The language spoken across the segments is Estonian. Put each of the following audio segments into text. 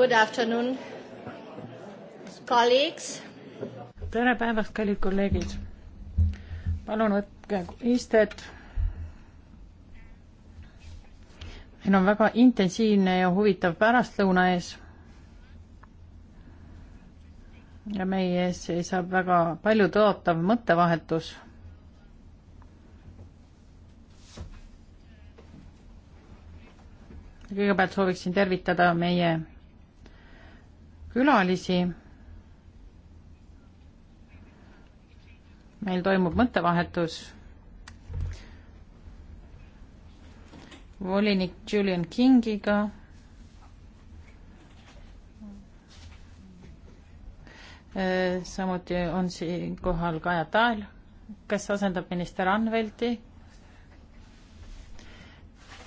Good afternoon, colleagues. tere päevast, kallid kolleegid. palun võtke istet. meil on väga intensiivne ja huvitav pärastlõuna ees. ja meie ees seisab väga palju tõotav mõttevahetus kõigepealt sooviksin tervitada meie külalisi. meil toimub mõttevahetus. volinik Julian Kingiga. Äh, samuti on siin kohal Kaja Tael, kes asendab minister Anvelti,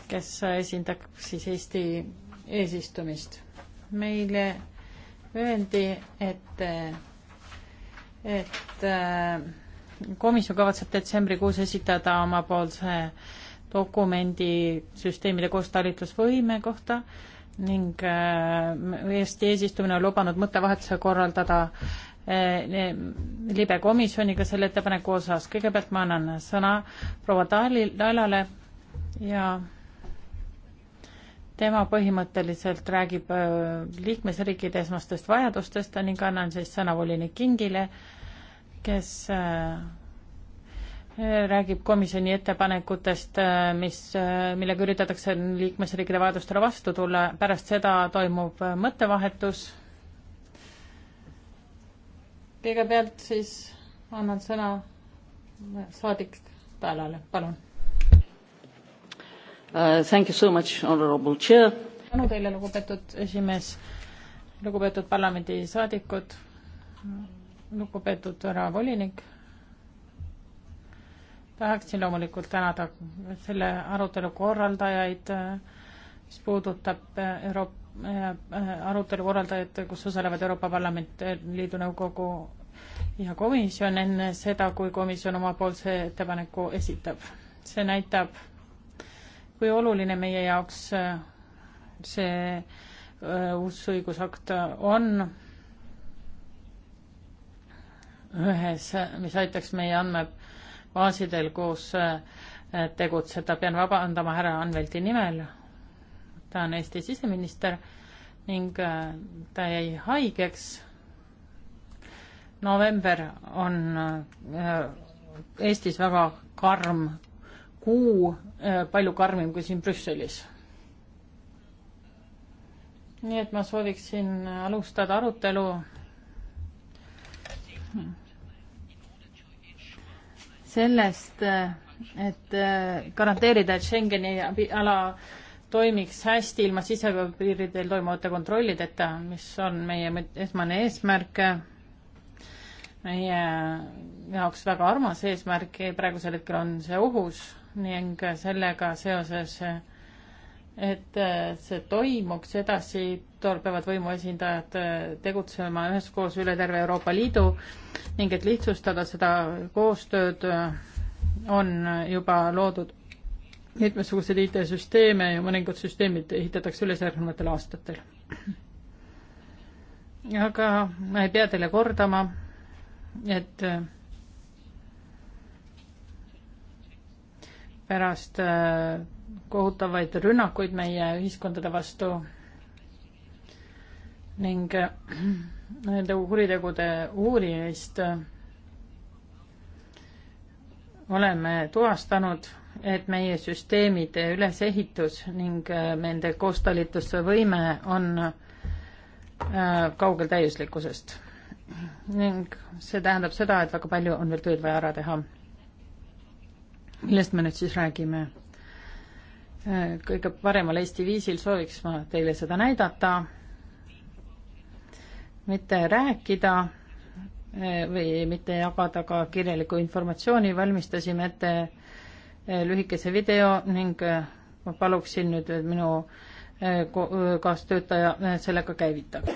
kes esindab siis Eesti eesistumist. meile öeldi, et, et äh, komisjon kavatseb detsembrikuus esitada omapoolse dokumendi süsteemide koostalitlusvõime kohta ning äh, Eesti eesistumine on lubanud mõttevahetuse korraldada äh, libe komisjoniga selle ettepaneku osas. kõigepealt ma annan sõna proua Dalilale ja tema põhimõtteliselt räägib äh, liikmesriikide esmastest vajadustest ning annan siis sõna volinik Kingile, kes äh, räägib komisjoni ettepanekutest, äh, mis, millega üritatakse liikmesriikide vajadustele vastu tulla, pärast seda toimub mõttevahetus. kõigepealt siis annan sõna saadik Talale, palun Uh, thank you so much, honorable chair. tänu teile, lugupeetud esimees, lugupeetud parlamendisaadikud, lugupeetud härra volinik. tahaksin loomulikult tänada selle arutelu korraldajaid, mis puudutab eh, Euroopa eh, arutelu korraldajate, kus osalevad Euroopa Parlament, eh, Liidu Nõukogu ja komisjon enne seda, kui komisjon omapoolse ettepaneku esitab. see näitab kui oluline meie jaoks äh, see äh, uus õigusakt on ühes, mis aitaks meie andmebaasidel koos äh, tegutseda. pean vabandama härra Anvelti nimel. ta on Eesti siseminister ning ta jäi haigeks. november on Eestis väga karm kuu äh, palju karmim kui siin Brüsselis. nii et ma sooviksin alustada arutelu sellest, äh, et äh, garanteerida, et Schengeni ala toimiks hästi ilma sisepiiridel toimuvate kontrollideta, mis on meie esmane eesmärk, meie jaoks väga armas eesmärk, praegusel hetkel on see ohus ning sellega seoses, et äh, see toimuks edasi, peavad võimuesindajad äh, tegutsema üheskoos üle terve Euroopa Liidu ning et lihtsustada seda koostööd, äh, on juba loodud mitmesuguseid IT-süsteeme ja mõningad süsteemid ehitatakse üles järgnevatel aastatel. aga ma ei pea teile kordama, et pärast äh, kohutavaid rünnakuid meie ühiskondade vastu ning äh, nende kuritegude uurimist äh, oleme tuvastanud, et meie süsteemide ülesehitus ning nende koostalitusvõime on kaugel täiuslikkusest. ning see tähendab seda, et väga palju on veel tööd vaja ära teha millest me nüüd siis räägime? kõige paremal Eesti viisil sooviks ma teile seda näidata, mitte rääkida eh, või mitte jagada ka kirjalikku informatsiooni, valmistasime ette eh, lühikese video ning eh, ma paluksin nüüd minu kaastöötaja sellega käivitada.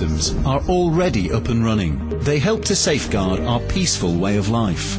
systems are already up and running. They help to safeguard our peaceful way of life.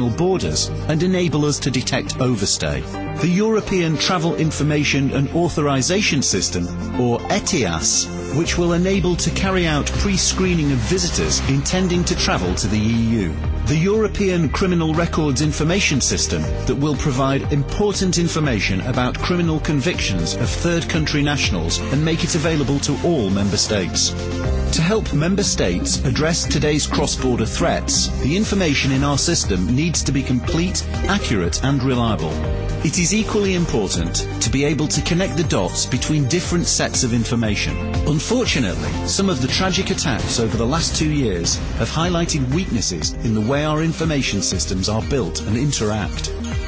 external borders and enable us to detect overstay. The European Travel Information and Authorization System, or ETIAS, which will enable to carry out pre-screening of visitors intending to travel to the EU. The European Criminal Records Information System that will provide important information about criminal convictions of third country nationals and make it available to all member states. To help member states address today's cross-border threats, the information in our system needs needs to be complete, accurate and reliable. It is equally important to be able to connect the dots between different sets of information. Unfortunately, some of the tragic attacks over the last two years have highlighted weaknesses in the way our information systems are built and interact.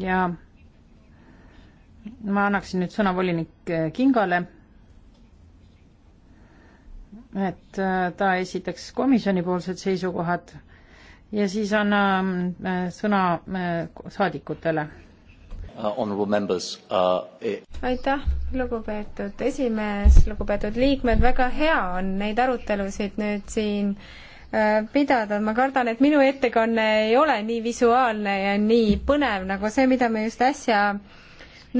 ja ma annaksin nüüd sõna volinik äh, Kingale, et äh, ta esitaks komisjonipoolsed seisukohad ja siis annan äh, sõna saadikutele uh, uh, eh. aitäh, lugupeetud esimees, lugupeetud liikmed, väga hea on neid arutelusid nüüd siin Äh, pidada, ma kardan, et minu ettekanne ei ole nii visuaalne ja nii põnev nagu see, mida me just äsja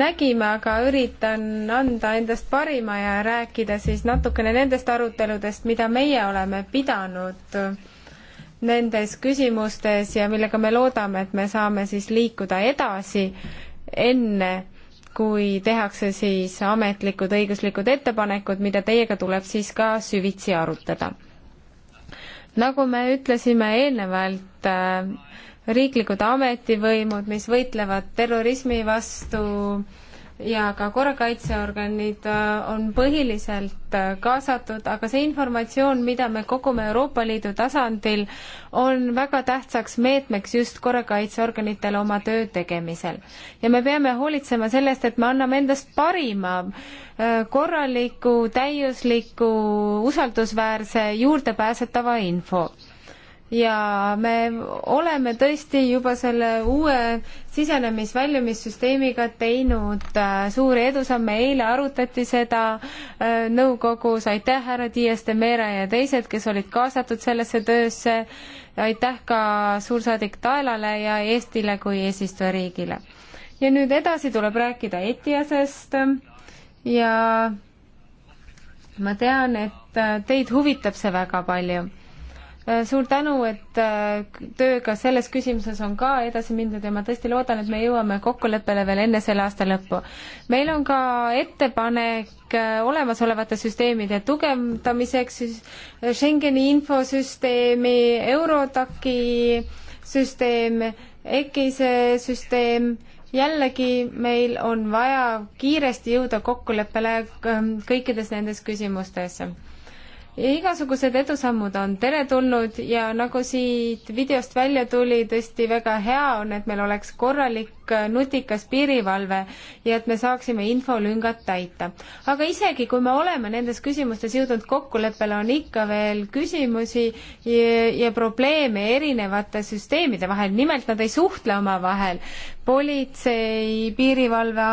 nägime, aga üritan anda endast parima ja rääkida siis natukene nendest aruteludest, mida meie oleme pidanud nendes küsimustes ja millega me loodame, et me saame siis liikuda edasi enne, kui tehakse siis ametlikud õiguslikud ettepanekud, mida teiega tuleb siis ka süvitsi arutada nagu me ütlesime eelnevalt, äh, riiklikud ametivõimud, mis võitlevad terrorismi vastu, ja ka korrakaitseorganid äh, on põhiliselt äh, kaasatud, aga see informatsioon, mida me kogume Euroopa Liidu tasandil, on väga tähtsaks meetmeks just korrakaitseorganitele oma töö tegemisel. ja me peame hoolitsema sellest, et me anname endast parima äh, korraliku, täiusliku, usaldusväärse, juurdepääsetava info ja me oleme tõesti juba selle uue sisenemis-väljumissüsteemiga teinud äh, suuri edusamme, eile arutati seda äh, nõukogus, aitäh härra Dias de Mera ja teised, kes olid kaasatud sellesse töösse, aitäh ka suursaadik Taelale ja Eestile kui eesistujariigile. ja nüüd edasi tuleb rääkida ETIAS-est ja ma tean, et äh, teid huvitab see väga palju Äh, suur tänu, et äh, tööga selles küsimuses on ka edasi mindud ja ma tõesti loodan, et me jõuame kokkuleppele veel enne selle aasta lõppu. meil on ka ettepanek äh, olemasolevate süsteemide tugevdamiseks, Schengeni infosüsteemi, Eurotaki süsteem, EKIS-e süsteem, jällegi meil on vaja kiiresti jõuda kokkuleppele kõikides nendes küsimustes igasugused edusammud on teretulnud ja nagu siit videost välja tuli, tõesti väga hea on, et meil oleks korralik äh, nutikas piirivalve ja et me saaksime infolüngad täita. aga isegi, kui me oleme nendes küsimustes jõudnud kokkuleppele, on ikka veel küsimusi ja, ja probleeme erinevate süsteemide vahel, nimelt nad ei suhtle omavahel. politsei, piirivalve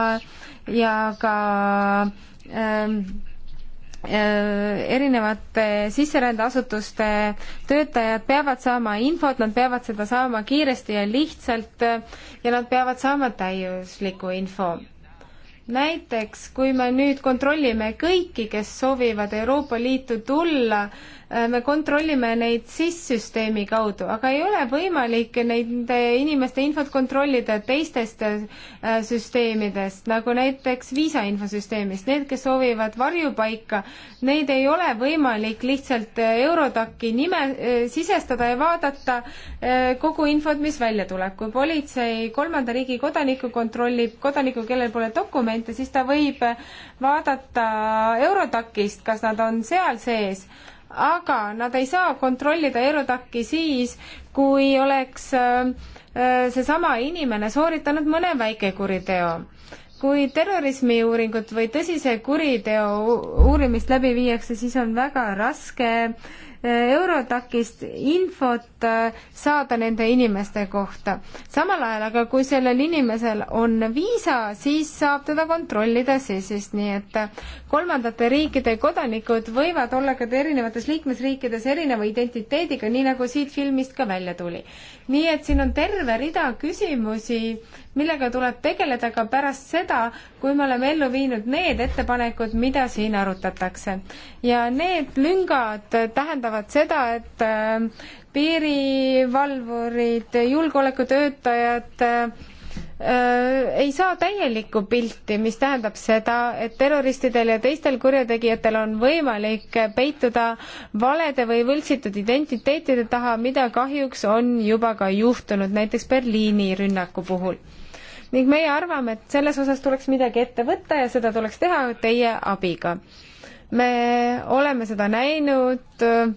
ja ka ähm, Äh, erinevate sisserändeasutuste töötajad peavad saama infot, nad peavad seda saama kiiresti ja lihtsalt äh, ja nad peavad saama täiusliku info. näiteks, kui me nüüd kontrollime kõiki, kes soovivad Euroopa Liitu tulla, Äh, me kontrollime neid SIS-süsteemi kaudu, aga ei ole võimalik nende inimeste infot kontrollida teistest äh, süsteemidest, nagu näiteks viisa infosüsteemist. Need, kes soovivad varjupaika, neid ei ole võimalik lihtsalt äh, Eurodaki nime sisestada ja vaadata kogu infot, mis välja tuleb. kui politsei kolmanda riigi kodanikku kontrollib, kodanikku, kellel pole dokumente, siis ta võib vaadata Eurodakist, kas nad on seal sees aga nad ei saa kontrollida Eurodaki siis, kui oleks äh, äh, seesama inimene sooritanud mõne väikekuriteo kui terrorismiuuringut või tõsise kuriteo uurimist läbi viiakse, siis on väga raske äh, Eurodakist infot Äh, saada nende inimeste kohta. samal ajal aga, kui sellel inimesel on viisa, siis saab teda kontrollida sisist, nii et äh, kolmandate riikide kodanikud võivad olla ka erinevates liikmesriikides erineva identiteediga, nii nagu siit filmist ka välja tuli. nii et siin on terve rida küsimusi, millega tuleb tegeleda ka pärast seda, kui me oleme ellu viinud need ettepanekud, mida siin arutatakse. ja need lüngad tähendavad seda, et äh, piirivalvurid, julgeolekutöötajad äh, ei saa täielikku pilti, mis tähendab seda, et terroristidel ja teistel kurjategijatel on võimalik peituda valede või võltsitud identiteetide taha, mida kahjuks on juba ka juhtunud, näiteks Berliini rünnaku puhul. ning meie arvame, et selles osas tuleks midagi ette võtta ja seda tuleks teha teie abiga. me oleme seda näinud äh,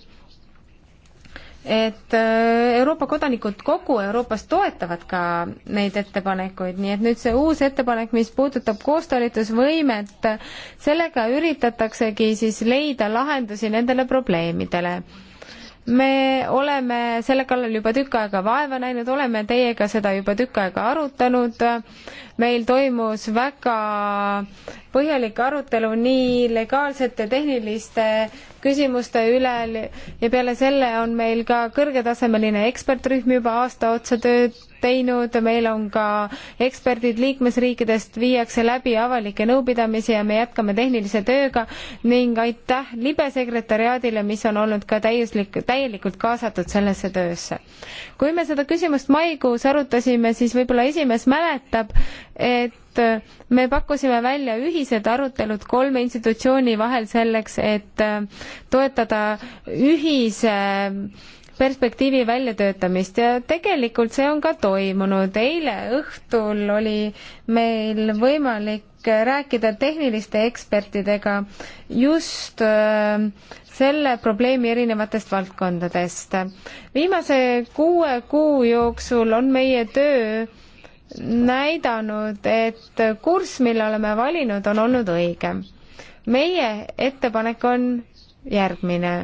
et äh, Euroopa kodanikud kogu Euroopas toetavad ka neid ettepanekuid, nii et nüüd see uus ettepanek, mis puudutab koostalitusvõimet, sellega üritatakse üritaksegi siis leida lahendusi nendele probleemidele me oleme selle kallal juba tükk aega vaeva näinud, oleme teiega seda juba tükk aega arutanud. meil toimus väga põhjalik arutelu nii legaalsete tehniliste küsimuste üle ja peale selle on meil ka kõrgetasemeline ekspertrühm juba aasta otsa tööd teinud, meil on ka eksperdid liikmesriikidest, viiakse läbi avalikke nõupidamisi ja me jätkame tehnilise tööga ning aitäh libesekretäriaadile, mis on olnud ka täiuslik, täielikult kaasatud sellesse töösse. kui me seda küsimust maikuus arutasime, siis võib-olla esimees mäletab, et me pakkusime välja ühised arutelud kolme institutsiooni vahel selleks, et toetada ühise perspektiivi väljatöötamist ja tegelikult see on ka toimunud. eile õhtul oli meil võimalik rääkida tehniliste ekspertidega just äh, selle probleemi erinevatest valdkondadest. viimase kuue kuu jooksul on meie töö näidanud, et kurss, mille oleme valinud, on olnud õige. meie ettepanek on järgmine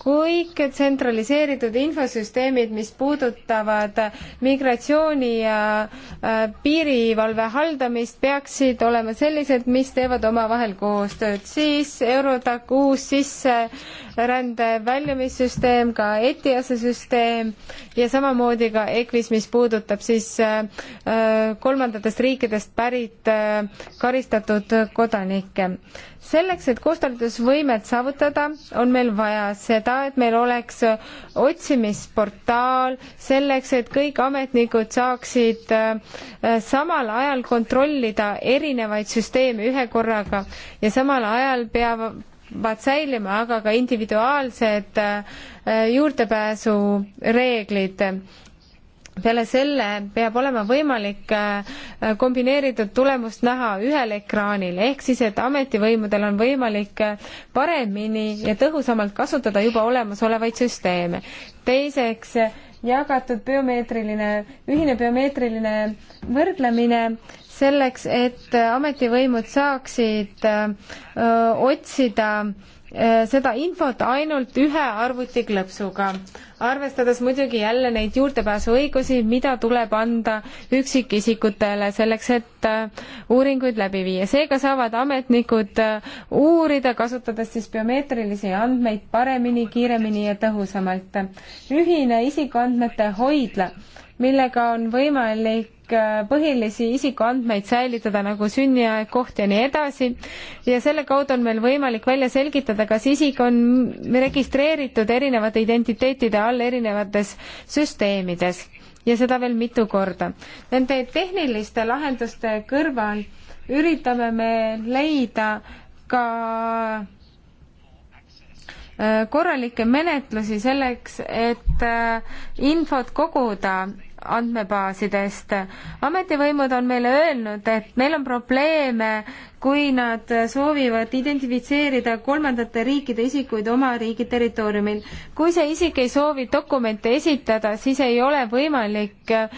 kõik tsentraliseeritud infosüsteemid, mis puudutavad migratsiooni ja äh, piirivalve haldamist, peaksid olema sellised, mis teevad omavahel koostööd. siis Eurodac uus sisserände väljumissüsteem, ka ETIAS-e süsteem ja samamoodi ka EQUIS, mis puudutab siis äh, kolmandatest riikidest pärit äh, karistatud kodanikke selleks, et kustutamisvõimet saavutada, on meil vaja seda, et meil oleks otsimisportaal selleks, et kõik ametnikud saaksid äh, samal ajal kontrollida erinevaid süsteeme ühe korraga ja samal ajal peab peavad säilima aga ka individuaalsed äh, äh, juurdepääsureeglid peale selle peab olema võimalik äh, kombineeritud tulemust näha ühel ekraanil, ehk siis, et ametivõimudel on võimalik äh, paremini ja tõhusamalt kasutada juba olemasolevaid süsteeme. teiseks, jagatud biomeetriline, ühine biomeetriline võrdlemine selleks, et ametivõimud saaksid öö, äh, otsida öö, Äh, seda infot ainult ühe arvutiklõpsuga, arvestades muidugi jälle neid juurdepääsuõigusi, mida tuleb anda üksikisikutele selleks, et äh, uuringuid läbi viia. seega saavad ametnikud äh, uurida, kasutades siis biomeetrilisi andmeid paremini, kiiremini ja tõhusamalt. ühine isikuandmete hoidla, millega on võimalik Äh, põhilisi isikuandmeid säilitada nagu sünniaeg, koht ja nii edasi. ja selle kaudu on meil võimalik välja selgitada, kas isik on registreeritud erinevate identiteetide all erinevates süsteemides ja seda veel mitu korda. Nende tehniliste lahenduste kõrval üritame me leida ka äh, korralikke menetlusi selleks, et äh, infot koguda andmebaasidest. ametivõimud on meile öelnud, et meil on probleeme, kui nad soovivad identifitseerida kolmandate riikide isikuid oma riigi territooriumil. kui see isik ei soovi dokumente esitada, siis ei ole võimalik äh,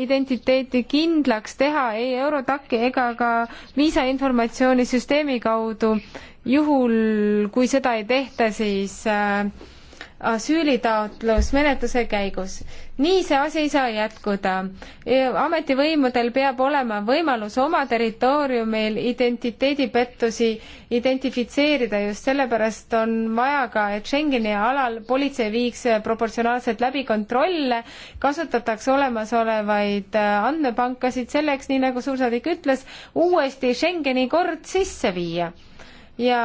identiteeti kindlaks teha ei Eurotaki ega ka viisa informatsioonisüsteemi kaudu. juhul, kui seda ei tehta, siis äh, asüülitaotlus menetluse käigus. nii see asi ei saa jätkuda. ametivõimudel peab olema võimalus oma territooriumil identiteedipettusi identifitseerida, just sellepärast on vaja ka, et Schengeni alal politsei viiks proportsionaalselt läbi kontrolle, kasutatakse olemasolevaid äh, andmepankasid selleks, nii nagu suursaadik ütles, uuesti Schengeni kord sisse viia ja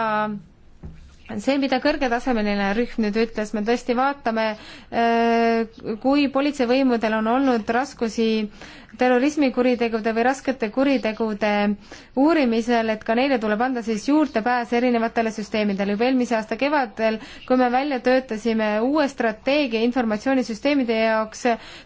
see, mida kõrgetasemeline rühm nüüd ütles, me tõesti vaatame, äh, kui politseivõimudel on olnud raskusi äh, terrorismikuritegude või raskete kuritegude uurimisel, et ka neile tuleb anda siis juurdepääs erinevatele süsteemidele. juba eelmise aasta kevadel, kui me välja töötasime uue strateegia informatsioonisüsteemide jaoks,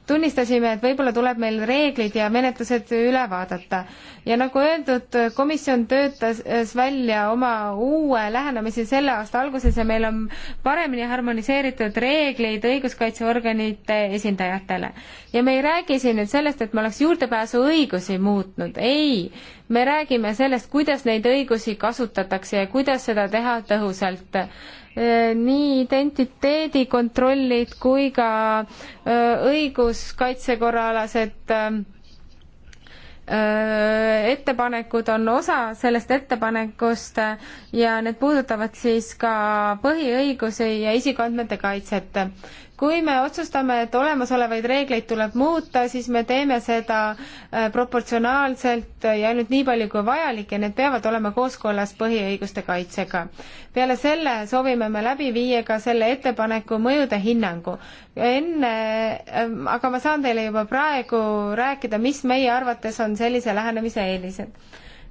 tunnistasime, et võib-olla tuleb meil reeglid ja menetlused üle vaadata. ja nagu öeldud, komisjon töötas välja oma uue lähenemise selle aasta alguses ja meil on paremini harmoniseeritud reeglid õiguskaitseorganite esindajatele. ja me ei räägi siin nüüd sellest, et me oleks oleks juurdepääsuõigusi muutnud, ei. me räägime sellest, kuidas neid õigusi kasutatakse ja kuidas seda teha tõhusalt. nii identiteedikontrollid kui ka õiguskaitsekorralased ettepanekud on osa sellest ettepanekust ja need puudutavad siis ka põhiõigusi ja isikuandmete kaitset kui me otsustame, et olemasolevaid reegleid tuleb muuta, siis me teeme seda äh, proportsionaalselt ja ainult nii palju kui vajalik ja need peavad olema kooskõlas põhiõiguste kaitsega. peale selle soovime me läbi viia ka selle ettepaneku mõjude hinnangu. enne, ähm, aga ma saan teile juba praegu rääkida, mis meie arvates on sellise lähenemise eelised.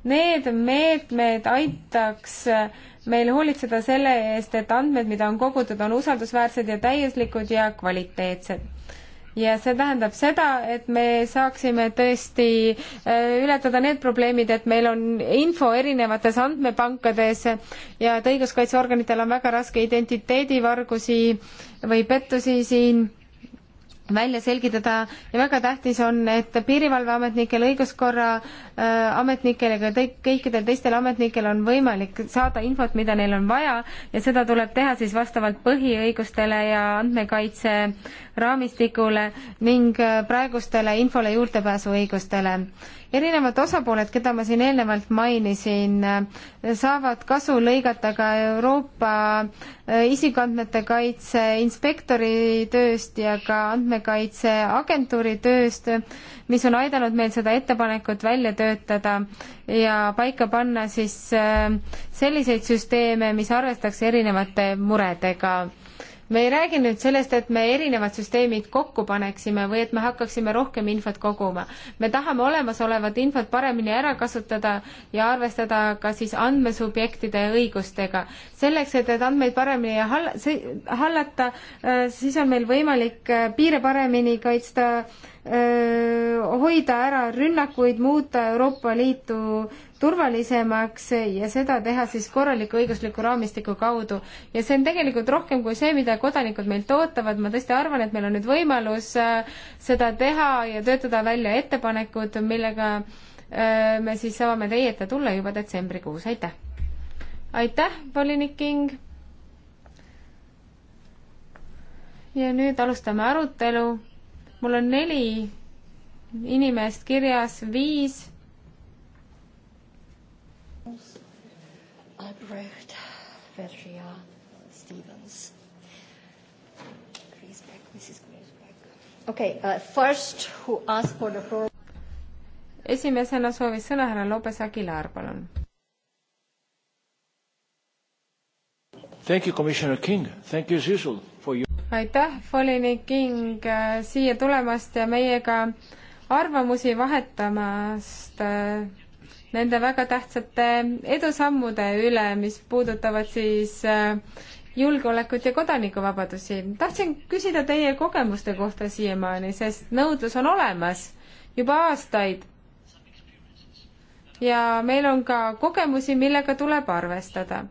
Need meetmed aitaks äh, meil hoolitseda selle eest, et andmed, mida on kogutud, on usaldusväärsed ja täiuslikud ja kvaliteetsed ja see tähendab seda, et me saaksime tõesti äh, ületada need probleemid, et meil on info erinevates andmepankades ja et õiguskaitseorganitel on väga raske identiteedivargusi või pettusi siin välja selgitada ja väga tähtis on, et piirivalveametnikel, õiguskorra äh, ametnikel ja ka kõikidel teistel ametnikel on võimalik saada infot, mida neil on vaja ja seda tuleb teha siis vastavalt põhiõigustele ja andmekaitse raamistikule ning äh, praegustele infole juurdepääsuõigustele erinevad osapooled, keda ma siin eelnevalt mainisin, saavad kasu lõigata ka Euroopa äh, isikuandmete kaitse inspektori tööst ja ka andmekaitseagentuuri tööst, mis on aidanud meil seda ettepanekut välja töötada ja paika panna siis äh, selliseid süsteeme, mis arvestaks erinevate muredega me ei räägi nüüd sellest, et me erinevad süsteemid kokku paneksime või et me hakkaksime rohkem infot koguma. me tahame olemasolevat infot paremini ära kasutada ja arvestada ka siis andmesubjektide õigustega. selleks, et neid andmeid paremini hall-, hallata, äh, siis on meil võimalik äh, piire paremini kaitsta hoida ära rünnakuid, muuta Euroopa Liitu turvalisemaks ja seda teha siis korraliku õigusliku raamistiku kaudu. ja see on tegelikult rohkem kui see, mida kodanikud meilt ootavad, ma tõesti arvan, et meil on nüüd võimalus äh, seda teha ja töötada välja ettepanekud, millega äh, me siis saame teie ette tulla juba detsembrikuus, aitäh! aitäh, volinik King! ja nüüd alustame arutelu mul on neli inimest kirjas, viis. Albrecht, Vergia, Stevens, Griesbeck, Mrs Griesbeck. okei okay, uh,, first who asked for the floor. esimesena soovis sõna härra Lopes Aguilar, palun. Thank you, Commissioner King, thank you as usual aitäh, volinik King, äh, siia tulemast ja meiega arvamusi vahetamast äh, nende väga tähtsate edusammude üle, mis puudutavad siis äh, julgeolekut ja kodanikuvabadusi. tahtsin küsida teie kogemuste kohta siiamaani, sest nõudlus on olemas juba aastaid. ja meil on ka kogemusi, millega tuleb arvestada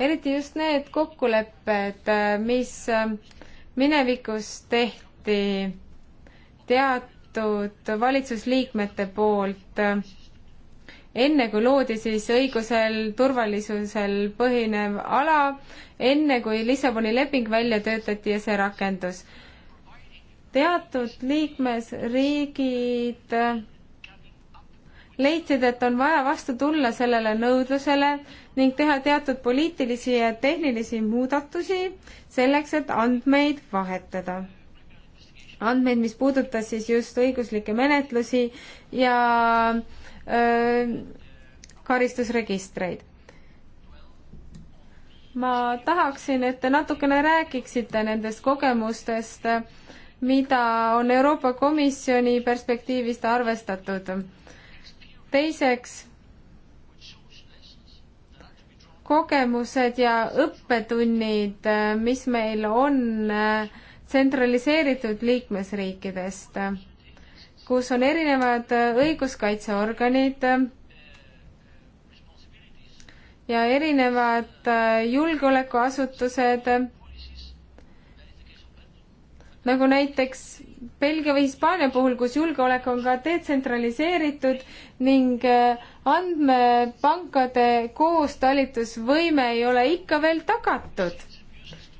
eriti just need kokkulepped, mis äh, minevikus tehti teatud valitsusliikmete poolt, äh, enne kui loodi siis õigusel, turvalisusel põhinev ala, enne kui Lissaboni leping välja töötati ja see rakendus. teatud liikmesriigid äh, leidsid, et on vaja vastu tulla sellele nõudlusele ning teha teatud poliitilisi ja tehnilisi muudatusi selleks, et andmeid vahetada. andmeid, mis puudutas siis just õiguslikke menetlusi ja öö, karistusregistreid ma tahaksin, et te natukene räägiksite nendest kogemustest, mida on Euroopa Komisjoni perspektiivist arvestatud teiseks, kogemused ja õppetunnid, mis meil on äh, tsentraliseeritud liikmesriikidest, kus on erinevad äh, õiguskaitseorganid äh, ja erinevad julgeolekuasutused, nagu näiteks Belgia või Hispaania puhul, kus julgeolek on ka detsentraliseeritud ning äh, andmepankade koostalitusvõime ei ole ikka veel tagatud.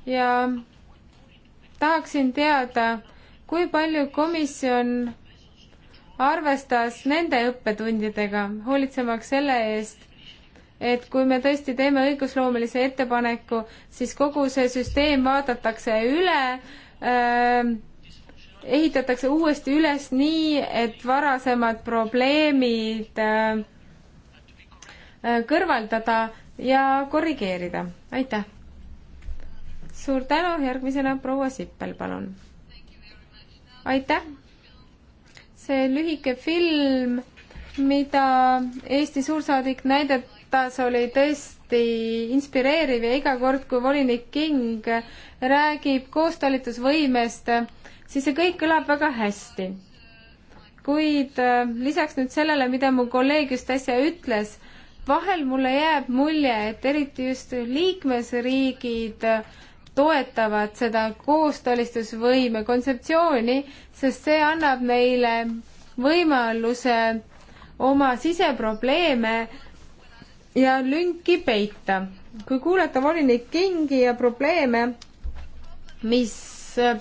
ja tahaksin teada, kui palju komisjon arvestas nende õppetundidega, hoolitsemaks selle eest, et kui me tõesti teeme õigusloomelise ettepaneku, siis kogu see süsteem vaadatakse üle äh, ehitatakse uuesti üles nii, et varasemad probleemid äh, äh, kõrvaldada ja korrigeerida. aitäh! suur tänu, järgmisena proua Sippel, palun! aitäh! see lühike film, mida Eesti suursaadik näidatas, oli tõesti inspireeriv ja iga kord, kui volinik King räägib koostalitusvõimest, siis see kõik kõlab väga hästi. kuid äh, lisaks nüüd sellele, mida mu kolleeg just äsja ütles, vahel mulle jääb mulje, et eriti just liikmesriigid äh, toetavad seda koostalistusvõime kontseptsiooni, sest see annab neile võimaluse oma siseprobleeme ja lünki peita. kui kuulata volinik Kingi ja probleeme, mis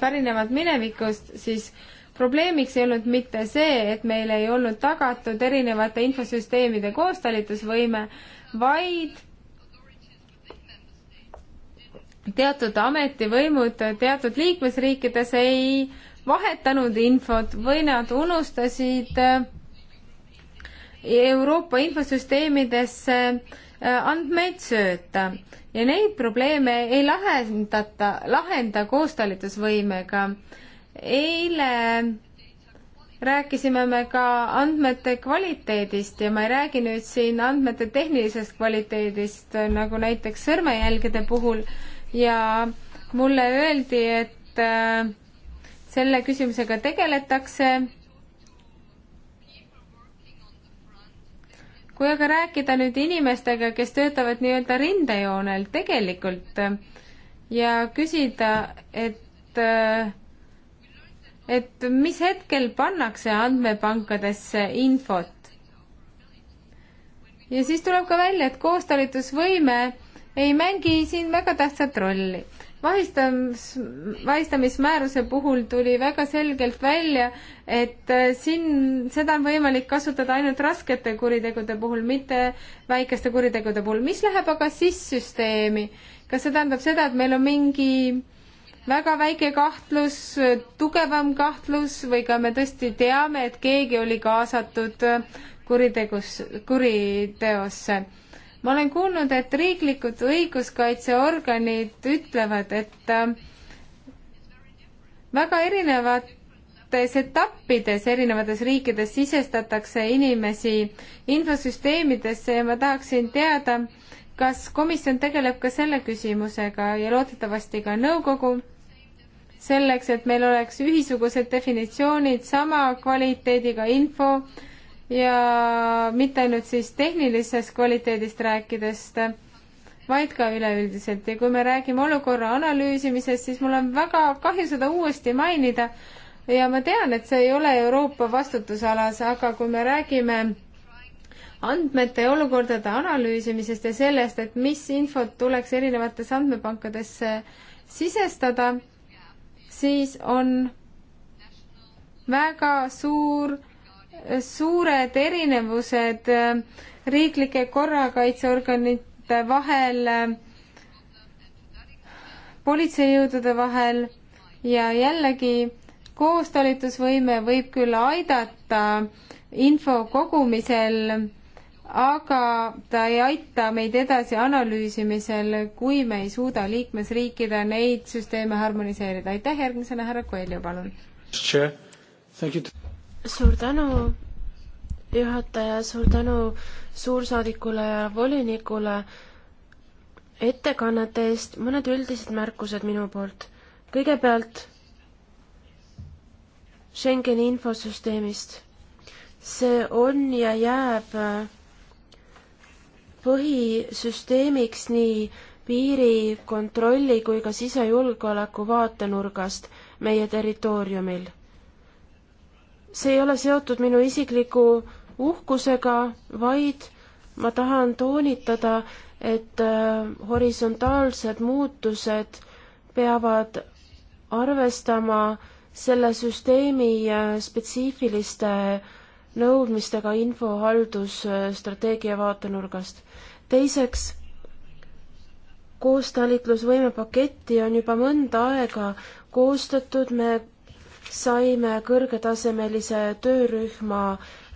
pärinevad minevikust, siis probleemiks ei olnud mitte see, et meil ei olnud tagatud erinevate infosüsteemide koostalitusvõime, vaid teatud ametivõimud teatud liikmesriikides ei vahetanud infot või nad unustasid äh, Euroopa infosüsteemidesse äh, andmeid sööta ja neid probleeme ei lahendata, lahenda koostalitusvõimega. eile rääkisime me ka andmete kvaliteedist ja ma ei räägi nüüd siin andmete tehnilisest kvaliteedist, nagu näiteks sõrmejälgede puhul ja mulle öeldi, et äh, selle küsimusega tegeletakse kui aga rääkida nüüd inimestega, kes töötavad nii-öelda rindejoonel tegelikult äh, ja küsida, et äh, et mis hetkel pannakse andmepankadesse infot. ja siis tuleb ka välja, et koostalitusvõime ei mängi siin väga tähtsat rolli vahistamis, vahistamismääruse puhul tuli väga selgelt välja, et äh, siin, seda on võimalik kasutada ainult raskete kuritegude puhul, mitte väikeste kuritegude puhul. mis läheb aga sissüsteemi? kas see tähendab seda, et meil on mingi väga väike kahtlus, tugevam kahtlus või ka me tõesti teame, et keegi oli kaasatud kuritegus, kuriteosse? ma olen kuulnud, et riiklikud õiguskaitseorganid ütlevad, et äh, väga erinevates etappides erinevates riikides sisestatakse inimesi infosüsteemidesse ja ma tahaksin teada, kas komisjon tegeleb ka selle küsimusega ja loodetavasti ka nõukogu, selleks et meil oleks ühisugused definitsioonid sama kvaliteediga info ja mitte ainult siis tehnilisest kvaliteedist rääkidest, vaid ka üleüldiselt ja kui me räägime olukorra analüüsimisest, siis mul on väga kahju seda uuesti mainida ja ma tean, et see ei ole Euroopa vastutusalas, aga kui me räägime andmete ja olukordade analüüsimisest ja sellest, et mis infot tuleks erinevatesse andmepankadesse sisestada, siis on väga suur suured erinevused äh, riiklike korrakaitseorganite vahel, äh, politseijõudude vahel ja jällegi koostalitusvõime võib küll aidata info kogumisel, aga ta ei aita meid edasi analüüsimisel, kui me ei suuda liikmesriikide neid süsteeme harmoniseerida. aitäh, järgmisena härra Koelju, palun suur tänu, juhataja, suur tänu suursaadikule ja volinikule ettekannete eest, mõned üldised märkused minu poolt. kõigepealt Schengeni infosüsteemist. see on ja jääb põhisüsteemiks nii piirikontrolli kui ka sisejulgeoleku vaatenurgast meie territooriumil see ei ole seotud minu isikliku uhkusega, vaid ma tahan toonitada, et äh, horisontaalsed muutused peavad arvestama selle süsteemi äh, spetsiifiliste nõudmistega infohaldusstrateegia vaatenurgast. teiseks, koostalitlusvõimepaketti on juba mõnda aega koostatud, me saime kõrgetasemelise töörühma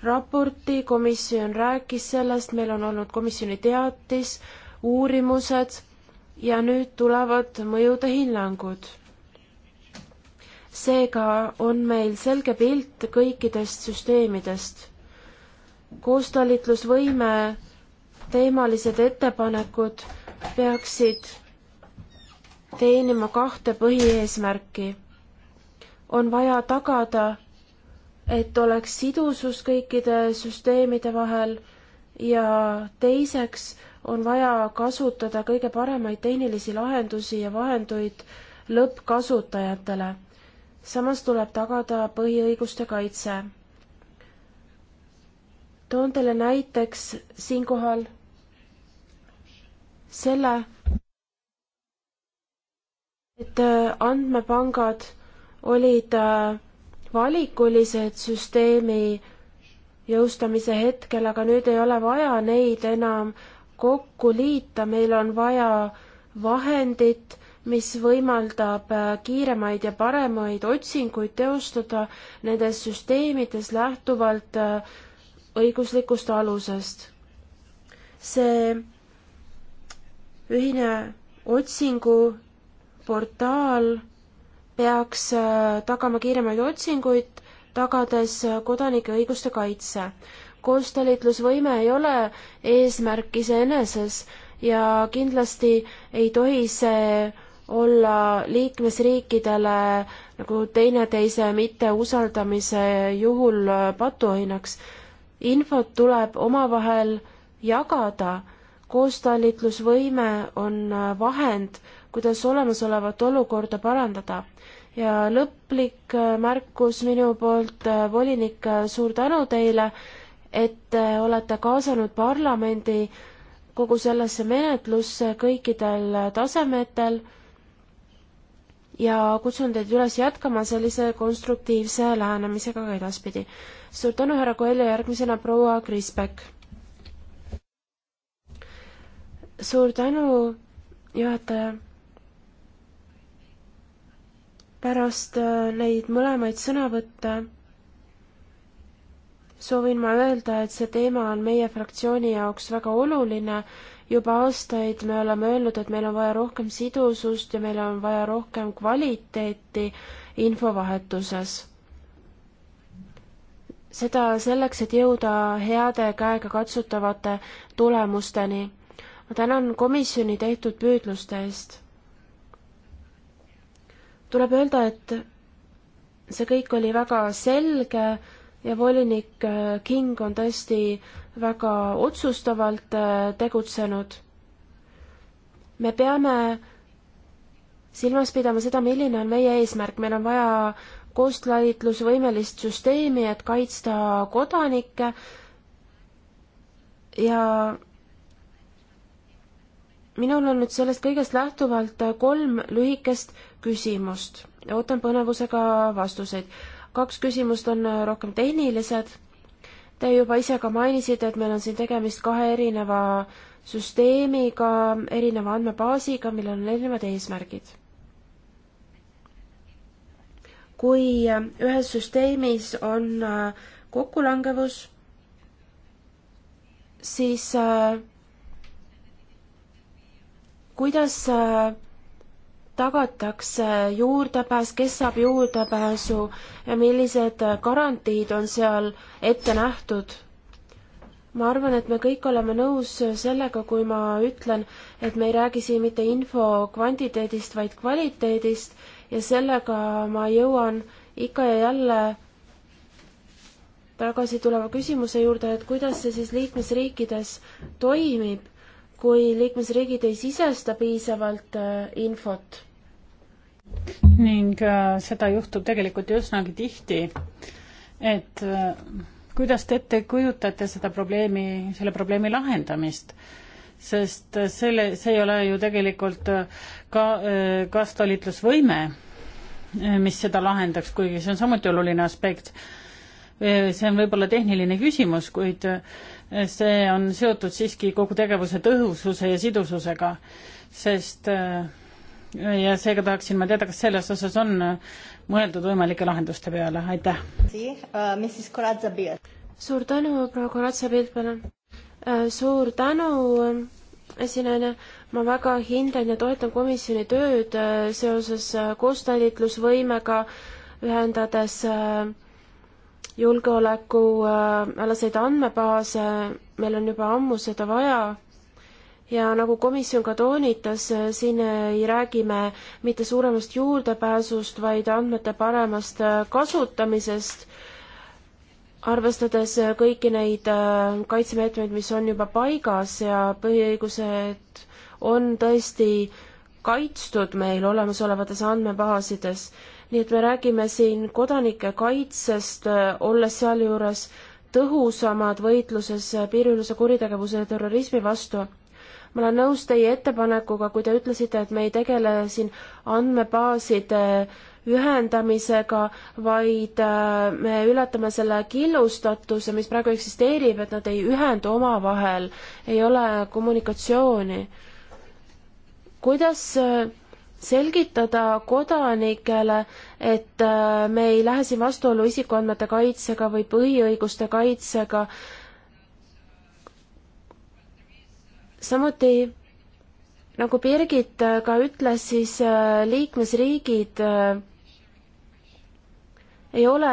raporti, komisjon rääkis sellest, meil on olnud komisjoni teatis, uurimused ja nüüd tulevad mõjude hinnangud. seega on meil selge pilt kõikidest süsteemidest. koostalitlusvõime teemalised ettepanekud peaksid teenima kahte põhieesmärki on vaja tagada, et oleks sidusus kõikide süsteemide vahel ja teiseks on vaja kasutada kõige paremaid tehnilisi lahendusi ja vahenduid lõppkasutajatele. samas tuleb tagada põhiõiguste kaitse. toon teile näiteks siinkohal selle, et andmepangad olid äh, valikulised süsteemi jõustamise hetkel, aga nüüd ei ole vaja neid enam kokku liita, meil on vaja vahendit, mis võimaldab äh, kiiremaid ja paremaid otsinguid teostada nendes süsteemides lähtuvalt äh, õiguslikust alusest. see ühine otsinguportaal peaks äh, tagama kiiremaid otsinguid, tagades äh, kodanike õiguste kaitse. koostalitlusvõime ei ole eesmärk iseeneses ja kindlasti ei tohi see olla liikmesriikidele nagu teineteise mitteusaldamise juhul äh, patuoinaks. infot tuleb omavahel jagada, koostalitlusvõime on vahend kuidas olemasolevat olukorda parandada. ja lõplik äh, märkus minu poolt, äh, volinik, äh, suur tänu teile, et te olete kaasanud parlamendi kogu sellesse menetlusse kõikidel tasemetel ja kutsun teid üles jätkama sellise konstruktiivse lähenemisega ka edaspidi. suur tänu, härra Koelja, järgmisena proua Kriisbek. suur tänu, juhataja pärast äh, neid mõlemaid sõnavõtte soovin ma öelda, et see teema on meie fraktsiooni jaoks väga oluline. juba aastaid me oleme öelnud, et meil on vaja rohkem sidusust ja meil on vaja rohkem kvaliteeti infovahetuses. seda selleks, et jõuda heade käegakatsutavate tulemusteni. ma tänan komisjoni tehtud püüdluste eest tuleb öelda, et see kõik oli väga selge ja volinik äh, King on tõesti väga otsustavalt äh, tegutsenud. me peame silmas pidama seda, milline on meie eesmärk, meil on vaja koostlaidlusvõimelist süsteemi, et kaitsta kodanikke ja minul on nüüd sellest kõigest lähtuvalt kolm lühikest küsimust. ootan põnevusega vastuseid. kaks küsimust on rohkem tehnilised. Te juba ise ka mainisite, et meil on siin tegemist kahe erineva süsteemiga, erineva andmebaasiga, millel on erinevad eesmärgid. kui ühes süsteemis on äh, kokkulangevus, siis äh, kuidas äh, tagatakse juurdepääs, kes saab juurdepääsu ja millised garantiid on seal ette nähtud? ma arvan, et me kõik oleme nõus sellega, kui ma ütlen, et me ei räägi siin mitte info kvantiteedist, vaid kvaliteedist ja sellega ma jõuan ikka ja jälle tagasi tuleva küsimuse juurde, et kuidas see siis liikmesriikides toimib kui liikmesriigid ei sisesta piisavalt äh, infot. ning äh, seda juhtub tegelikult ju üsnagi tihti, et äh, kuidas te ette kujutate seda probleemi, selle probleemi lahendamist? sest selle, see ei ole ju tegelikult ka kaastalitlusvõime, mis seda lahendaks, kuigi see on samuti oluline aspekt. see on võib-olla tehniline küsimus, kuid see on seotud siiski kogu tegevuse tõhususe ja sidususega, sest äh, ja seega tahaksin ma teada, kas selles osas on äh, mõeldud võimalike lahenduste peale, aitäh. Äh, suur tänu, proua Koratsa-Pilt, palun. suur tänu, esinejana. ma väga hindan ja toetan komisjoni tööd seoses koostalitlusvõimega, ühendades äh, julgeolekualaseid äh, andmebaase, meil on juba ammu seda vaja ja nagu komisjon ka toonitas, äh, siin ei räägi me mitte suuremast juurdepääsust, vaid andmete paremast äh, kasutamisest, arvestades kõiki neid kaitsemeetmeid, mis on juba paigas ja põhiõigused on tõesti kaitstud meil olemasolevates andmebaasides nii et me räägime siin kodanike kaitsest, äh, olles sealjuures tõhusamad võitluses äh, piiriülese kuritegevuse ja terrorismi vastu. ma olen nõus teie ettepanekuga, kui te ütlesite, et me ei tegele siin andmebaaside äh, ühendamisega, vaid me ületame selle killustatuse, mis praegu eksisteerib, et nad ei ühendu omavahel, ei ole kommunikatsiooni. kuidas selgitada kodanikele, et äh, me ei lähe siin vastuollu isikuandmete kaitsega või põhiõiguste kaitsega. samuti nagu Birgit äh, ka ütles, siis äh, liikmesriigid ei ole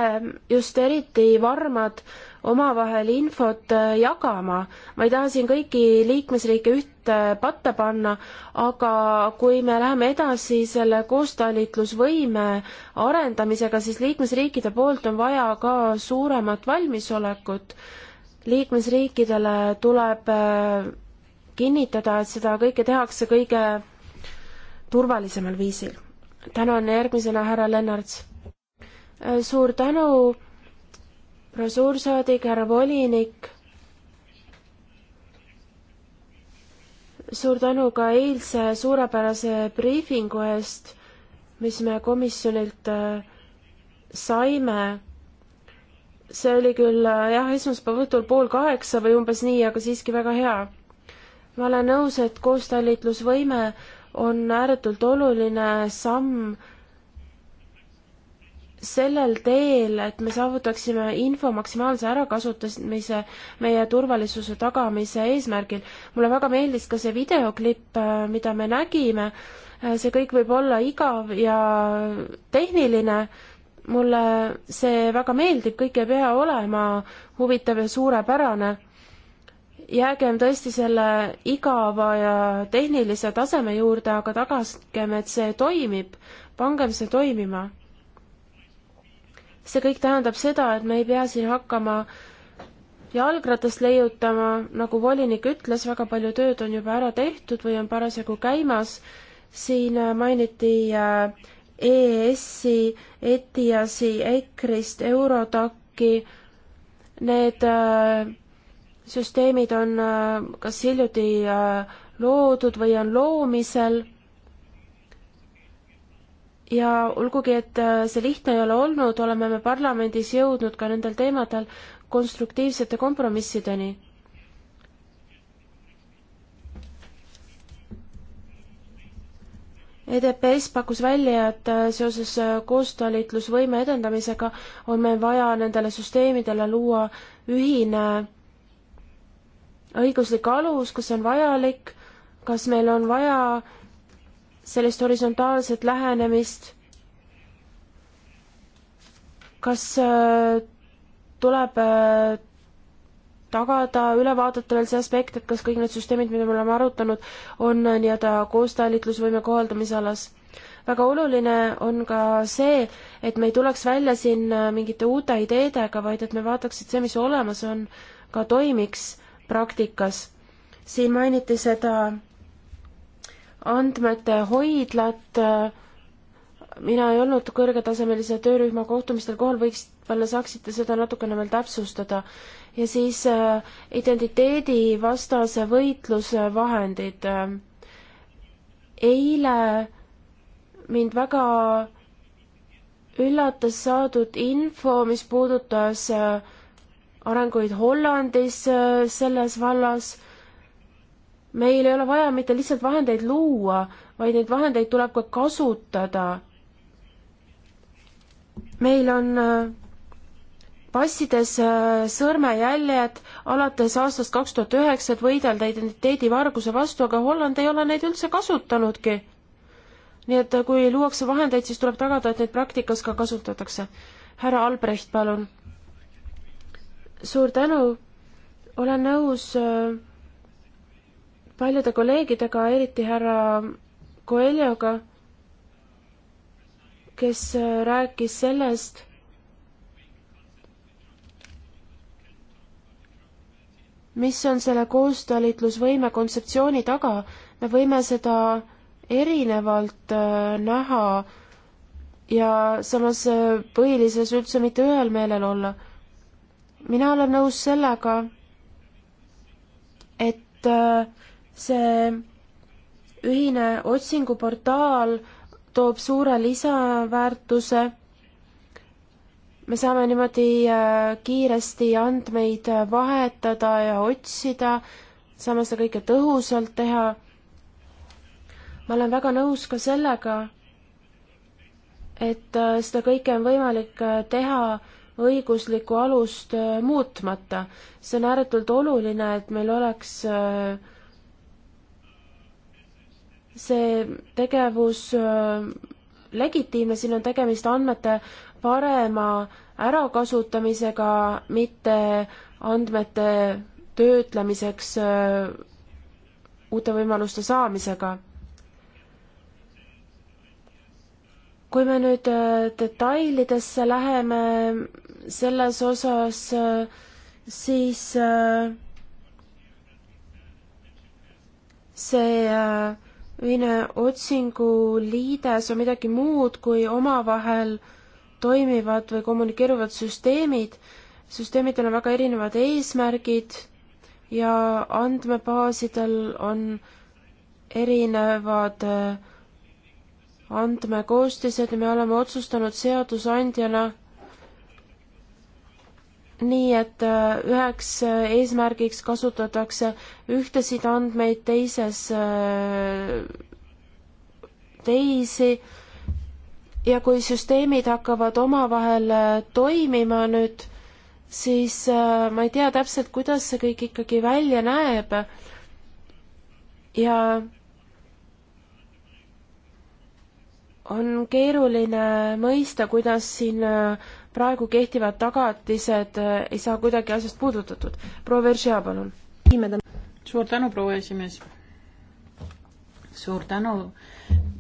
just eriti varmad omavahel infot äh, jagama. ma ei taha siin kõiki liikmesriike ühte äh, patta panna, aga kui me läheme edasi selle koostalitlusvõime arendamisega, siis liikmesriikide poolt on vaja ka suuremat valmisolekut. liikmesriikidele tuleb äh, kinnitada, et seda kõike tehakse kõige turvalisemal viisil. tänan järgmisena härra Lennarts. suur tänu proua suursaadik, härra volinik. suur tänu ka eilse suurepärase briifingu eest, mis me komisjonilt äh, saime. see oli küll äh, jah, esmaspäeva õhtul pool kaheksa või umbes nii, aga siiski väga hea. ma olen nõus, et koostalitlusvõime on ääretult oluline samm sellel teel, et me saavutaksime info maksimaalse ärakasutamise meie turvalisuse tagamise eesmärgil. mulle väga meeldis ka see videoklipp, äh, mida me nägime. Äh, see kõik võib olla igav ja tehniline. mulle see väga meeldib, kõik ei pea olema huvitav ja suurepärane. jäägem tõesti selle igava ja tehnilise taseme juurde, aga tagaskem, et see toimib, pangem see toimima see kõik tähendab seda, et me ei pea siin hakkama jalgratast leiutama, nagu volinik ütles, väga palju tööd on juba ära tehtud või on parasjagu käimas. siin äh, mainiti äh, EAS-i, e ETIAS-i, EKRE-ist, Eurodaki. Need äh, süsteemid on kas hiljuti loodud või on loomisel ja olgugi, et äh, see lihtne ei ole olnud, oleme me parlamendis jõudnud ka nendel teemadel konstruktiivsete kompromissideni. EDPS pakkus välja, et äh, seoses äh, koostalitlusvõime edendamisega on meil vaja nendele süsteemidele luua ühine õiguslik alus, kas see on vajalik, kas meil on vaja sellist horisontaalset lähenemist, kas äh, tuleb äh, tagada, üle vaadata veel see aspekt, et kas kõik need süsteemid, mida me oleme arutanud, on äh, nii-öelda koostalitlusvõime kohaldamise alas. väga oluline on ka see, et me ei tuleks välja siin mingite uute ideedega, vaid et me vaataks, et see, mis olemas on, ka toimiks praktikas. siin mainiti seda andmete hoidlat. mina ei olnud kõrgetasemelise töörühma kohtumistel kohal, võiks, võib-olla saaksite seda natukene veel täpsustada. ja siis äh, identiteedivastase võitluse vahendid. eile mind väga üllatas saadud info, mis puudutas äh, arenguid Hollandis äh, selles vallas meil ei ole vaja mitte lihtsalt vahendeid luua, vaid neid vahendeid tuleb ka kasutada. meil on äh, passides äh, sõrmejäljed alates aastast kaks tuhat üheksa, et võidelda identiteedivarguse vastu, aga Holland ei ole neid üldse kasutanudki. nii et äh, kui luuakse vahendeid, siis tuleb tagada, et neid praktikas ka kasutatakse. härra Albrecht, palun. suur tänu, olen nõus äh, paljude kolleegidega, eriti härra Coelhoga, kes äh, rääkis sellest, mis on selle koostalitlusvõime kontseptsiooni taga, me võime seda erinevalt äh, näha ja samas äh, põhilises üldse mitte ühel meelel olla. mina olen nõus sellega, et äh, see ühine otsinguportaal toob suure lisaväärtuse. me saame niimoodi äh, kiiresti andmeid äh, vahetada ja otsida, saame seda kõike tõhusalt teha. ma olen väga nõus ka sellega, et äh, seda kõike on võimalik teha õiguslikku alust muutmata. see on ääretult oluline, et meil oleks äh, see tegevus legitiimne, siin on tegemist andmete parema ärakasutamisega, mitte andmete töötlemiseks uute võimaluste saamisega. kui me nüüd detailidesse läheme selles osas, siis see mine otsinguliides on midagi muud kui omavahel toimivad või kommunikeeruvad süsteemid. süsteemidel on väga erinevad eesmärgid ja andmebaasidel on erinevad äh, andmekoostised ja me oleme otsustanud seadusandjana, nii et äh, üheks äh, eesmärgiks kasutatakse ühtesid andmeid, teises äh, teisi ja kui süsteemid hakkavad omavahel toimima nüüd, siis ma ei tea täpselt, kuidas see kõik ikkagi välja näeb ja on keeruline mõista, kuidas siin praegu kehtivad tagatised äh, ei saa kuidagi asjast puudutatud. proua Veržea, palun. suur tänu, proua esimees. suur tänu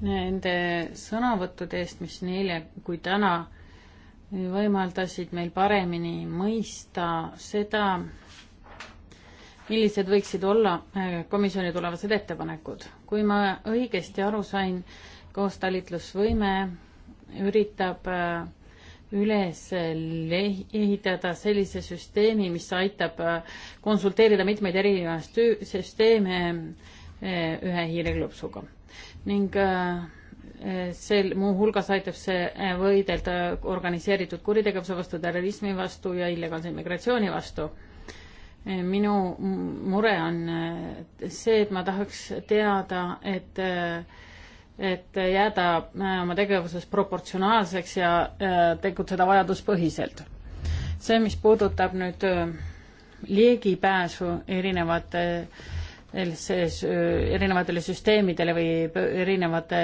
nende sõnavõttude eest, mis nii eile kui täna võimaldasid meil paremini mõista seda, millised võiksid olla äh, komisjoni tulevased ettepanekud. kui ma õigesti aru sain, koostalitlusvõime üritab äh, üles ehitada sellise süsteemi, mis aitab äh, konsulteerida mitmeid erinevaid süsteeme äh, ühe hiireklõpsuga. ning äh, sel, muuhulgas aitab see võidelda organiseeritud kuritegevuse vastu, terrorismi vastu ja illegaalse immigratsiooni vastu. minu mure on see, et ma tahaks teada, et äh, et jääda äh, oma tegevuses proportsionaalseks ja äh, tegutseda vajaduspõhiselt. see, mis puudutab nüüd äh, ligipääsu erinevate erinevatele süsteemidele või erinevate,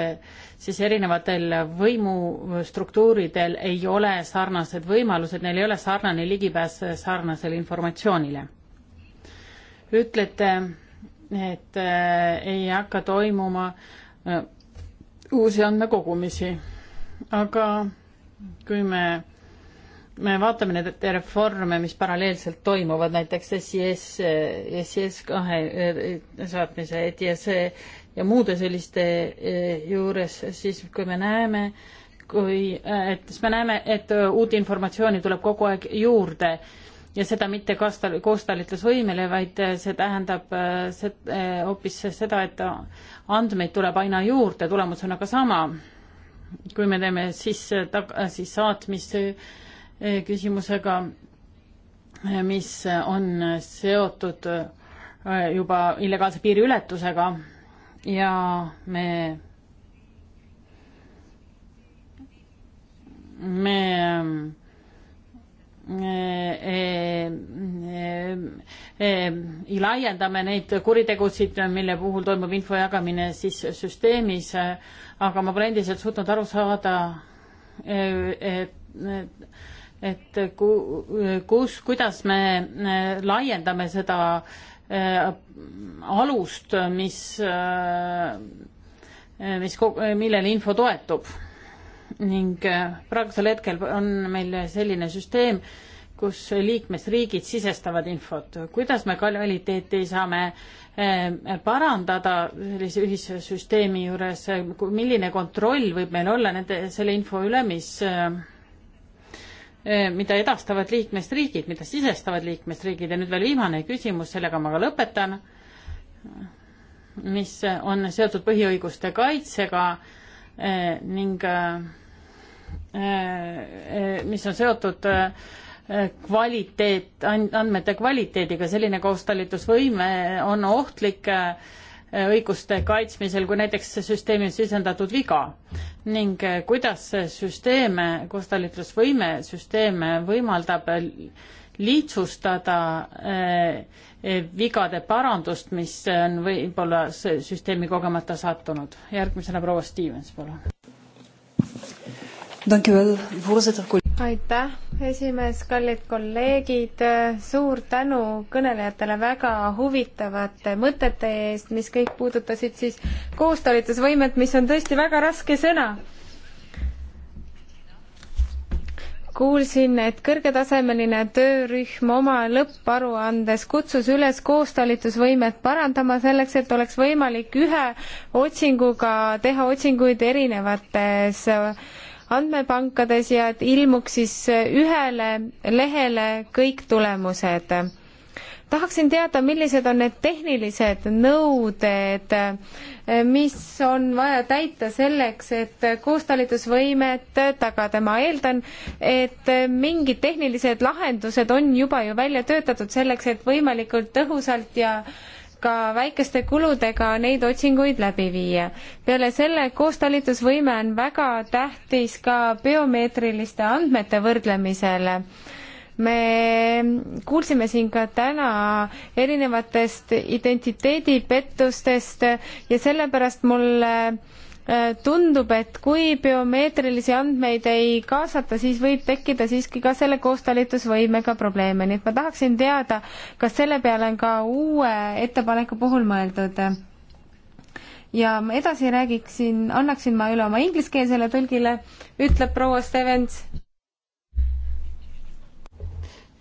siis erinevatel võimustruktuuridel ei ole sarnased võimalused, neil ei ole sarnane ligipääs sarnasele informatsioonile. ütlete, et ei hakka toimuma uusi andmekogumisi. aga kui me, me vaatame neid reforme, mis paralleelselt toimuvad, näiteks SIS, SIS kahe eh, saatmise, ETS ja muude selliste eh, juures, siis kui me näeme, kui, eh, et siis me näeme, et uut informatsiooni tuleb kogu aeg juurde ja seda mitte kastal-, koostalitlusvõimele, vaid äh, see tähendab äh, see, äh, hoopis seda, et andmeid tuleb aina juurde, tulemus on aga sama. kui me teeme sisse tag-, siis saatmise küsimusega, mis on seotud juba illegaalse piiriületusega ja me me Äh, äh, äh, laiendame neid kuritegusid, mille puhul toimub info jagamine siis süsteemis, aga ma pole endiselt suutnud aru saada, et, et, et ku, kus, kuidas me laiendame seda alust, mis, mis, millele info toetub ning äh, praegusel hetkel on meil selline süsteem, kus liikmesriigid sisestavad infot. kuidas me kvaliteeti saame äh, parandada sellise ühissüsteemi juures, milline kontroll võib meil olla nende, selle info üle, mis äh, mida edastavad liikmesriigid, mida sisestavad liikmesriigid ja nüüd veel viimane küsimus, sellega ma ka lõpetan, mis on seotud põhiõiguste kaitsega ning Äh, mis on seotud äh, kvaliteet, andmete kvaliteediga, selline koostalitusvõime on ohtlik äh, õiguste kaitsmisel, kui näiteks süsteemi on sisendatud viga ning kuidas süsteeme, koostalitlusvõime süsteeme võimaldab lihtsustada vigade parandust, mis on võib-olla süsteemi kogemata sattunud. järgmisena proua Stevens, palun aitäh, esimees, kallid kolleegid, suur tänu kõnelejatele väga huvitavate mõtete eest, mis kõik puudutasid siis koostalitusvõimet, mis on tõesti väga raske sõna. kuulsin, et kõrgetasemeline töörühm oma lõpparuandes kutsus üles koostalitusvõimet parandama selleks, et oleks võimalik ühe otsinguga teha otsinguid erinevates äh, andmepankades ja et ilmuks siis ühele lehele kõik tulemused. tahaksin teada, millised on need tehnilised nõuded, mis on vaja täita selleks, et koostalitusvõimet tagada. ma eeldan, et mingid tehnilised lahendused on juba ju välja töötatud selleks, et võimalikult tõhusalt ja äh, ka väikeste kuludega neid otsinguid läbi viia. peale selle koostalitusvõime on väga tähtis ka biomeetriliste andmete võrdlemisele me kuulsime siin ka täna erinevatest identiteedipettustest ja sellepärast mulle äh, Äh, tundub, et kui biomeetrilisi andmeid ei kaasata, siis võib tekkida siiski ka selle koostalitusvõimega probleeme, nii et ma tahaksin teada, kas selle peale on ka uue ettepaneku puhul mõeldud. ja edasi räägiksin, annaksin ma üle oma ingliskeelsele tõlgile, ütleb proua Stevens.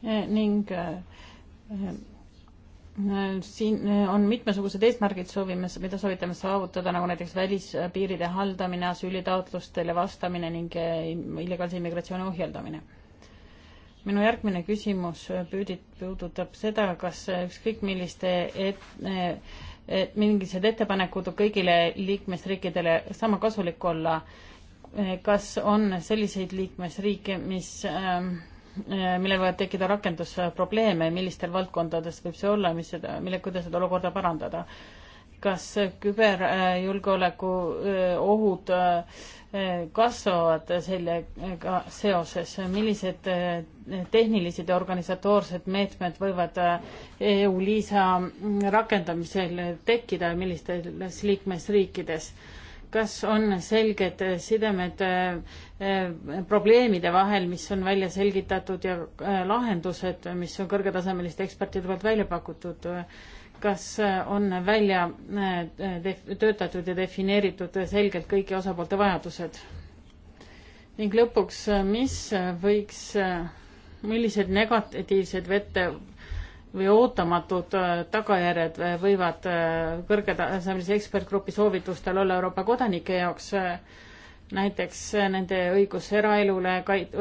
Äh, ning äh, siin äh, on mitmesugused eesmärgid soovime, mida soovitame saavutada, nagu näiteks välispiiride haldamine, asüülitaotlustele vastamine ning äh, illegaalse immigratsiooni ohjeldamine. minu järgmine küsimus püüdit-, puudutab seda, kas äh, ükskõik milliste et, et mingisugused ettepanekud kõigile liikmesriikidele sama kasulik olla, kas on selliseid liikmesriike, mis ähm, millel võivad tekkida rakendusprobleeme, millistel valdkondades võib see olla, mis seda, mille, kuidas seda olukorda parandada? kas küberjulgeoleku ohud kasvavad sellega seoses, millised tehnilised ja organisatoorsed meetmed võivad EU-LISA rakendamisel tekkida, millistes liikmesriikides? kas on selged sidemed Äh, probleemide vahel, mis on välja selgitatud ja äh, lahendused, mis on kõrgetasemeliste ekspertide poolt välja pakutud. kas äh, on välja töötatud ja defineeritud selgelt kõigi osapoolte vajadused? ning lõpuks, mis võiks, millised negatiivsed vette või ootamatud tagajärjed võivad kõrgetasemelise ekspertgrupi soovitustel olla Euroopa kodanike jaoks äh, näiteks nende õigus eraelule kait-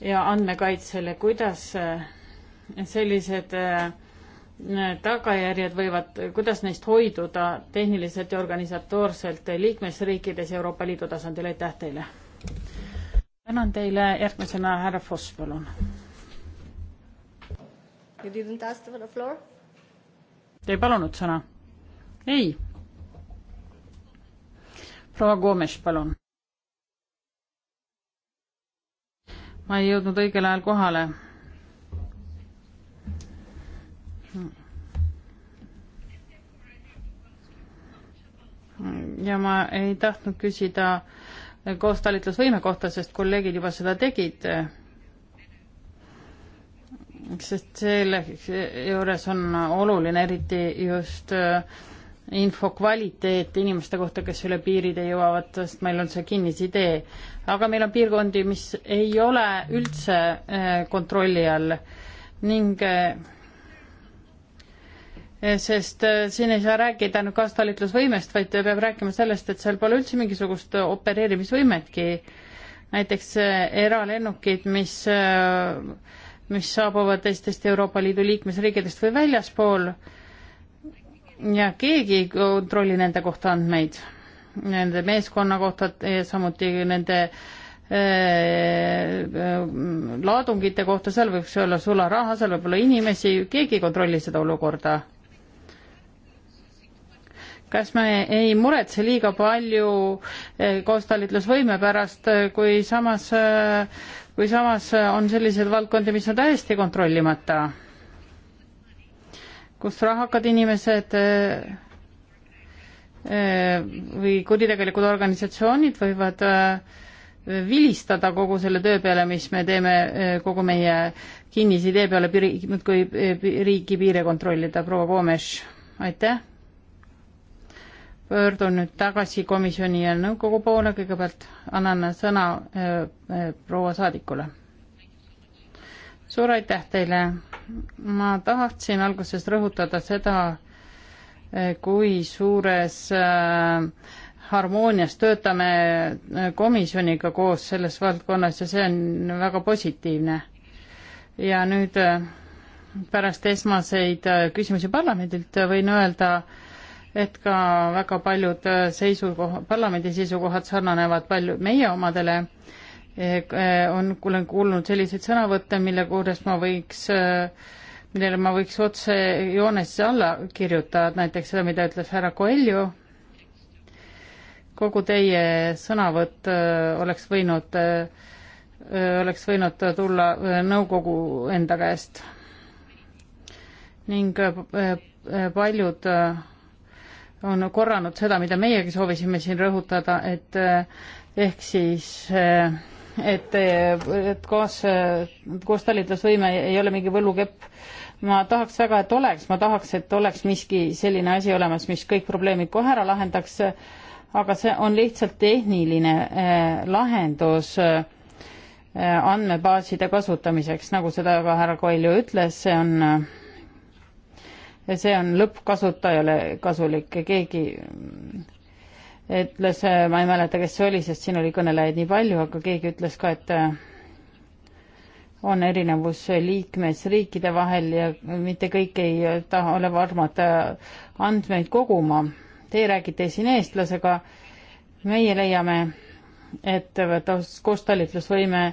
ja andmekaitsele, kuidas äh, sellised äh, tagajärjed võivad, kuidas neist hoiduda tehniliselt ja organisatoorselt liikmesriikides Euroopa Liidu tasandil, aitäh teile! tänan teile, järgmisena härra Foss, palun. Te ei palunud sõna? ei proua Gomes, palun. ma ei jõudnud õigel ajal kohale. ja ma ei tahtnud küsida koostalitlusvõime kohta, sest kolleegid juba seda tegid. sest selle juures on oluline eriti just äh, info kvaliteet inimeste kohta, kes üle piiride jõuavad, sest meil on see kinnisidee. aga meil on piirkondi, mis ei ole üldse äh, kontrolli all ning äh, sest äh, siin ei saa rääkida ainult kaastalitlusvõimest, vaid peab rääkima sellest, et seal pole üldse mingisugust opereerimisvõimetki. näiteks eralennukid, mis, mis saabuvad teistest Euroopa Liidu liikmesriikidest või väljaspool äh, ja keegi ei kontrolli nende kohta andmeid, nende meeskonna kohta, samuti nende eh, laadungite kohta, seal võiks olla sularaha, seal võib olla inimesi, keegi ei kontrolli seda olukorda. kas me ei muretse liiga palju eh, koostalitlusvõime pärast, kui samas, eh, kui samas on selliseid valdkondi, mis on täiesti kontrollimata? kus rahakad inimesed eh, eh, või kuritegelikud organisatsioonid võivad eh, vilistada kogu selle töö peale, mis me teeme kogu meie kinnisidee peale piri-, muudkui riigi piire kontrollida, proua Koomes, aitäh. pöördun nüüd tagasi komisjoni ja nõukogu poole, kõigepealt annan sõna proua saadikule. suur aitäh teile ma tahtsin alguses rõhutada seda, eh, kui suures eh, harmoonias töötame eh, komisjoniga koos selles valdkonnas ja see on väga positiivne. ja nüüd pärast esmaseid küsimusi parlamendilt võin öelda, et ka väga paljud seisukoha, parlamendi seisukohad sarnanevad palju meie omadele Eh, on, olen kuulnud selliseid sõnavõtte, mille juures ma võiks, eh, millele ma võiks otse joonesse alla kirjutada, näiteks seda, mida ütles härra Coelho, kogu teie sõnavõtt eh, oleks võinud, oleks võinud tulla nõukogu enda käest. ning paljud on korranud seda, mida meiegi soovisime siin rõhutada, et ehk siis äh, et, et koos, koos talitlusvõime ei ole mingi võlukepp. ma tahaks väga, et oleks, ma tahaks, et oleks miski selline asi olemas, mis kõik probleemid kohe ära lahendaks, aga see on lihtsalt tehniline eh, lahendus eh, andmebaaside kasutamiseks, nagu seda ka härra Koilju ütles, see on see on lõppkasutajale kasulik, keegi ütles, äh, ma ei mäleta, kes see oli, sest siin oli kõnelejaid nii palju, aga keegi ütles ka, et äh, on erinevus liikmesriikide vahel ja mitte kõik ei taha, ole varmad äh, andmeid koguma. Teie räägite siin eestlasega, meie leiame, et koostalitlusvõime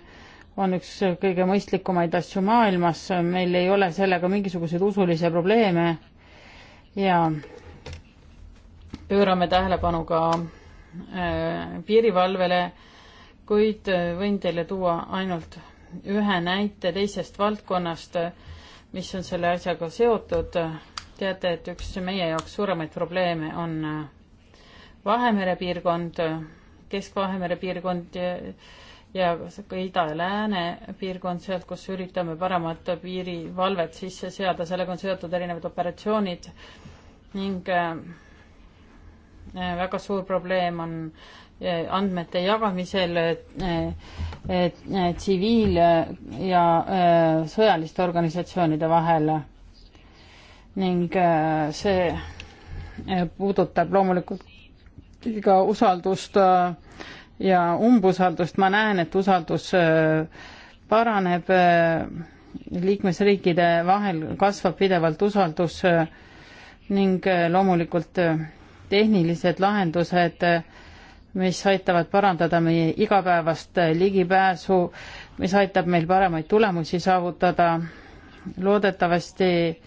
on üks kõige mõistlikumaid asju maailmas, meil ei ole sellega mingisuguseid usulisi probleeme ja pöörame tähelepanu ka äh, piirivalvele, kuid äh, võin teile tuua ainult ühe näite teisest valdkonnast, mis on selle asjaga seotud. teate, et üks meie jaoks suuremaid probleeme on äh, Vahemere piirkond, Kesk-Vahemere piirkond ja, ja ka ida ja lääne piirkond, sealt, kus üritame paremat piirivalvet sisse seada, sellega on seotud erinevad operatsioonid ning äh, Eh, väga suur probleem on eh, andmete jagamisel eh, tsiviil- ja sõjaliste organisatsioonide vahel ning see puudutab loomulikult ka usaldust ja umbusaldust, ma näen, et usaldus paraneb liikmesriikide vahel, kasvab pidevalt usaldus ning loomulikult tehnilised lahendused, mis aitavad parandada meie igapäevast ligipääsu, mis aitab meil paremaid tulemusi saavutada. loodetavasti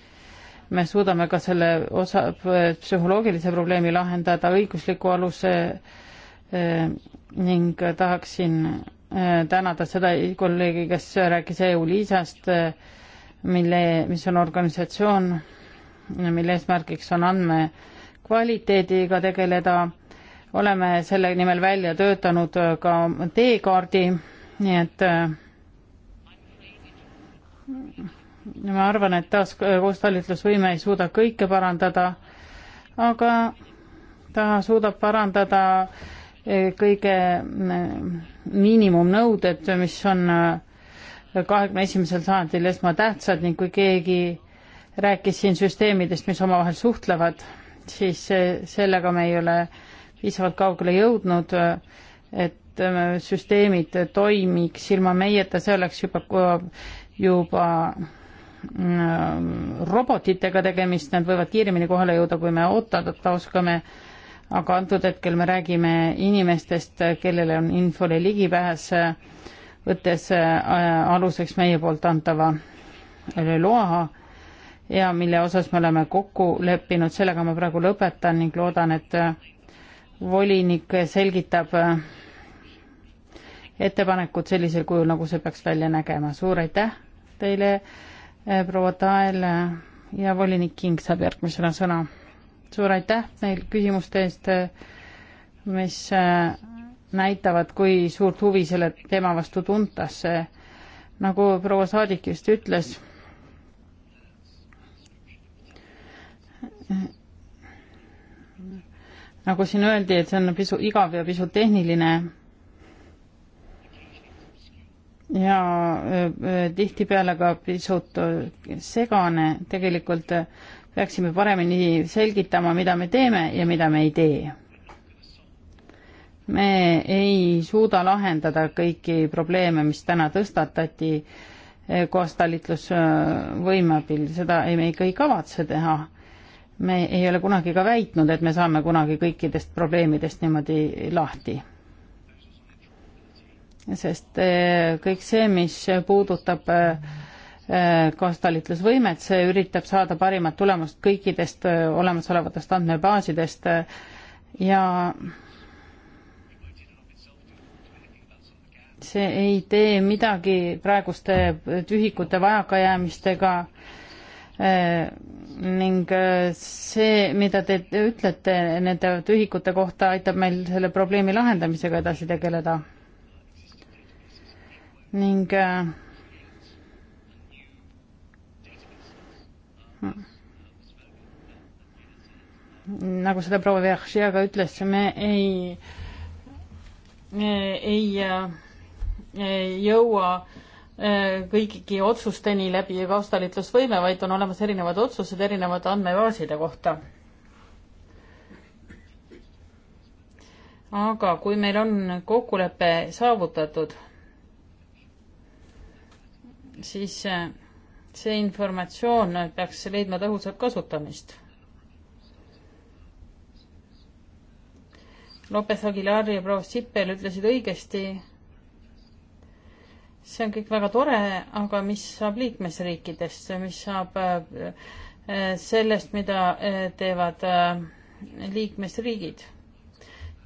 me suudame ka selle osa, psühholoogilise probleemi lahendada õigusliku aluse eh, ning tahaksin eh, tänada seda kolleegi, kes rääkis EU-Liisast, eh, mille, mis on organisatsioon, mille eesmärgiks on andme kvaliteediga tegeleda. oleme selle nimel välja töötanud ka teekaardi, nii et äh, ma arvan, et taas koostalitlusvõime ei suuda kõike parandada, aga ta suudab parandada äh, kõige äh, miinimumnõuded, mis on kahekümne esimesel sajandil esmatähtsad ning kui keegi rääkis siin süsteemidest, mis omavahel suhtlevad, siis sellega me ei ole piisavalt kaugele jõudnud, et äh, süsteemid toimiks ilma meieta, see oleks juba, juba mm, robotitega tegemist, nad võivad kiiremini kohale jõuda, kui me ootata oskame, aga antud hetkel me räägime inimestest, kellele on infole ligipääs, võttes äh, aluseks meie poolt antava loa ja mille osas me oleme kokku leppinud, sellega ma praegu lõpetan ning loodan, et äh, volinik selgitab äh, ettepanekut sellisel kujul, nagu see peaks välja nägema. suur aitäh teile, äh, proua Tael ja volinik King saab järgmisena sõna. suur aitäh neil küsimuste eest, mis näitavad, kui suurt huvi selle teema vastu tuntakse. nagu proua saadik just ütles nagu siin öeldi, et see on pisut igav ja pisut tehniline. ja tihtipeale ka pisut segane, tegelikult peaksime paremini selgitama, mida me teeme ja mida me ei tee. me ei suuda lahendada kõiki probleeme, mis täna tõstatati koostalitlusvõime abil, seda ei, me ikka ei kavatse teha me ei ole kunagi ka väitnud, et me saame kunagi kõikidest probleemidest niimoodi lahti. sest eh, kõik see, mis puudutab eh, eh, koostalitlusvõimet, see üritab saada parimat tulemust kõikidest olemasolevatest andmebaasidest ja see ei tee midagi praeguste tühikute vajakajäämistega ning äh, see, mida te ütlete nende ühikute kohta, aitab meil selle probleemi lahendamisega edasi tegeleda. ning äh, nagu seda proua Vergia ka ütles, me ei, ei, ei äh, jõua äh, kõigi otsusteni läbi kaustalitlusvõime, vaid on olemas erinevad otsused erinevate andmebaaside kohta. aga kui meil on kokkulepe saavutatud, siis äh, see informatsioon peaks leidma tõhusat kasutamist. Lopez Aguilar ja proua Sippel ütlesid õigesti, see on kõik väga tore, aga mis saab liikmesriikidest, mis saab äh, äh, sellest, mida äh, teevad liikmesriigid?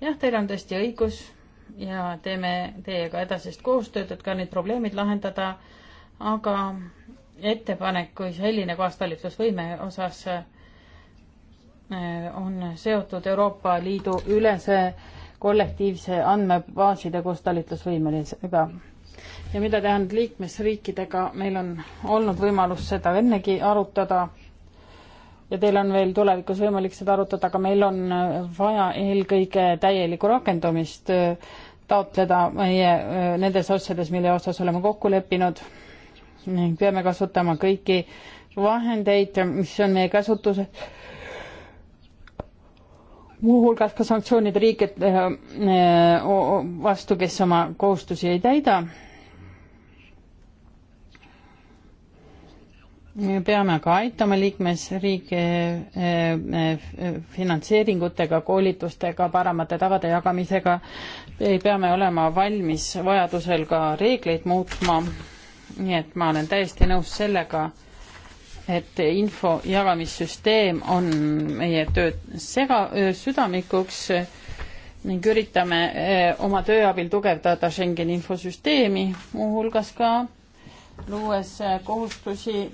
jah, teil on tõesti õigus ja teeme teiega edasist koostööd, et ka need probleemid lahendada, aga ettepanek kui selline kaastalitlusvõime osas on seotud Euroopa Liidu ülese kollektiivse andmebaaside koostalitlusvõimelisega ja mida tähendab liikmesriikidega, meil on olnud võimalus seda ennegi arutada ja teil on veel tulevikus võimalik seda arutada, aga meil on vaja eelkõige täielikku rakendamist äh, taotleda meie äh, nendes asjades, mille osas oleme kokku leppinud ning peame kasutama kõiki vahendeid, mis on meie käsutuses, muuhulgas ka sanktsioonid riikide äh, vastu, kes oma kohustusi ei täida peame ka aitama liikmesriike eh, eh, finantseeringutega, koolitustega, paremate tavade jagamisega. peame olema valmis vajadusel ka reegleid muutma. nii et ma olen täiesti nõus sellega, et info jagamissüsteem on meie töö sega, südamikuks ning üritame eh, oma töö abil tugevdada Schengeni infosüsteemi, muuhulgas ka luues kohustusi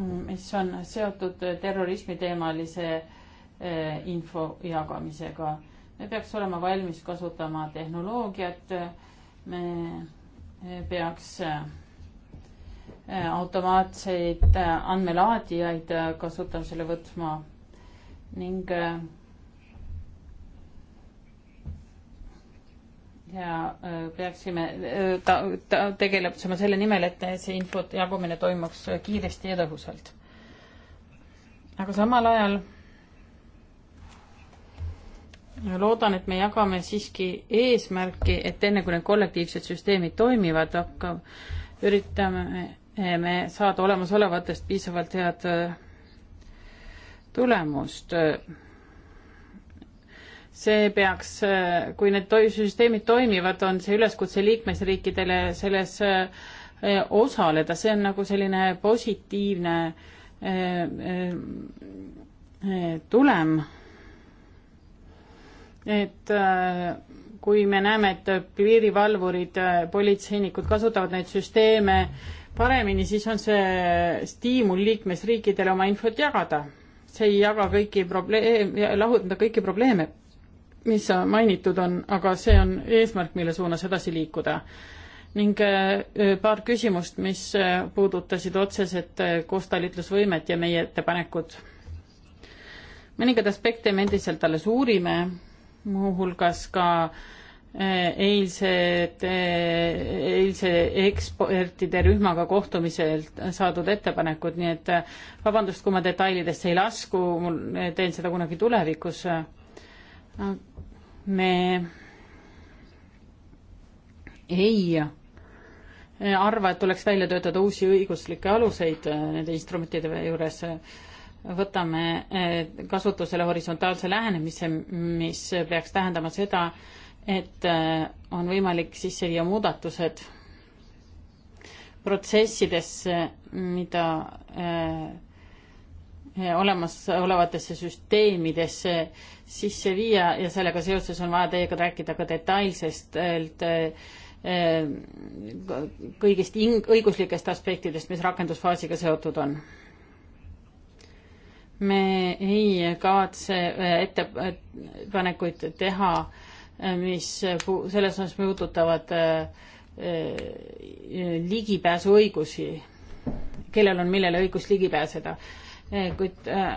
mis on seotud terrorismi teemalise eh, info jagamisega. me peaks olema valmis kasutama tehnoloogiat, me eh, peaks eh, automaatseid andmelaadijaid kasutamisele võtma ning ja äh, peaksime, äh, ta, ta tegeleb selle nimel, et see info jagumine toimuks kiiresti ja tõhusalt. aga samal ajal loodan, et me jagame siiski eesmärki, et enne kui need kollektiivsed süsteemid toimivad, hakkab, üritame me saada olemasolevatest piisavalt head äh, tulemust see peaks, kui need to-, süsteemid toimivad, on see üleskutse liikmesriikidele selles eh, osaleda, see on nagu selline positiivne eh, eh, tulem. et kui me näeme, et piirivalvurid, politseinikud kasutavad neid süsteeme paremini, siis on see stiimul liikmesriikidele oma infot jagada. see ei jaga kõiki probleem, lahutada kõiki probleeme mis mainitud on, aga see on eesmärk, mille suunas edasi liikuda. ning äh, paar küsimust, mis äh, puudutasid otseselt äh, koostalitlusvõimet ja meie ettepanekud. mõningaid aspekte me endiselt alles uurime, muuhulgas ka eilsed, eilse ekspertide rühmaga kohtumiselt saadud ettepanekud, nii et vabandust, kui ma detailidesse ei lasku, mul, teen seda kunagi tulevikus me ei arva, et tuleks välja töötada uusi õiguslikke aluseid äh, nende instrumentide juures. võtame äh, kasutusele horisontaalse lähenemise, mis peaks tähendama seda, et äh, on võimalik sisse viia muudatused protsessidesse, mida äh, olemasolevatesse süsteemidesse sisse viia ja sellega seoses on vaja teiega rääkida ka detailsest äh, kõigist õiguslikest aspektidest, mis rakendusfaasiga seotud on. me ei kavatse äh, ettepanekuid teha, äh, mis selles osas puudutavad ligipääsuõigusi, kellel on millele õigus ligi pääseda Eh, kuid eh,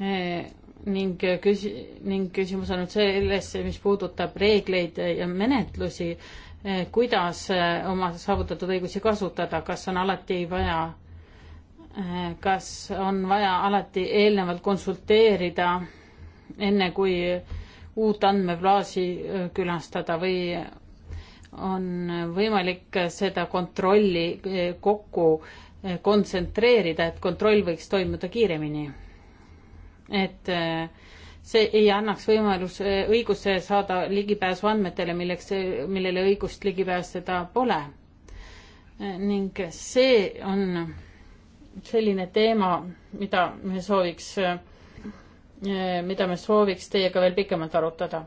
eh, ning küsi-, ning küsimus on nüüd selles, mis puudutab reegleid ja menetlusi, kuidas oma saavutatud õigusi kasutada, kas on alati vaja, kas on vaja alati eelnevalt konsulteerida, enne kui uut andmebaasi külastada või on võimalik seda kontrolli eh, kokku eh, kontsentreerida, et kontroll võiks toimuda kiiremini. et eh, see ei annaks võimalus, õiguse saada ligipääsu andmetele, milleks, millele õigust ligipääseda pole. ning see on selline teema, mida me sooviks, mida me sooviks teiega veel pikemalt arutada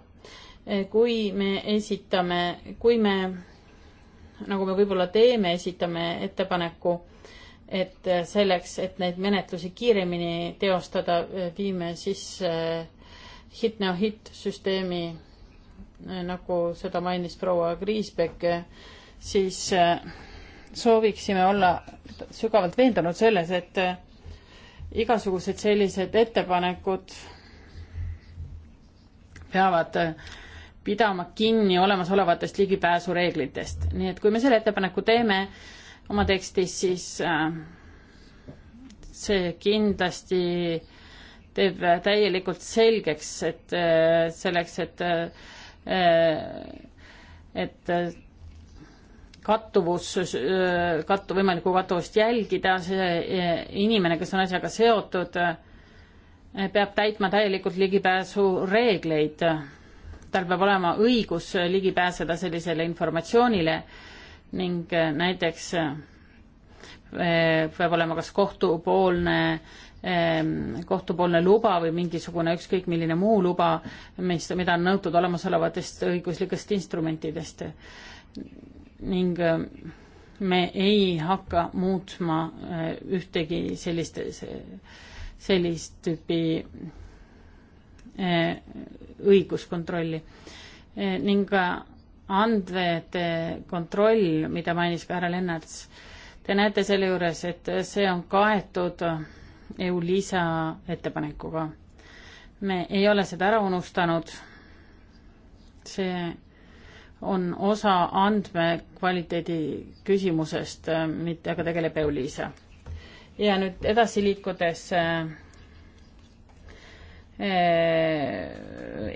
Eh, kui me esitame, kui me, nagu me võib-olla teeme, esitame ettepaneku, et eh, selleks, et neid menetlusi kiiremini teostada, eh, viime sisse hit-no-hit süsteemi, nagu seda mainis proua Kriisbeck, siis sooviksime olla sügavalt veendunud selles, et igasugused sellised ettepanekud peavad äh, pidama kinni olemasolevatest ligipääsureeglitest. nii et kui me selle ettepaneku teeme oma tekstis, siis äh, see kindlasti teeb täielikult selgeks, et äh, selleks, et äh, et kattuvus, kattu, võimalikku kattuvust jälgida, see inimene, kes on asjaga seotud, peab täitma täielikult ligipääsureegleid tal peab olema õigus ligi pääseda sellisele informatsioonile ning äh, näiteks äh, peab olema kas kohtupoolne ähm, kohtupoolne luba või mingisugune ükskõik milline muu luba, mis, mida on nõutud olemasolevatest õiguslikest instrumentidest. ning äh, me ei hakka muutma ühtegi sellist, sellist tüüpi Eh, õiguskontrolli eh, ning andmete kontroll, mida mainis ka härra Lennarts. Te näete selle juures, et see on kaetud EU-LISA ettepanekuga. me ei ole seda ära unustanud. see on osa andmekvaliteedi küsimusest, mitte aga tegeleb EU-LISA. ja nüüd edasi liikudes äh, Äh,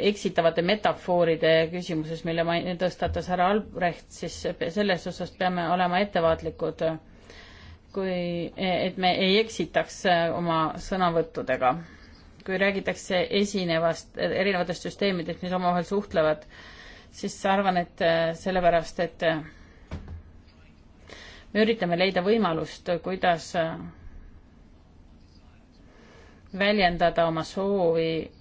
eksitavate metafooride küsimuses, mille ma tõstatas härra Albrecht, siis selles osas peame olema ettevaatlikud, kui, et me ei eksitaks äh, oma sõnavõttudega. kui räägitakse esinevast, erinevatest süsteemidest, mis omavahel suhtlevad, siis arvan, et äh, sellepärast, et me üritame leida võimalust, kuidas väljendada oma soovi,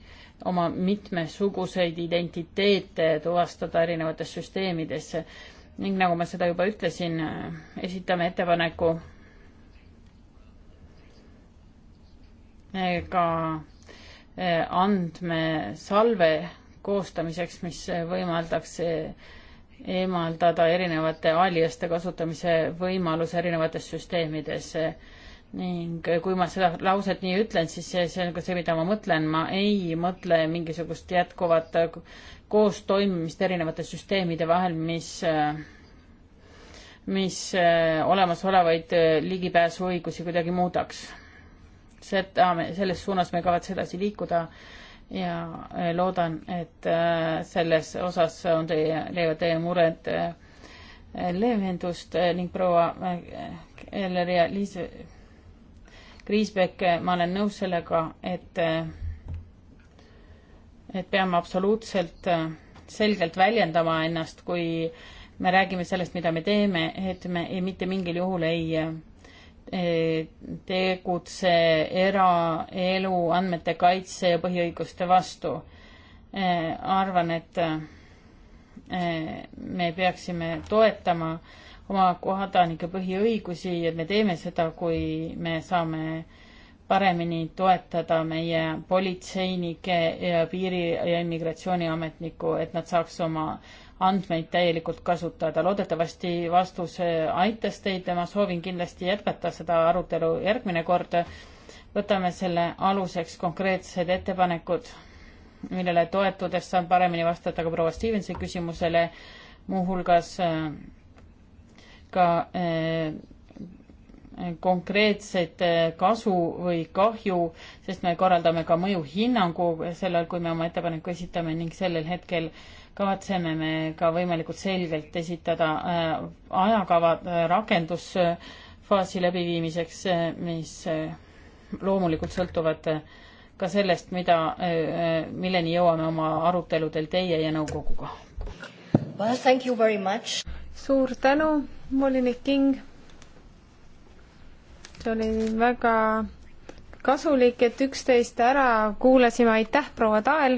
oma mitmesuguseid identiteete tuvastada erinevates süsteemides ning nagu ma seda juba ütlesin, esitame ettepaneku eh, ka eh, andmesalve koostamiseks, mis võimaldaks eh, eemaldada erinevate aliaste kasutamise võimalus erinevates süsteemides ning eh, kui ma seda lauset nii ütlen, siis see, see on ka see, mida ma mõtlen, ma ei mõtle mingisugust jätkuvat eh, koostoimimist erinevate süsteemide vahel, mis, eh, mis olemasolevaid ligipääsuõigusi kuidagi muudaks. seda, selles suunas me kavatse edasi liikuda ja loodan, et selles osas on teie, leiavad teie mured leevendust ning proua Keller ja Liis Kriisbeck, ma olen nõus sellega, et, et peame absoluutselt selgelt väljendama ennast, kui me räägime sellest, mida me teeme, et me ei, mitte mingil juhul ei e, tegutse eraelu andmete kaitse ja põhiõiguste vastu. E, arvan, et e, me peaksime toetama äh, oma kodanike põhiõigusi, et me teeme seda, kui me saame paremini toetada meie politseinike ja piiri- ja immigratsiooniametnikku, et nad saaks oma andmeid täielikult kasutada. loodetavasti vastus aitas teid ja ma soovin kindlasti jätkata seda arutelu järgmine kord. võtame selle aluseks konkreetsed ettepanekud, millele toetudes saan paremini vastata ka proua Stevensi küsimusele, muuhulgas ka eh, konkreetset eh, kasu või kahju, sest me korraldame ka mõjuhinnangu sellel, kui me oma ettepaneku esitame ning sellel hetkel kavatseme me ka võimalikult selgelt esitada eh, ajakavad rakendusfaasi läbiviimiseks, mis loomulikult sõltuvad ka sellest, mida, milleni jõuame oma aruteludel teie ja nõukoguga. Well, thank you very much suur tänu, volinik King. see oli väga kasulik, et üksteist ära kuulasime, aitäh, proua Tael.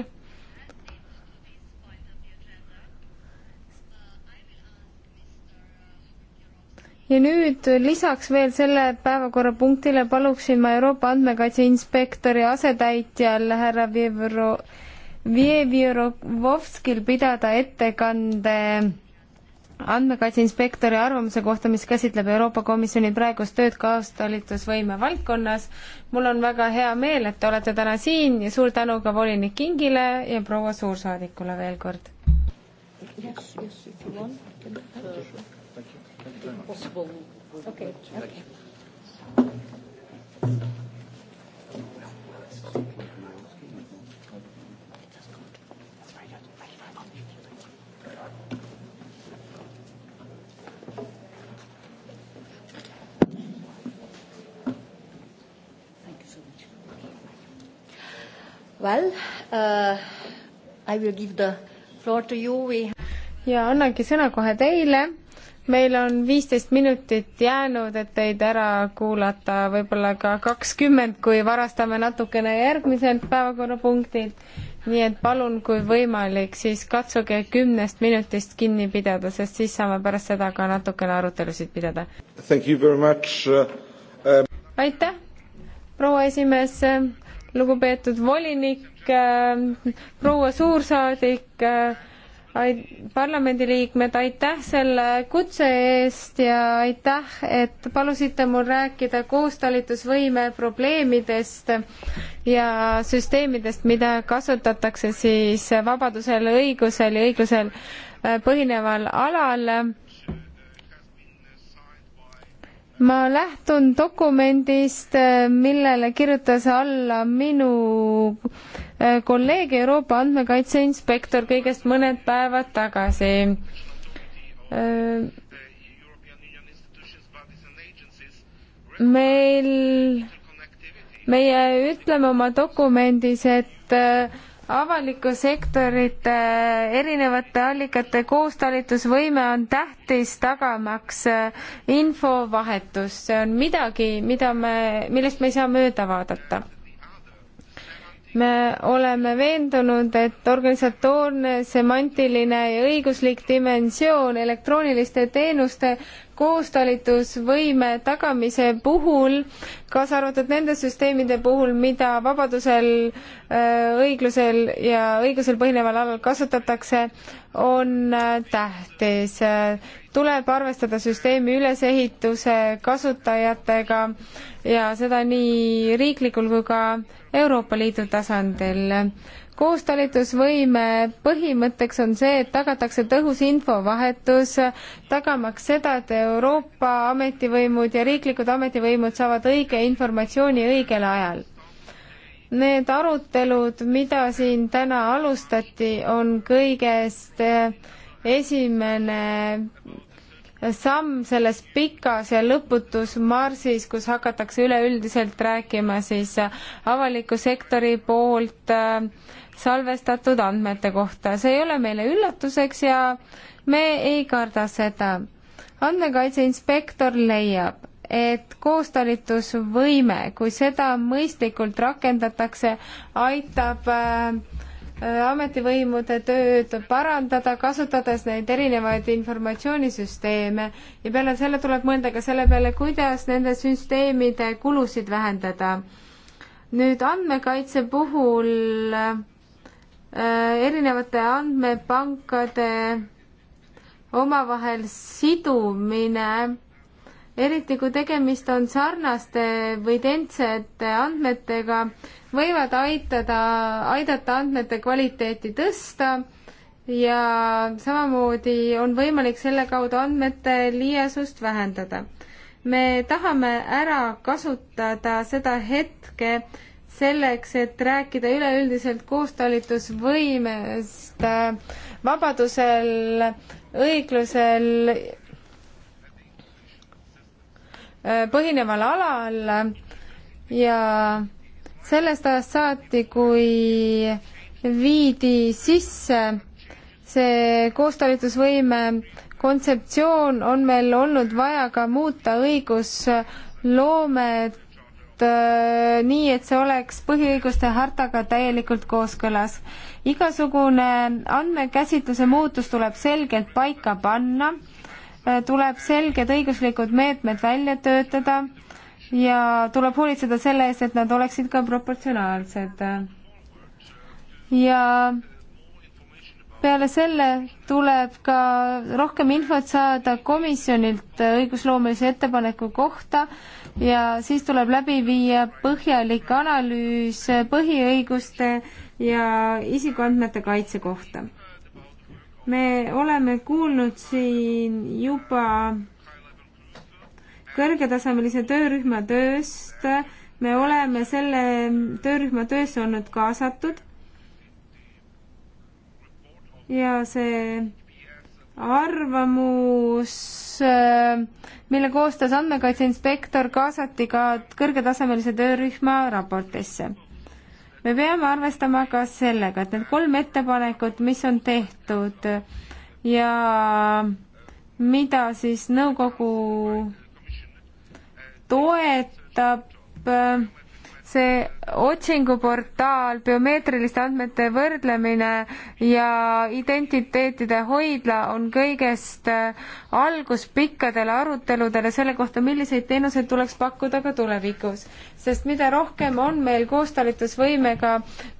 ja nüüd lisaks veel selle päevakorrapunktile paluksin ma Euroopa Andmekaitse Inspektori asetäitjal härra Vjevro, Vjevjerovskil pidada ettekande andmekaitse inspektori arvamuse kohta, mis käsitleb Euroopa Komisjoni praegust tööd kaastalitusvõime valdkonnas. mul on väga hea meel, et te olete täna siin ja suur tänu ka volinik Kingile ja proua suursaadikule veel kord. Yes, yes, if you want. Can, uh, sure. Thank you. Thank you very much. Possible. Okay. okay. Well, uh, I will give the floor to you. We... ja annangi sõna kohe teile. meil on viisteist minutit jäänud, et teid ära kuulata, võib-olla ka kakskümmend, kui varastame natukene järgmiselt päevakorrapunktilt. nii et palun, kui võimalik, siis katsuge kümnest minutist kinni pidada, sest siis saame pärast seda ka natukene arutelusid pidada. Thank you very much uh,. Uh... aitäh, proua esimees lugupeetud volinik äh,, proua suursaadik äh,, parlamendiliikmed, aitäh selle kutse eest ja aitäh, et palusite mul rääkida koostalitusvõime probleemidest ja süsteemidest, mida kasutatakse siis vabadusel, õigusel ja õiglusel äh, põhineval alal ma lähtun dokumendist, eh, millele kirjutas alla minu eh, kolleeg Euroopa andmekaitse inspektor kõigest mõned päevad tagasi. Eh, meil, meie ütleme oma dokumendis, et avaliku sektorite erinevate allikate koostalitusvõime on tähtis tagamaks äh, infovahetust, see on midagi, mida me, millest me ei saa mööda vaadata me oleme veendunud, et organisatoorne, semantiline ja õiguslik dimensioon elektrooniliste teenuste koostalitusvõime tagamise puhul, kaasa arvatud nende süsteemide puhul, mida vabadusel, äh, õiglusel ja õigusel põhineval alal kasutatakse, on äh, tähtis. tuleb arvestada süsteemi ülesehituse kasutajatega ja seda nii riiklikul kui ka Euroopa Liidu tasandil. koostalitusvõime põhimõtteks on see, et tagatakse tõhus infovahetus, tagamaks seda, et Euroopa ametivõimud ja riiklikud ametivõimud saavad õige informatsiooni õigel ajal Need arutelud, mida siin täna alustati, on kõigest esimene samm selles pikas ja lõputus marsis, kus hakatakse üleüldiselt rääkima siis äh, avaliku sektori poolt äh, salvestatud andmete kohta. see ei ole meile üllatuseks ja me ei karda seda. andmekaitse inspektor leiab, et koostalitusvõime, kui seda mõistlikult rakendatakse, aitab äh, Äh, ametivõimude tööd parandada, kasutades neid erinevaid informatsioonisüsteeme ja peale selle tuleb mõelda ka selle peale, kuidas nende süsteemide kulusid vähendada. nüüd andmekaitse puhul äh, erinevate andmepankade omavahel sidumine eriti kui tegemist on sarnaste või identsete andmetega, võivad aitada, aidata andmete kvaliteeti tõsta ja samamoodi on võimalik selle kaudu andmete liiesust vähendada. me tahame ära kasutada seda hetke selleks, et rääkida üleüldiselt koostalitusvõimest vabadusel, õiglusel Äh, põhineval alal ja sellest ajast saati, kui viidi sisse see koostalitusvõime kontseptsioon, on meil olnud vaja ka muuta õigusloomet äh, nii, et see oleks põhiõiguste hartaga täielikult kooskõlas. igasugune andmekäsitluse muutus tuleb selgelt paika panna Äh, tuleb selged õiguslikud meetmed välja töötada ja tuleb hoolitseda selle eest, et nad oleksid ka proportsionaalsed. ja peale selle tuleb ka rohkem infot saada komisjonilt õigusloomelise ettepaneku kohta ja siis tuleb läbi viia põhjalik analüüs põhiõiguste ja isikuandmete kaitse kohta me oleme kuulnud siin juba kõrgetasemelise töörühma tööst, me oleme selle töörühma töösse olnud kaasatud ja see arvamus, mille koostas andmekaitse inspektor, kaasati ka kõrgetasemelise töörühma raportisse me peame arvestama ka sellega, et need kolm ettepanekut, mis on tehtud ja mida siis nõukogu toetab, see otsinguportaal, biomeetriliste andmete võrdlemine ja identiteetide hoidla on kõigest äh, algus pikkadele aruteludele selle kohta, milliseid teenuseid tuleks pakkuda ka tulevikus. sest mida rohkem on meil koostalitusvõimega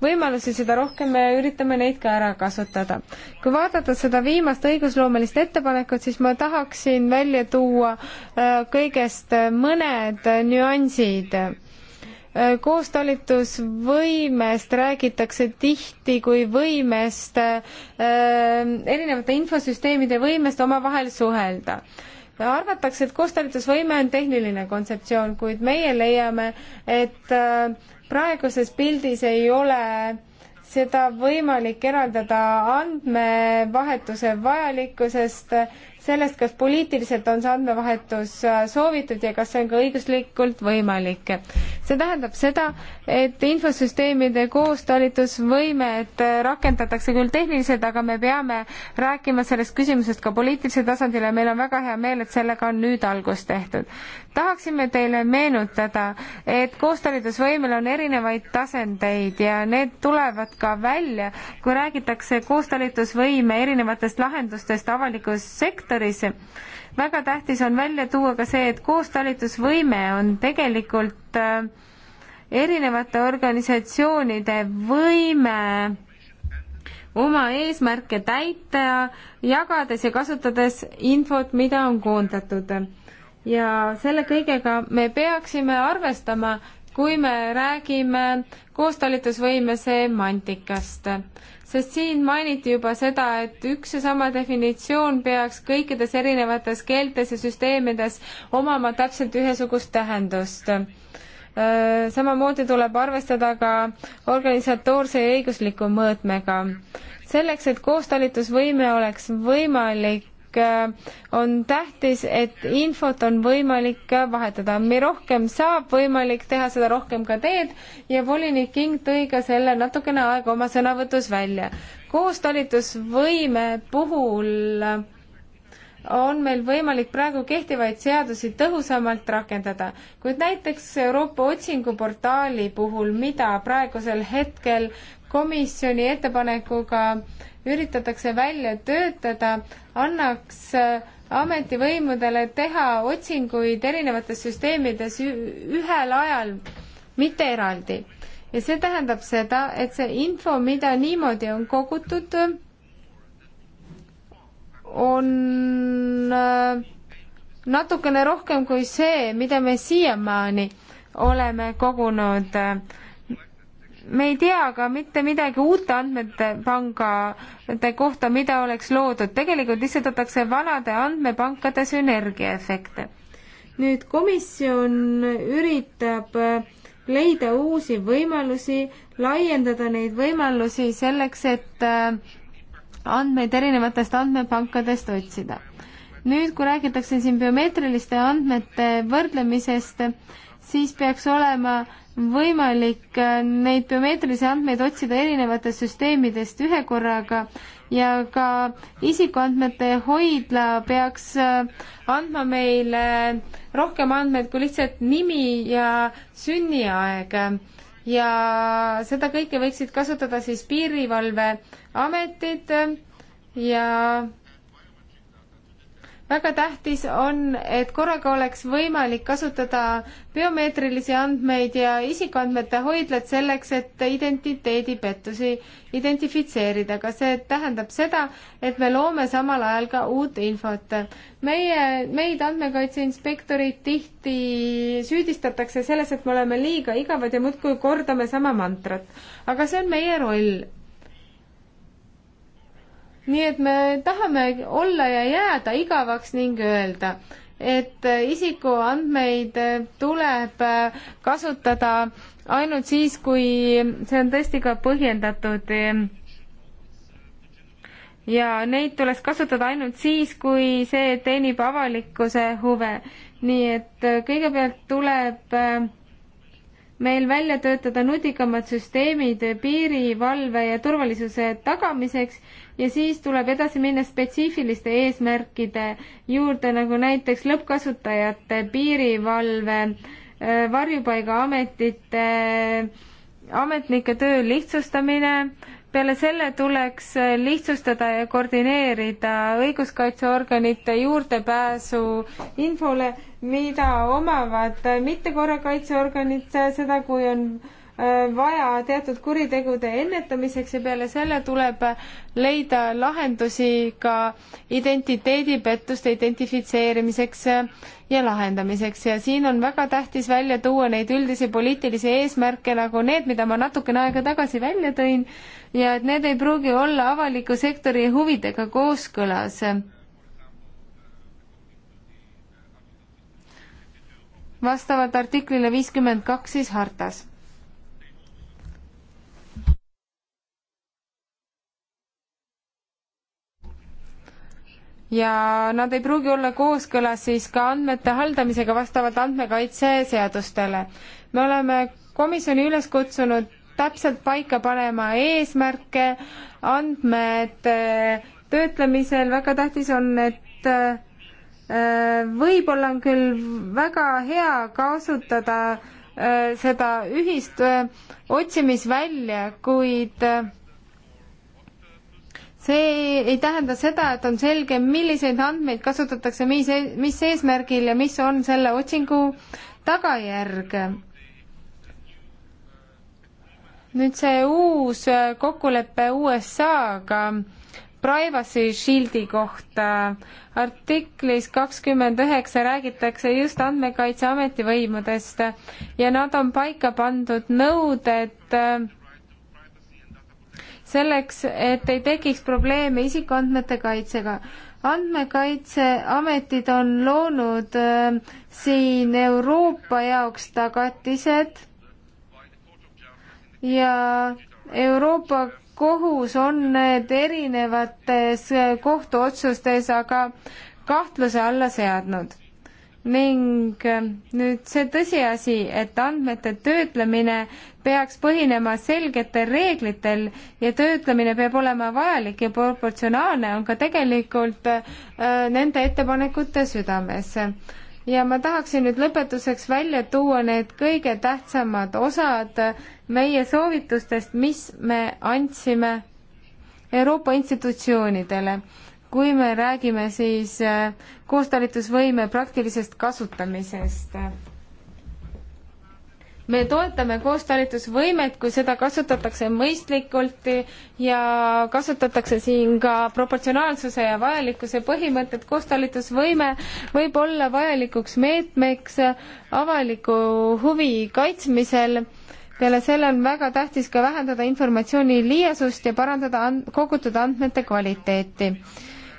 võimalusi, seda rohkem me üritame neid ka ära kasutada. kui vaadata seda viimast õigusloomelist ettepanekut, siis ma tahaksin välja tuua äh, kõigest äh, mõned nüansid koostalitusvõimest räägitakse tihti kui võimest äh,, erinevate infosüsteemide võimest omavahel suhelda. arvatakse, et koostalitusvõime on tehniline kontseptsioon, kuid meie leiame, et äh, praeguses pildis ei ole seda võimalik eraldada andmevahetuse vajalikkusest sellest, kas poliitiliselt on see andmevahetus äh, soovitud ja kas see on ka õiguslikult võimalik. see tähendab seda, et infosüsteemide koostalitusvõimet äh, rakendatakse küll tehniliselt, aga me peame rääkima sellest küsimusest ka poliitilisel tasandil ja meil on väga hea meel, et sellega on nüüd algus tehtud tahaksime teile meenutada, et koostalitusvõimel on erinevaid tasendeid ja need tulevad ka välja, kui räägitakse koostalitusvõime erinevatest lahendustest avalikus sektoris. väga tähtis on välja tuua ka see, et koostalitusvõime on tegelikult äh, erinevate organisatsioonide võime oma eesmärke täita, jagades ja kasutades infot, mida on koondatud ja selle kõigega me peaksime arvestama, kui me räägime koostalitusvõime semantikast, sest siin mainiti juba seda, et üks ja sama definitsioon peaks kõikides erinevates keeltes ja süsteemides omama täpselt ühesugust tähendust. samamoodi tuleb arvestada ka organisatoorse ja õigusliku mõõtmega. selleks, et koostalitusvõime oleks võimalik Äh, on tähtis, et infot on võimalik vahetada. mida rohkem saab võimalik teha, seda rohkem ka teed ja volinik King tõi ka selle natukene aega oma sõnavõtus välja. koostalitusvõime puhul on meil võimalik praegu kehtivaid seadusi tõhusamalt rakendada, kuid näiteks Euroopa otsinguportaali puhul, mida praegusel hetkel komisjoni ettepanekuga üritatakse välja töötada, annaks ametivõimudele teha otsinguid erinevates süsteemides ühel ajal, mitte eraldi. ja see tähendab seda, et see info, mida niimoodi on kogutud, on äh, natukene rohkem kui see, mida me siiamaani oleme kogunud äh, me ei tea ka mitte midagi uute andmepangade kohta, mida oleks loodud, tegelikult lihtsaldatakse vanade andmepankade sünergiaefekte. nüüd komisjon üritab leida uusi võimalusi, laiendada neid võimalusi selleks, et äh, andmeid erinevatest andmepankadest otsida. nüüd, kui räägitakse siin biomeetriliste andmete võrdlemisest, siis peaks olema võimalik äh, neid biomeetrilisi andmeid otsida erinevatest süsteemidest ühe korraga ja ka isikuandmete hoidla peaks äh, andma meile rohkem andmeid kui lihtsalt nimi ja sünniaeg. ja seda kõike võiksid kasutada siis piirivalveametid ja väga tähtis on, et korraga oleks võimalik kasutada biomeetrilisi andmeid ja isikuandmete hoidlad selleks, et identiteedipettusi identifitseerida, aga see tähendab seda, et me loome samal ajal ka uut infot. meie, meid andmekaitse inspektorid tihti süüdistatakse selles, et me oleme liiga igavad ja muudkui kordame sama mantrat. aga see on meie roll nii et me tahame olla ja jääda igavaks ning öelda, et isikuandmeid tuleb kasutada ainult siis, kui see on tõesti ka põhjendatud. ja neid tuleks kasutada ainult siis, kui see teenib avalikkuse huve. nii et kõigepealt tuleb meil välja töötada nutikamad süsteemid piirivalve ja turvalisuse tagamiseks ja siis tuleb edasi minna spetsiifiliste eesmärkide juurde, nagu näiteks lõppkasutajate, piirivalve, äh, varjupaigaametite, ametnike töö lihtsustamine, peale selle tuleks äh, lihtsustada ja koordineerida õiguskaitseorganite juurdepääsu infole, mida omavad äh, mittekorrakaitseorganid, seda kui on Äh, vaja teatud kuritegude ennetamiseks ja peale selle tuleb leida lahendusi ka identiteedipettuste identifitseerimiseks äh, ja lahendamiseks ja siin on väga tähtis välja tuua neid üldisi poliitilisi eesmärke nagu need, mida ma natukene aega tagasi välja tõin ja et need ei pruugi olla avaliku sektori huvidega kooskõlas. vastavalt artiklile viiskümmend kaks siis hartas ja nad ei pruugi olla kooskõlas siis ka andmete haldamisega vastavalt andmekaitseseadustele. me oleme komisjoni üles kutsunud täpselt paika panema eesmärke andmete äh, töötlemisel, väga tähtis on, et äh, võib-olla on küll väga hea kasutada äh, seda ühist otsimisvälja, kuid see ei tähenda seda, et on selge, milliseid andmeid kasutatakse, mis, e-, mis eesmärgil ja mis on selle otsingu tagajärg. nüüd see uus kokkulepe USA-ga Privacy Shieldi kohta. artiklis kakskümmend üheksa räägitakse just Andmekaitse Ametivõimudest ja nad on paika pandud nõuded äh, selleks, et ei tekiks probleeme isikuandmete kaitsega. andmekaitseametid on loonud äh, siin Euroopa jaoks tagatised ja Euroopa kohus on need erinevates äh, kohtuotsustes aga kahtluse alla seadnud ning äh, nüüd see tõsiasi, et andmete töötlemine peaks põhinema selgetel reeglitel ja töötlemine peab olema vajalik ja proportsionaalne, on ka tegelikult äh, nende ettepanekute südames. ja ma tahaksin nüüd lõpetuseks välja tuua need kõige tähtsamad osad meie soovitustest, mis me andsime Euroopa institutsioonidele kui me räägime siis äh, koostalitusvõime praktilisest kasutamisest. Äh, me toetame koostalitusvõimet, kui seda kasutatakse mõistlikult ja kasutatakse siin ka proportsionaalsuse ja vajalikkuse põhimõtet. koostalitusvõime võib olla vajalikuks meetmeks avaliku huvi kaitsmisel peale selle on väga tähtis ka vähendada informatsiooni liiasust ja parandada and kogutud andmete kvaliteeti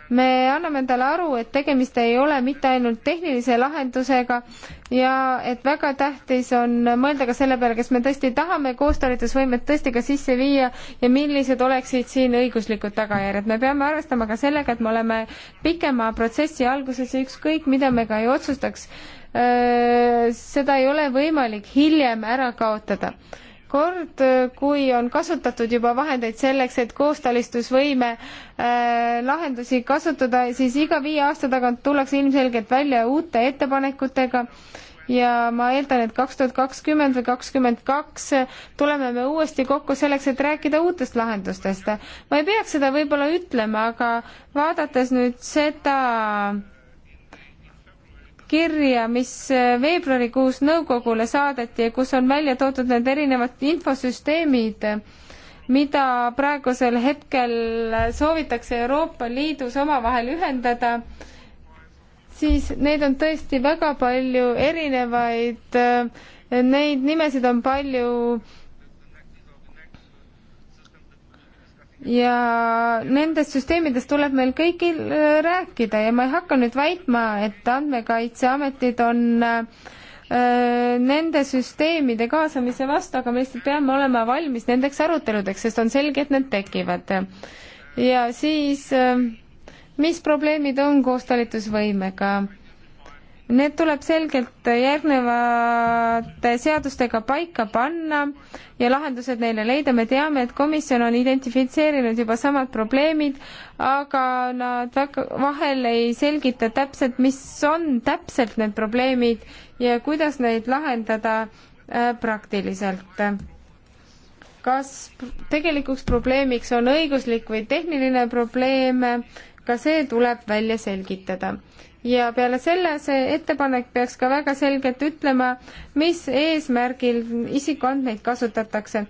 me anname endale aru, et tegemist ei ole mitte ainult tehnilise lahendusega ja et väga tähtis on mõelda ka selle peale, kas me tõesti tahame koostalitusvõimet tõesti ka sisse viia ja millised oleksid siin õiguslikud tagajärjed. me peame arvestama ka sellega, et me oleme pikema protsessi alguses ja ükskõik, mida me ka ei otsustaks, seda ei ole võimalik hiljem ära kaotada kord, kui on kasutatud juba vahendeid selleks, et koostalistusvõime äh, lahendusi kasutada, siis iga viie aasta tagant tullakse ilmselgelt välja uute ettepanekutega ja ma eeldan, et kaks tuhat kakskümmend või kakskümmend kaks tuleme me uuesti kokku selleks, et rääkida uutest lahendustest. ma ei peaks seda võib-olla ütlema, aga vaadates nüüd seda äh, kirja, mis äh, veebruarikuus nõukogule saadeti ja kus on välja toodud need erinevad infosüsteemid, mida praegusel hetkel soovitakse Euroopa Liidus omavahel ühendada, siis neid on tõesti väga palju erinevaid, äh, neid nimesid on palju ja nendest süsteemidest tuleb meil kõigil äh, rääkida ja ma ei hakka nüüd väitma, et andmekaitseametid on äh, nende süsteemide kaasamise vastu, aga me lihtsalt peame olema valmis nendeks aruteludeks, sest on selge, et need tekivad. ja siis, äh, mis probleemid on koostalitusvõimega? Need tuleb selgelt järgnevate seadustega paika panna ja lahendused neile leida. me teame, et komisjon on identifitseerinud juba samad probleemid, aga nad väga, vahel ei selgita täpselt, mis on täpselt need probleemid ja kuidas neid lahendada äh, praktiliselt. kas tegelikuks probleemiks on õiguslik või tehniline probleem, ka see tuleb välja selgitada ja peale selle see ettepanek peaks ka väga selgelt ütlema, mis eesmärgil isikuandmeid kasutatakse.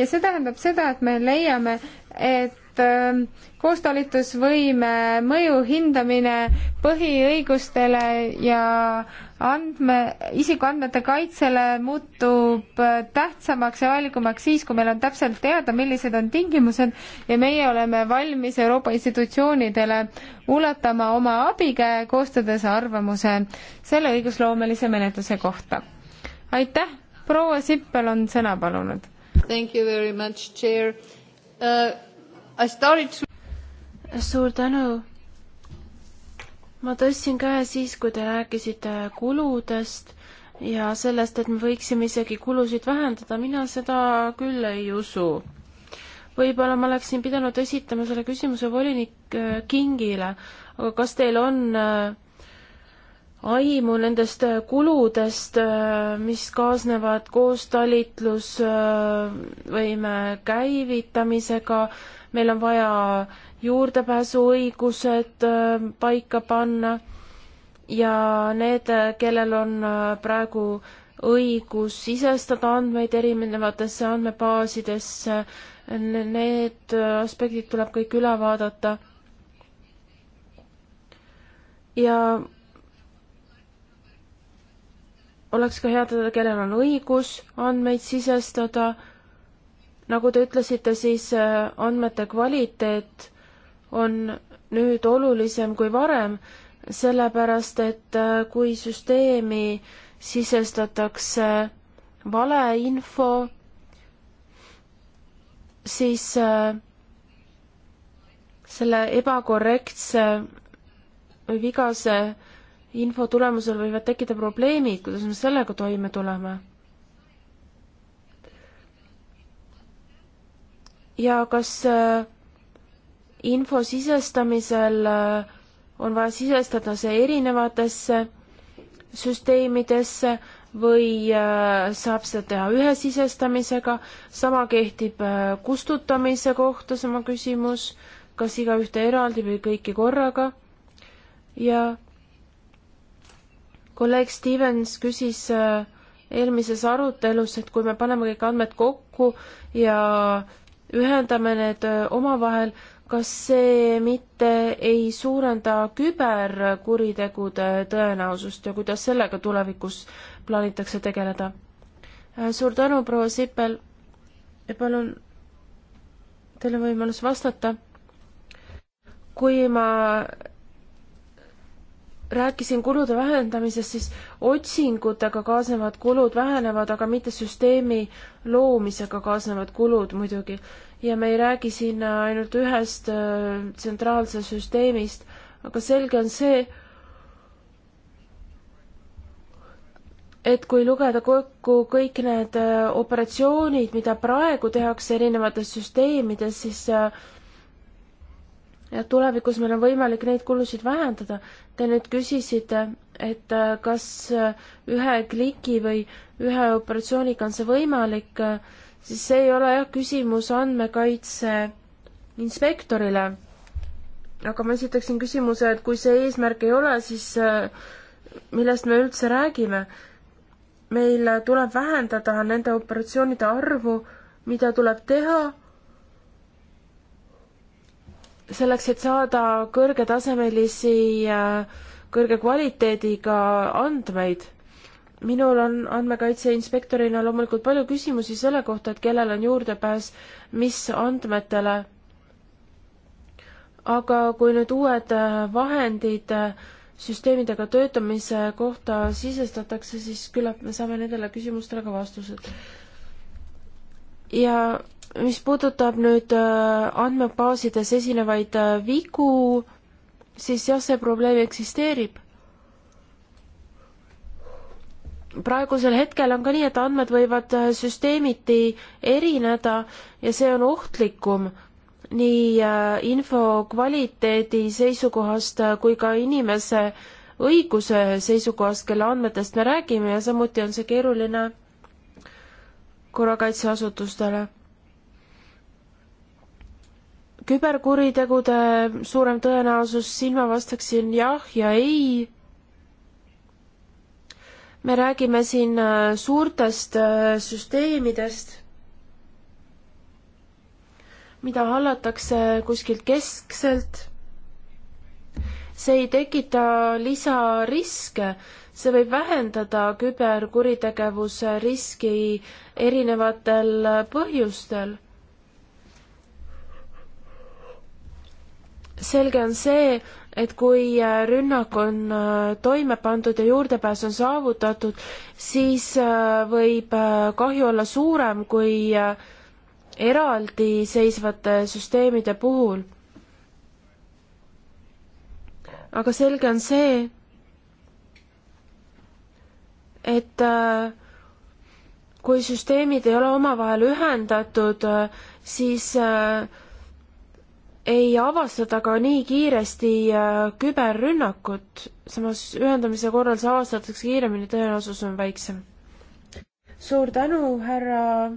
ja see tähendab seda, et me leiame, et Ähm, koostalitusvõime mõju hindamine põhiõigustele ja andme, isikuandmete kaitsele muutub äh, tähtsamaks ja valikumaks siis, kui meil on täpselt teada, millised on tingimused ja meie oleme valmis Euroopa institutsioonidele ulatama oma abikäe, koostades arvamuse selle õigusloomelise menetluse kohta. aitäh, proua Sippel on sõna palunud. Thank you very much, chair uh,. To... suur tänu. ma tõstsin käe siis, kui te rääkisite kuludest ja sellest, et me võiksime isegi kulusid vähendada, mina seda küll ei usu. võib-olla ma oleksin pidanud esitama selle küsimuse volinik äh, Kingile, aga kas teil on äh, aimu nendest äh, kuludest, mis kaasnevad koostalitlusvõime käivitamisega, meil on vaja juurdepääsuõigused äh, paika panna ja need, kellel on äh, praegu õigus sisestada andmeid erinevatesse andmebaasidesse, need äh, aspektid tuleb kõik üle vaadata. ja oleks ka hea teada, kellel on õigus andmeid sisestada nagu te ütlesite, siis äh, andmete kvaliteet on nüüd olulisem kui varem, sellepärast et äh, kui süsteemi sisestatakse valeinfo, siis äh, selle ebakorrektse või vigase info tulemusel võivad tekkida probleemid, kuidas me sellega toime tuleme ja kas äh, info sisestamisel äh, on vaja sisestada see erinevatesse süsteemidesse või äh, saab seda teha ühe sisestamisega, sama kehtib kustutamise kohta sama küsimus, kas igaühte eraldi või kõiki korraga ja kolleeg Stevens küsis eelmises arutelus, et kui me paneme kõik andmed kokku ja ühendame need äh, omavahel, kas see mitte ei suurenda küberkuritegude tõenäosust ja kuidas sellega tulevikus plaanitakse tegeleda? Äh, suur tänu, proua Sipel ja palun, teil on võimalus vastata. kui ma rääkisin kulude vähendamisest, siis otsingutega kaasnevad kulud vähenevad, aga mitte süsteemi loomisega kaasnevad kulud muidugi. ja me ei räägi siin ainult ühest äh, tsentraalsest süsteemist, aga selge on see, et kui lugeda kokku kõik need äh, operatsioonid, mida praegu tehakse erinevates süsteemides, siis äh, ja tulevikus meil on võimalik neid kulusid vähendada. Te nüüd küsisite, et äh, kas äh, ühe kliki või ühe operatsiooniga on see võimalik, äh, siis see ei ole jah küsimus andmekaitse inspektorile. aga ma esitaksin küsimuse, et kui see eesmärk ei ole, siis millest me üldse räägime? meil tuleb vähendada nende operatsioonide arvu, mida tuleb teha selleks, et saada kõrgetasemelisi, kõrge kvaliteediga andmeid. minul on andmekaitse inspektorina loomulikult palju küsimusi selle kohta, et kellel on juurdepääs mis andmetele. aga kui nüüd uued vahendid süsteemidega töötamise kohta sisestatakse, siis küllap me saame nendele küsimustele ka vastused. ja mis puudutab nüüd äh, andmebaasides esinevaid äh, vigu, siis jah, see probleem eksisteerib. praegusel hetkel on ka nii, et andmed võivad äh, süsteemiti erineda ja see on ohtlikum nii info kvaliteedi seisukohast kui ka inimese õiguse seisukohast, kelle andmetest me räägime ja samuti on see keeruline korrakaitseasutustele küberkuritegude suurem tõenäosus, siin ma vastaksin jah ja ei. me räägime siin äh, suurtest äh, süsteemidest, mida hallatakse kuskilt keskselt. see ei tekita lisariske, see võib vähendada küberkuritegevuse riski erinevatel põhjustel selge on see, et kui äh, rünnak on äh, toime pandud ja juurdepääs on saavutatud, siis äh, võib kahju olla suurem kui eraldiseisvate süsteemide puhul. aga selge on see, et kui süsteemid ei ole omavahel ühendatud, siis äh, ei avastada ka nii kiiresti äh, küberrünnakut, samas ühendamise korral see avastatakse kiiremini, tõenäosus on väiksem. suur tänu, härra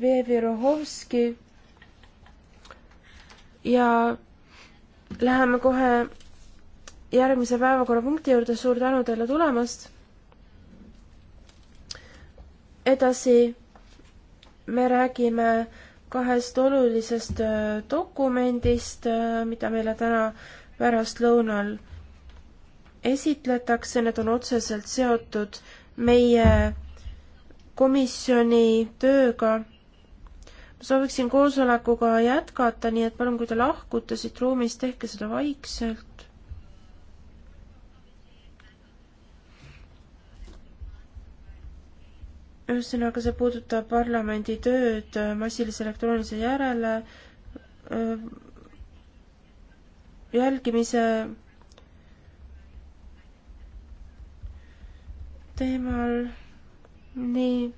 Veevirohovski. ja läheme kohe järgmise päevakorrapunkti juurde, suur tänu teile tulemast. edasi me räägime kahest olulisest äh, dokumendist, äh, mida meile täna pärastlõunal esitletakse, need on otseselt seotud meie komisjoni tööga. ma sooviksin koosolekuga jätkata, nii et palun, kui te lahkute siit ruumist, tehke seda vaikselt. ühesõnaga, see puudutab parlamendi tööd äh, massilise elektroonilise järele äh, jälgimise teemal. nii.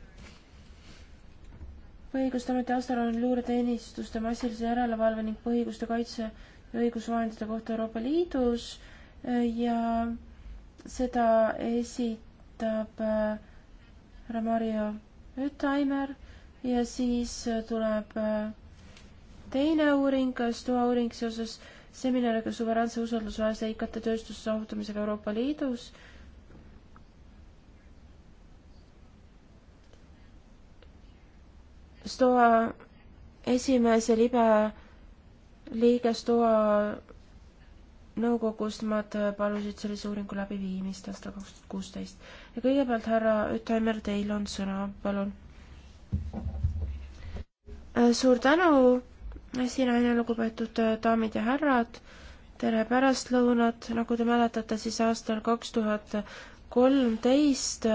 põhiõigusameti aastal on luureteenistuste massilise järelevalve ning põhiõiguste kaitse ja õigusvahendite kohta Euroopa Liidus äh, ja seda esitab äh, härra Mario Üthaimer ja siis äh, tuleb äh, teine uuring, äh, STOA uuring seoses seminariga suveräänse usaldusväärse IKT tööstuse saavutamisega Euroopa Liidus. STOA esimees ja libe liige STOA nõukogust nad äh, palusid sellise uuringu läbiviimist aastal kaks tuhat kuusteist. ja kõigepealt, härra Ütheimer, teil on sõna, palun. Äh, suur tänu, esinaine, lugupeetud äh, daamid ja härrad, tere pärastlõunat, nagu te mäletate, siis aastal kaks tuhat kolmteist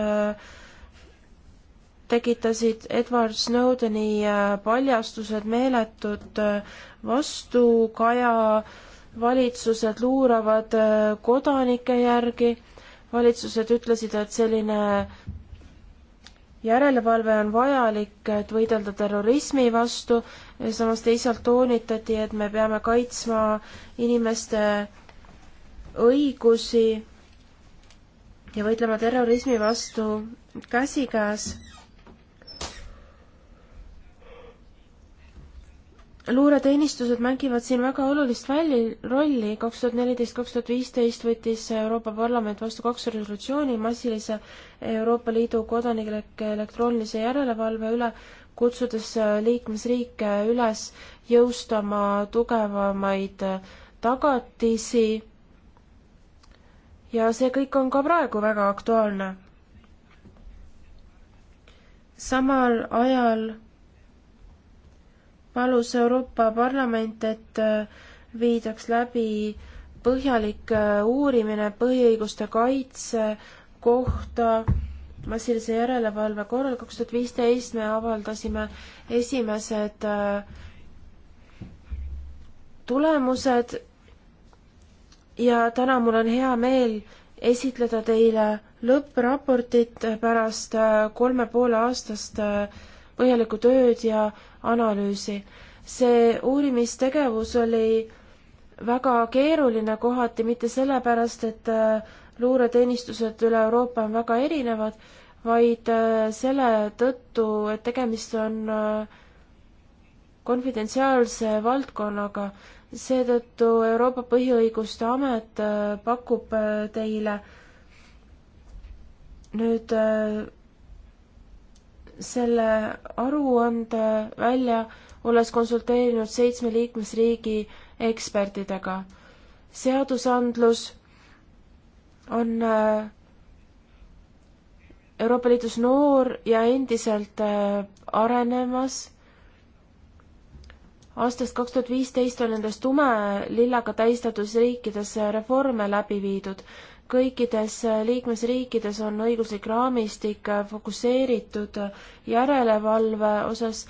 tekitasid Edward Snowdeni paljastused meeletut vastukaja äh, valitsused luuravad äh, kodanike järgi, valitsused ütlesid, et selline järelevalve on vajalik, et võidelda terrorismi vastu, samas teisalt toonitati, et me peame kaitsma inimeste õigusi ja võitlema terrorismi vastu käsikäes luureteenistused mängivad siin väga olulist välli, rolli, kaks tuhat neliteist, kaks tuhat viisteist võttis Euroopa Parlament vastu kaks resolutsiooni massilise Euroopa Liidu kodanike elektroonilise järelevalve üle, kutsudes liikmesriike üles jõustama tugevamaid tagatisi. ja see kõik on ka praegu väga aktuaalne. samal ajal palus Euroopa Parlament, et äh, viidaks läbi põhjalik äh, uurimine põhiõiguste kaitse kohta massilise järelevalve korral. kaks tuhat viisteist me avaldasime esimesed äh, tulemused ja täna mul on hea meel esitleda teile lõppraportit pärast kolme poole aastast põhjalikku tööd ja analüüsi. see uurimistegevus oli väga keeruline kohati, mitte sellepärast, et äh, luureteenistused üle Euroopa on väga erinevad, vaid äh, selle tõttu, et tegemist on äh, konfidentsiaalse valdkonnaga. seetõttu Euroopa Põhiõiguste Amet pakub teile nüüd selle aruande välja, olles konsulteerinud seitsme liikmesriigi ekspertidega. seadusandlus on äh, Euroopa Liidus noor ja endiselt äh, arenemas. aastast kaks tuhat viisteist on nendes tumelillaga tähistatud riikides äh, reforme läbi viidud kõikides liikmesriikides on õiguslik raamistik fokusseeritud järelevalve osas.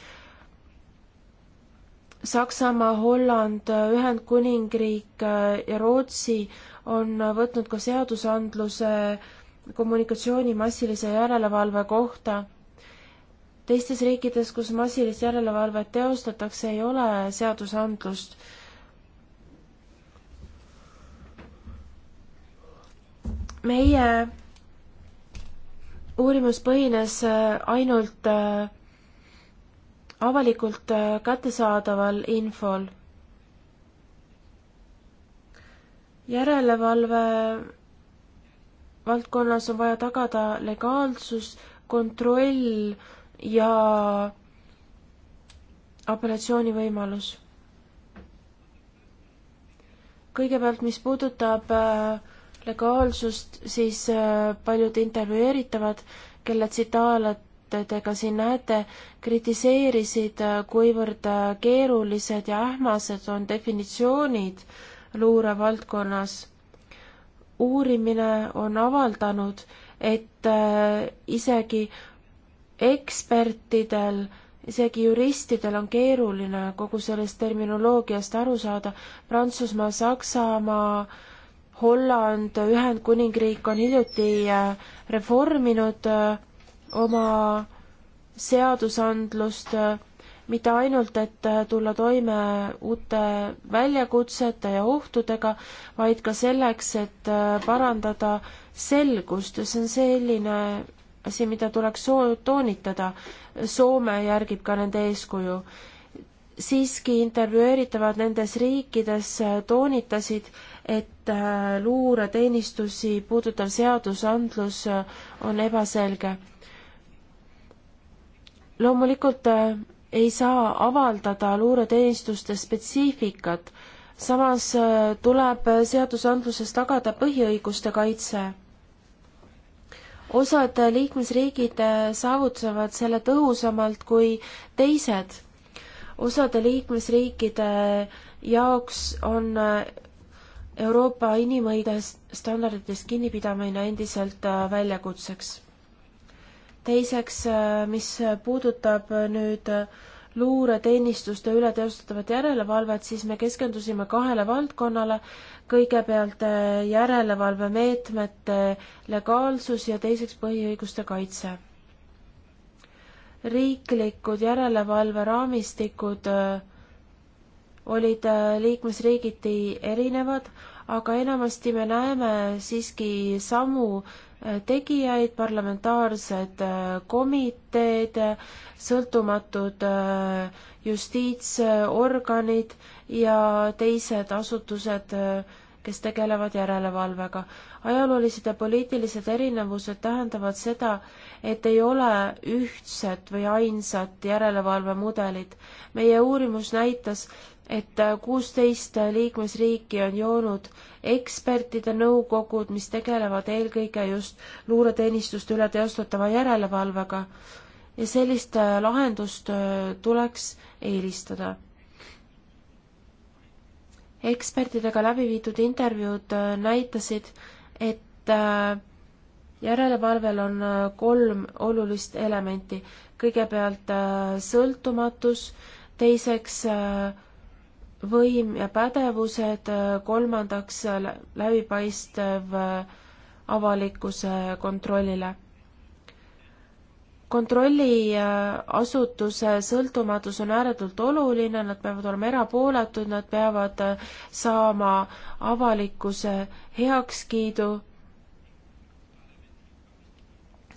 Saksamaa, Holland, Ühendkuningriik ja Rootsi on võtnud ka seadusandluse kommunikatsiooni massilise järelevalve kohta. teistes riikides, kus massilist järelevalvet teostatakse, ei ole seadusandlust meie uurimus põhines äh, ainult äh, avalikult äh, kättesaadaval infol. järelevalve valdkonnas on vaja tagada legaalsus, kontroll ja apellatsioonivõimalus. kõigepealt, mis puudutab äh, legaalsust, siis äh, paljud intervjueeritavad, kelle tsitaalatega siin näete, kritiseerisid, äh, kuivõrd äh, keerulised ja ähmased on definitsioonid luurevaldkonnas. uurimine on avaldanud, et isegi ekspertidel isegi juristidel on keeruline kogu sellest terminoloogiast aru saada. Prantsusmaa, Saksamaa äh,, Holland, Ühendkuningriik on hiljuti äh, reforminud äh, oma seadusandlust äh, mitte ainult, et tulla toime uute väljakutsete ja ohtudega, vaid ka selleks, et parandada selgust ja see on selline asi, mida tuleks toonitada. Soome järgib ka nende eeskuju. siiski intervjueeritavad nendes riikides toonitasid, et äh, luureteenistusi puudutav seadusandlus äh, on ebaselge. loomulikult äh, ei saa avaldada luureteenistuste spetsiifikat, samas tuleb seadusandluses tagada põhiõiguste kaitse. osad liikmesriigid saavutavad selle tõhusamalt kui teised. osade liikmesriikide jaoks on Euroopa inimõigest standarditest kinnipidamine endiselt äh, väljakutseks. teiseks, äh, mis puudutab nüüd äh, luureteenistuste üle teostatavat järelevalvet, siis me keskendusime kahele valdkonnale. kõigepealt järelevalvemeetmete legaalsus ja teiseks põhiõiguste kaitse. riiklikud järelevalveraamistikud äh, olid äh, liikmesriigiti erinevad, aga enamasti me näeme siiski samu äh, tegijaid, parlamentaarsed äh, komiteed, sõltumatud justiitsorganid ja teised asutused, kes tegelevad järelevalvega. ajaloolised ja poliitilised erinevused tähendavad seda, et ei ole ühtset või ainsat järelevalvemudelit. meie uurimus näitas, et äh, kuusteist liikmesriiki on joonud ekspertide nõukogud, mis tegelevad eelkõige just luureteenistuste üle teostatava järelevalvega ja sellist äh, lahendust äh, tuleks eelistada. ekspertidega läbi viidud intervjuud näitasid, et järelevalvel on kolm olulist elementi. kõigepealt sõltumatus, teiseks äh, võim ja pädevused, kolmandaks läbipaistev avalikkuse kontrollile. kontrolliasutuse sõltumatus on ääretult oluline, nad peavad olema erapooletud, nad peavad saama avalikkuse heakskiidu.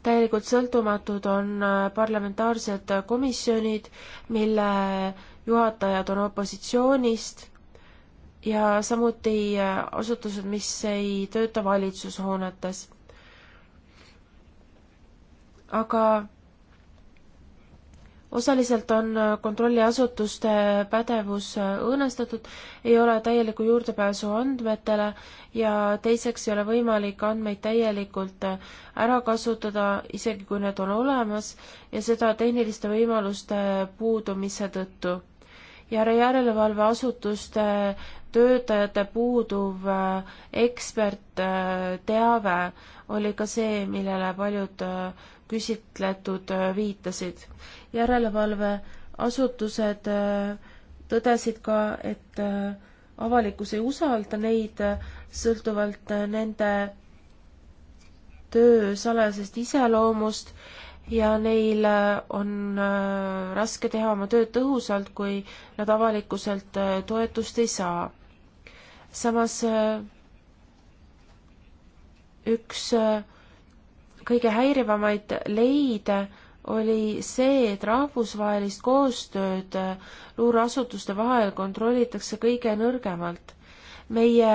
täielikult sõltumatud on parlamentaarsed komisjonid, mille juhatajad on opositsioonist ja samuti äh, asutused, mis ei tööta valitsushoonetes. aga osaliselt on äh, kontrolliasutuste pädevus äh, õõnestatud, ei ole täielikku juurdepääsu andmetele ja teiseks ei ole võimalik andmeid täielikult ära kasutada, isegi kui need on olemas ja seda tehniliste võimaluste puudumise tõttu ja järelevalveasutuste töötajate puuduv äh, ekspertteave äh, oli ka see, millele paljud äh, küsitletud viitasid. järelevalveasutused tõdesid ka, et avalikkus ei usalda neid sõltuvalt nende töö salajasest iseloomust ja neil äh, on äh, raske teha oma tööd tõhusalt, kui nad avalikkuselt äh, toetust ei saa. samas üks kõige häirivamaid leide oli see, et rahvusvahelist koostööd luureasutuste vahel kontrollitakse kõige nõrgemalt. meie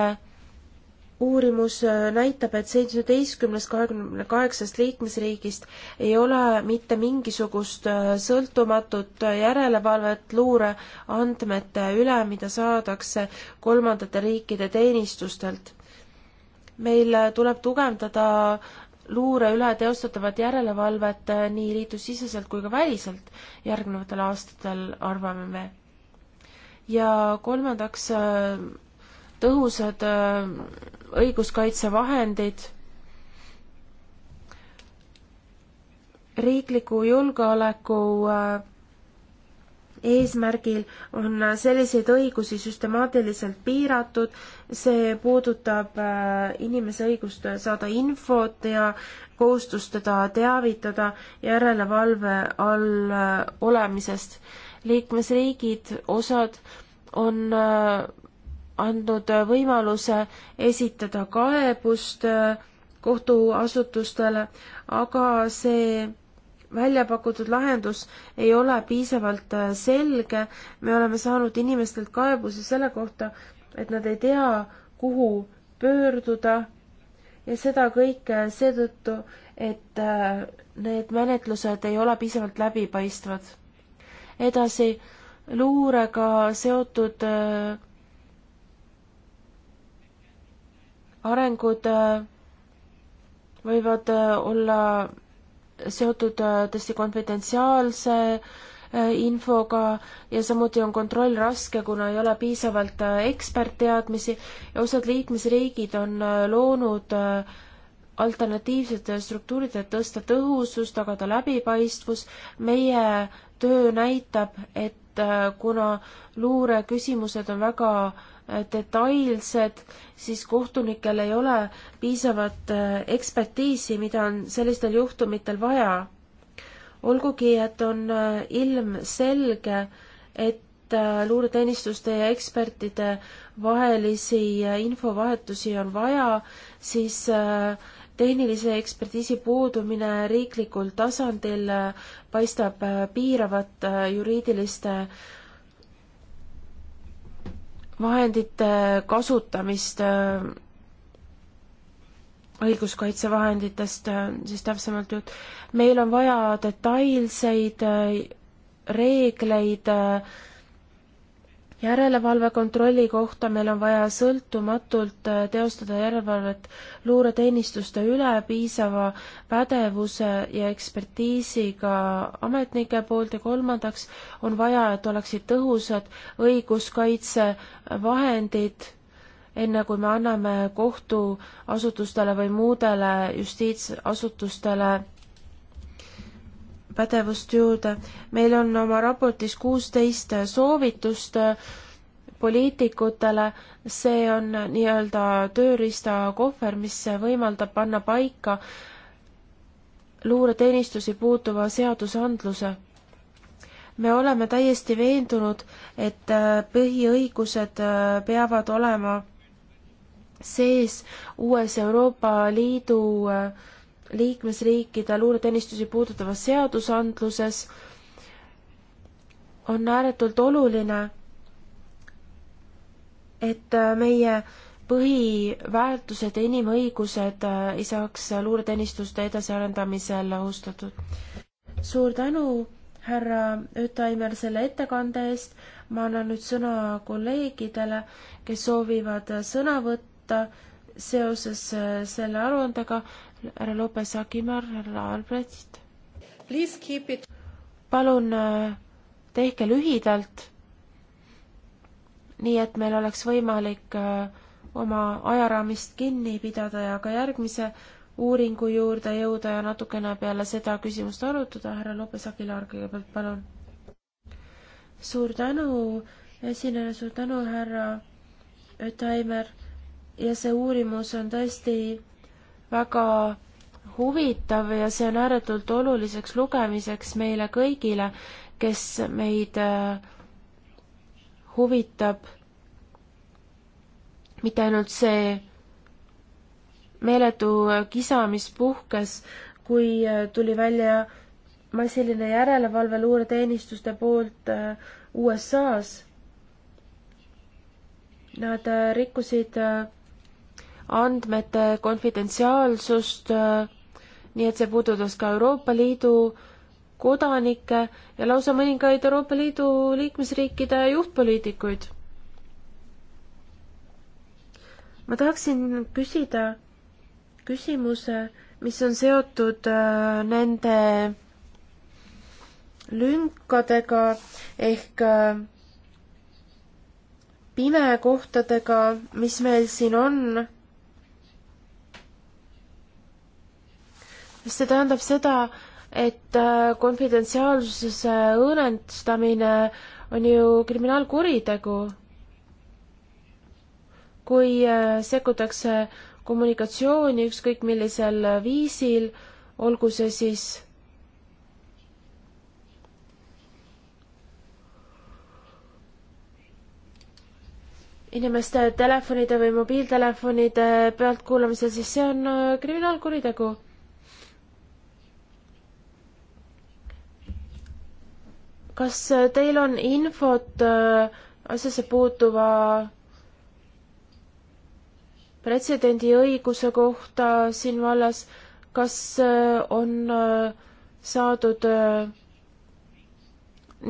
uurimus äh, näitab, et seitsmeteistkümnest kahekümne kaheksast liikmesriigist ei ole mitte mingisugust äh, sõltumatut äh, järelevalvet luureandmete üle, mida saadakse kolmandate riikide teenistustelt. meil tuleb tugevdada luure üle teostatavat järelevalvet nii liidusiseselt kui ka väliselt järgnevatel aastatel, arvame me. ja kolmandaks tõhusad äh, õiguskaitsevahendid riikliku julgeoleku äh, eesmärgil on selliseid õigusi süstemaatiliselt piiratud, see puudutab äh, inimese õigust saada infot ja kohustust teda teavitada järelevalve all olemisest. liikmesriigid, osad on andnud võimaluse esitada kaebust äh, kohtuasutustele, aga see välja pakutud lahendus ei ole piisavalt äh, selge. me oleme saanud inimestelt kaebusi selle kohta, et nad ei tea, kuhu pöörduda ja seda kõike seetõttu, et äh, need menetlused ei ole piisavalt läbipaistvad. edasi, luurega seotud äh, arengud äh, võivad äh, olla seotud äh, tõesti konfidentsiaalse infoga ja samuti on kontroll raske, kuna ei ole piisavalt ekspertteadmisi ja osad liikmesriigid on loonud alternatiivsed struktuurid, et tõsta tõhusust, tagada läbipaistvus. meie töö näitab, et kuna luureküsimused on väga äh, detailsed, siis kohtunikel ei ole piisavat äh, ekspertiisi, mida on sellistel juhtumitel vaja. olgugi, et on äh, ilmselge, et äh, luureteenistuste ja ekspertide vahelisi infovahetusi on vaja, siis tehnilise ekspertiisi puudumine riiklikul tasandil paistab piiravat juriidiliste vahendite kasutamist äh, õiguskaitsevahenditest äh, siis täpsemalt jutt. meil on vaja detailseid äh, reegleid äh, järelevalve kontrolli kohta meil on vaja sõltumatult äh, teostada järelevalvet luureteenistuste üle piisava pädevuse ja ekspertiisiga ametnike poolt ja kolmandaks on vaja, et oleksid tõhusad õiguskaitsevahendid, enne kui me anname kohtuasutustele või muudele justiitsasutustele pädevust juurde. meil on oma raportis kuusteist soovitust poliitikutele, see on nii-öelda tööriistakohver, mis võimaldab panna paika luureteenistusi puutuva seadusandluse. me oleme täiesti veendunud, et põhiõigused peavad olema sees uues Euroopa Liidu äh, liikmesriikide luureteenistusi puudutavas seadusandluses on ääretult oluline, et äh, meie põhiväärtused ja inimõigused äh, ei saaks luureteenistuste edasiarendamisel ohustatud. suur tänu, härra Ötaimer, selle ettekande eest. ma annan nüüd sõna kolleegidele, kes soovivad äh, sõna võtta seoses selle aruandega härra Lopes Akimar, härra Albrecht. palun äh, tehke lühidalt, nii et meil oleks võimalik äh, oma ajaraamist kinni pidada ja ka järgmise uuringu juurde jõuda ja natukene peale seda küsimust arutada. härra Lopes Akilar kõigepealt, palun. suur tänu, esineja, suur tänu, härra Ötaimer ja see uurimus on tõesti väga huvitav ja see on ääretult oluliseks lugemiseks meile kõigile, kes meid äh, huvitab mitte ainult see meeletu äh, kisa, mis puhkes, kui äh, tuli välja massiline järelevalve luureteenistuste poolt USA-s. Nad rikkusid andmete konfidentsiaalsust, äh, nii et see puudutas ka Euroopa Liidu kodanikke ja lausa mõningaid Euroopa Liidu liikmesriikide juhtpoliitikuid. ma tahaksin küsida küsimuse, mis on seotud äh, nende lünkadega ehk äh, pimekohtadega, mis meil siin on see tähendab seda, et äh, konfidentsiaalsuse äh, õõnestamine on ju kriminaalkuritegu. kui äh, sekkutakse kommunikatsiooni ükskõik millisel viisil, olgu see siis inimeste telefonide või mobiiltelefonide pealtkuulamisel, siis see on kriminaalkuritegu kas äh, teil on infot äh, asjasse puutuva pretsedendi õiguse kohta siin vallas, kas äh, on saadud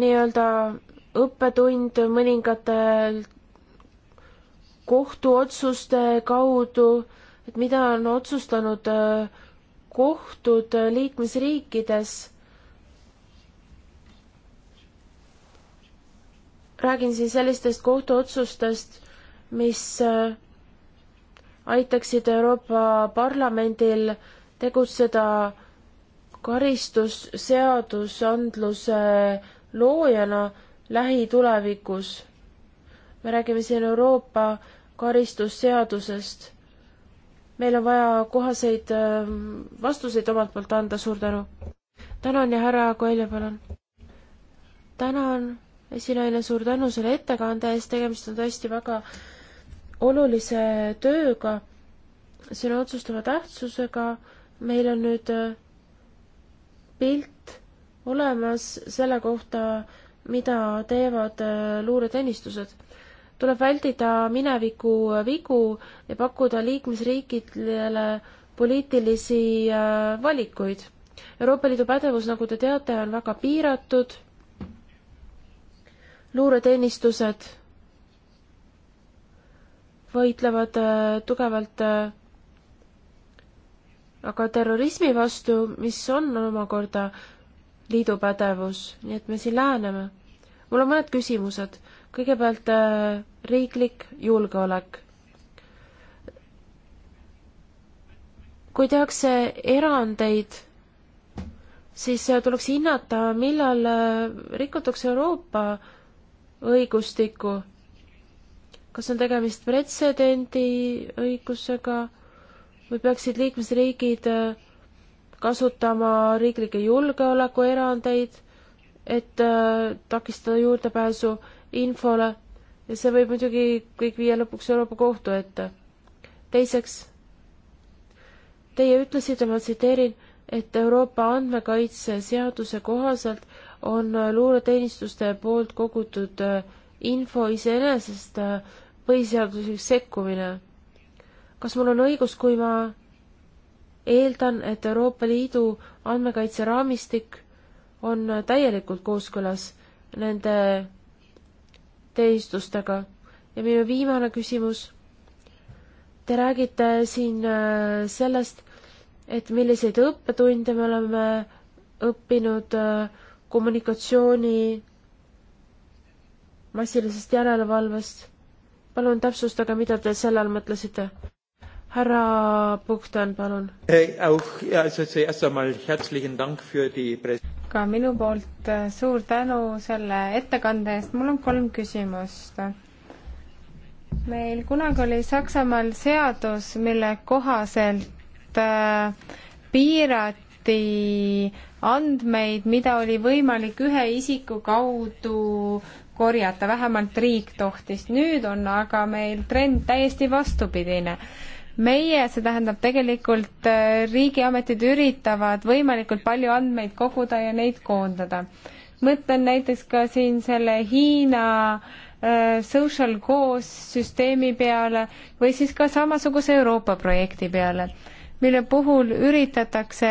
nii-öelda õppetund mõningate kohtuotsuste kaudu, et mida on otsustanud kohtud liikmesriikides räägin siin sellistest kohtuotsustest, mis äh, aitaksid Euroopa Parlamendil tegutseda karistusseadusandluse loojana lähitulevikus. me räägime siin Euroopa karistusseadusest. meil on vaja kohaseid ähm, vastuseid omalt poolt anda, suur tänu. tänan ja härra Koelja, palun. tänan esinaine, suur tänu selle ettekande eest, tegemist on tõesti väga olulise tööga. see on otsustava tähtsusega, meil on nüüd äh, pilt olemas selle kohta, mida teevad äh, luureteenistused. tuleb vältida mineviku vigu ja pakkuda liikmesriikidele poliitilisi äh, valikuid. Euroopa Liidu pädevus, nagu te teate, on väga piiratud luureteenistused võitlevad äh, tugevalt äh, aga terrorismi vastu, mis on omakorda liidu pädevus, nii et me siin läheneme. mul on mõned küsimused. kõigepealt äh, riiklik julgeolek. kui tehakse erandeid, siis tuleks hinnata, millal rikutakse Euroopa õigustikku. kas on tegemist pretsedendi õigusega või peaksid liikmesriigid äh, kasutama riiklikke julgeolekuerandeid, et äh, takistada juurdepääsu infole ja see võib muidugi kõik viia lõpuks Euroopa Kohtu ette. teiseks, teie ütlesite, ma tsiteerin, et Euroopa andmekaitseseaduse kohaselt on luureteenistuste poolt kogutud äh, info iseenesest äh, põhiseaduslik sekkumine. kas mul on õigus, kui ma eeldan, et Euroopa Liidu andmekaitseraamistik on äh, täielikult kooskõlas nende teenistustega. ja minu viimane küsimus. Te räägite siin sellest, et milliseid õppetunde me oleme õppinud äh, kommunikatsiooni massilisest järelevalvest. palun täpsustage, mida te selle all mõtlesite? härra Puhtan, palun. ka minu poolt äh, suur tänu selle ettekande eest, mul on kolm küsimust. meil kunagi oli Saksamaal seadus, mille kohaselt äh, piirati kohti andmeid, mida oli võimalik ühe isiku kaudu korjata, vähemalt riik tohtis. nüüd on aga meil trend täiesti vastupidine meie, see tähendab tegelikult äh, riigiametid üritavad võimalikult palju andmeid koguda ja neid koondada. mõtlen näiteks ka siin selle Hiina äh, social cause süsteemi peale või siis ka samasuguse Euroopa projekti peale mille puhul üritatakse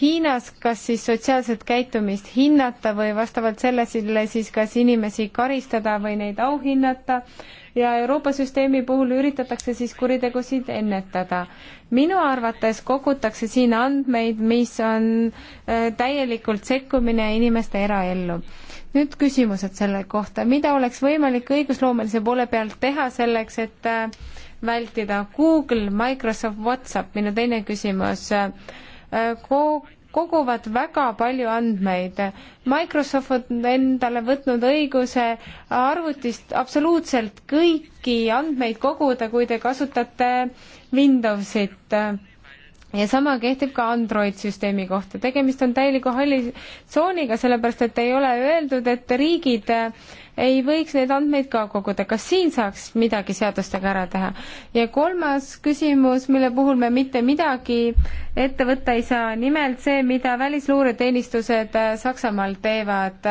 Hiinas kas siis sotsiaalset käitumist hinnata või vastavalt sellesile siis kas inimesi karistada või neid auhinnata ja Euroopa süsteemi puhul üritatakse siis kuritegusid ennetada. minu arvates kogutakse siin andmeid, mis on äh, täielikult sekkumine inimeste eraellu. nüüd küsimused selle kohta, mida oleks võimalik õigusloomelise poole pealt teha selleks, et äh, vältida. Google, Microsoft, Whatsapp, minu teine küsimus Ko. koguvad väga palju andmeid. Microsoft on endale võtnud õiguse arvutist absoluutselt kõiki andmeid koguda, kui te kasutate Windowsit ja sama kehtib ka Android-süsteemi kohta, tegemist on täieliku halli tsooniga, sellepärast et ei ole öeldud, et riigid eh, ei võiks neid andmeid ka koguda, kas siin saaks midagi seadustega ära teha? ja kolmas küsimus, mille puhul me mitte midagi ette võtta ei saa, nimelt see, mida välisluureteenistused eh, Saksamaal teevad.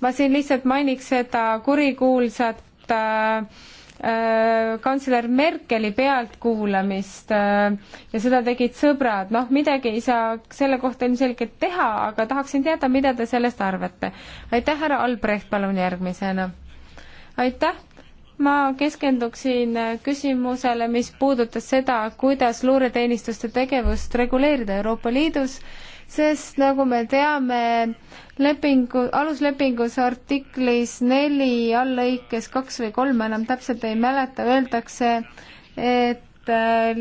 ma siin lihtsalt mainiks seda kurikuulsat äh, Äh, kantsler Merkeli pealtkuulamist äh, ja seda tegid sõbrad, noh, midagi ei saa selle kohta ilmselgelt teha, aga tahaksin teada, mida te sellest arvate. aitäh, härra Albrecht, palun järgmisena. aitäh, ma keskenduksin küsimusele, mis puudutas seda, kuidas luureteenistuste tegevust reguleerida Euroopa Liidus sest nagu me teame, lepingu, aluslepingus artiklis neli allõikes kaks või kolm, ma enam täpselt ei mäleta, öeldakse, et äh,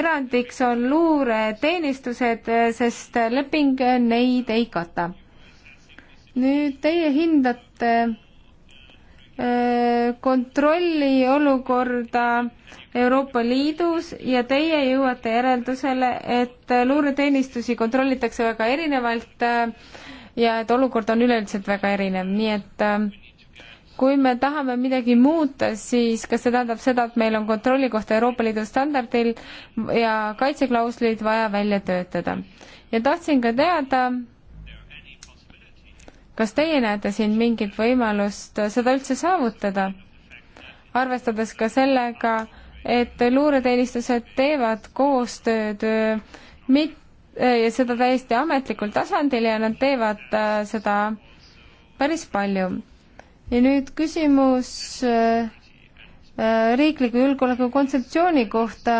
erandiks on luureteenistused, äh, sest leping neid ei kata. nüüd teie hindate äh, kontrolli olukorda Euroopa Liidus ja teie jõuate järeldusele, et äh, luureteenistusi kontrollitakse väga erinevalt äh, ja et olukord on üleüldiselt väga erinev, nii et äh, kui me tahame midagi muuta, siis kas see tähendab seda, et meil on kontrolli kohta Euroopa Liidu standardil ja kaitseklauslid vaja välja töötada? ja tahtsin ka teada, kas teie näete siin mingit võimalust seda üldse saavutada, arvestades ka sellega, et luureteenistused teevad koostööd äh, mit-, äh, ja seda täiesti ametlikul tasandil ja nad teevad äh, seda päris palju. ja nüüd küsimus riikliku julgeoleku kontseptsiooni kohta,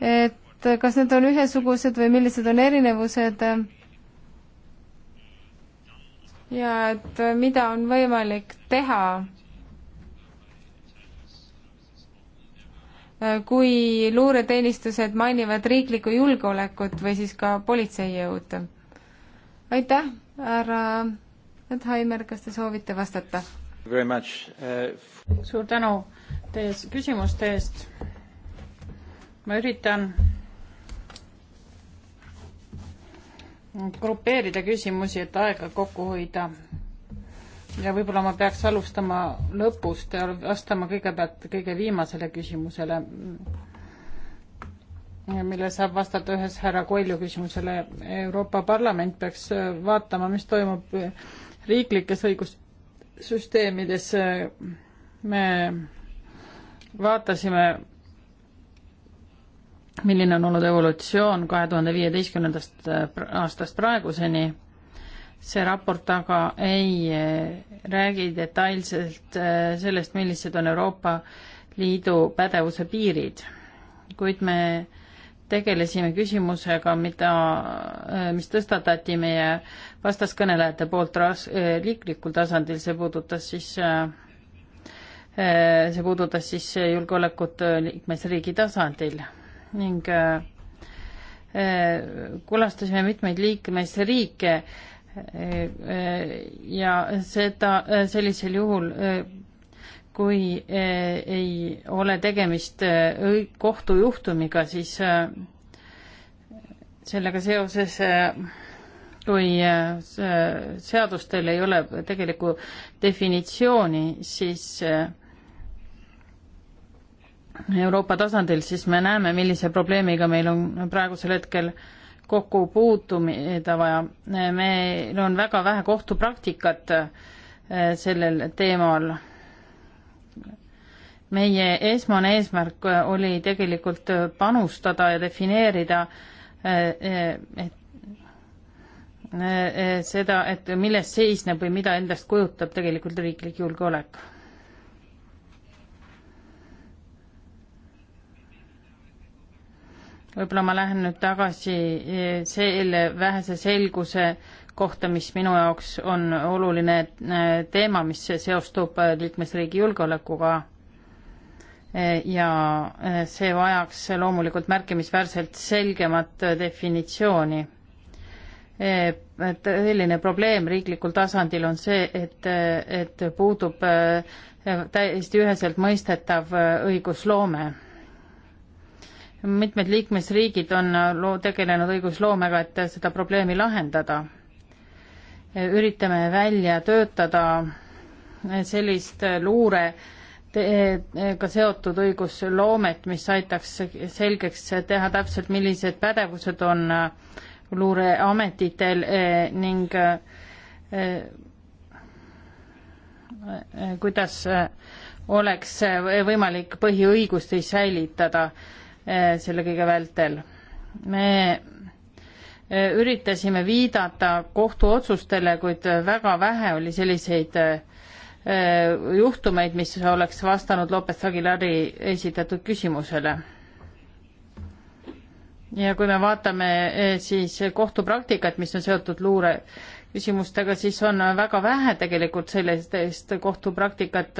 et kas need on ühesugused või millised on erinevused ja et mida on võimalik teha kui luureteenistused mainivad riiklikku julgeolekut või siis ka politseijõud. aitäh, härra Edheimer, kas te soovite vastata? Uh, suur tänu teie küsimuste eest. ma üritan grupeerida küsimusi, et aega kokku hoida ja võib-olla ma peaks alustama lõpust ja vastama kõigepealt kõige viimasele küsimusele, mille saab vastata ühes härra Koilju küsimusele. Euroopa Parlament peaks vaatama, mis toimub riiklikes õigussüsteemides. me vaatasime, milline on olnud evolutsioon kahe tuhande viieteistkümnendast aastast praeguseni see raport aga ei eh, räägi detailselt eh, sellest, millised on Euroopa Liidu pädevuse piirid, kuid me tegelesime küsimusega, mida, eh, mis tõstatati meie vastaskõnelejate poolt ras-, riiklikul tasandil, see puudutas siis, see puudutas siis julgeolekut liikmesriigi tasandil ning külastasime mitmeid liikmesriike, Eh, eh, ja seda eh, sellisel juhul, kui ei ole tegemist kohtujuhtumiga, siis sellega seoses kui seadustel ei ole tegelikku definitsiooni, siis Euroopa tasandil, siis me näeme, millise probleemiga meil on praegusel hetkel äh, kokku puutumida vaja. meil on väga vähe kohtupraktikat eh, sellel teemal. meie esmane eesmärk eh, oli tegelikult panustada ja defineerida eh, et seda, et milles seisneb või mida endast kujutab tegelikult riiklik julgeolek võib-olla ma lähen nüüd tagasi eh, selle vähese selguse kohta, mis minu jaoks on oluline eh, teema, mis seostub eh, liikmesriigi julgeolekuga. ja see vajaks loomulikult märkimisväärselt selgemat definitsiooni. tõeline probleem riiklikul tasandil on see, et, et puudub täiesti üheselt mõistetav õigusloome mitmed liikmesriigid on loo-, tegelenud õigusloomega, et seda probleemi lahendada. üritame välja töötada sellist luure ka seotud õigusloomet, mis aitaks selgeks teha täpselt, millised pädevused on luureametitel eh, ning eh, eh, kuidas oleks võimalik põhiõigusi säilitada Eh, selle kõige vältel. me eh, üritasime viidata kohtuotsustele, kuid väga vähe oli selliseid eh, juhtumeid, mis oleks vastanud Lopez Aguilari esitatud küsimusele. ja kui me vaatame siis kohtupraktikat, mis on seotud luure küsimustega, siis on väga vähe tegelikult sellest kohtupraktikat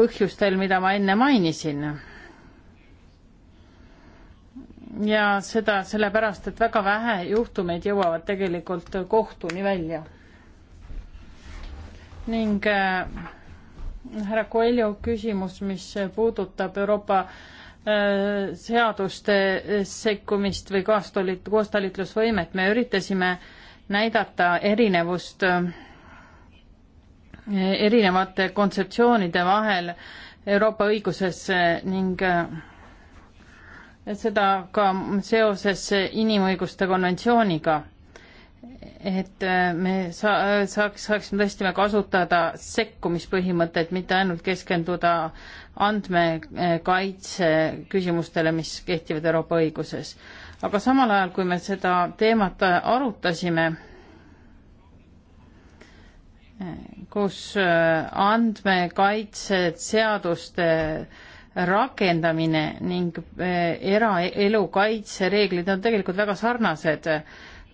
põhjustel, mida ma enne mainisin ja seda sellepärast, et väga vähe juhtumeid jõuavad tegelikult kohtuni välja. ning äh, härra Koeljo küsimus, mis puudutab Euroopa äh, seaduste äh, sekkumist või kaastolit-, koostalitlusvõimet, me üritasime näidata erinevust äh, erinevate kontseptsioonide vahel Euroopa õiguses äh, ning äh, seda ka seoses inimõiguste konventsiooniga. et äh, me sa-, saaks, saaksime tõesti kasutada sekkumispõhimõtet, mitte ainult keskenduda andmekaitse äh, küsimustele, mis kehtivad Euroopa õiguses. aga samal ajal, kui me seda teemat äh, arutasime, kus andmekaitse seaduste äh, rakendamine ning eh, eraelu kaitsereeglid on tegelikult väga sarnased.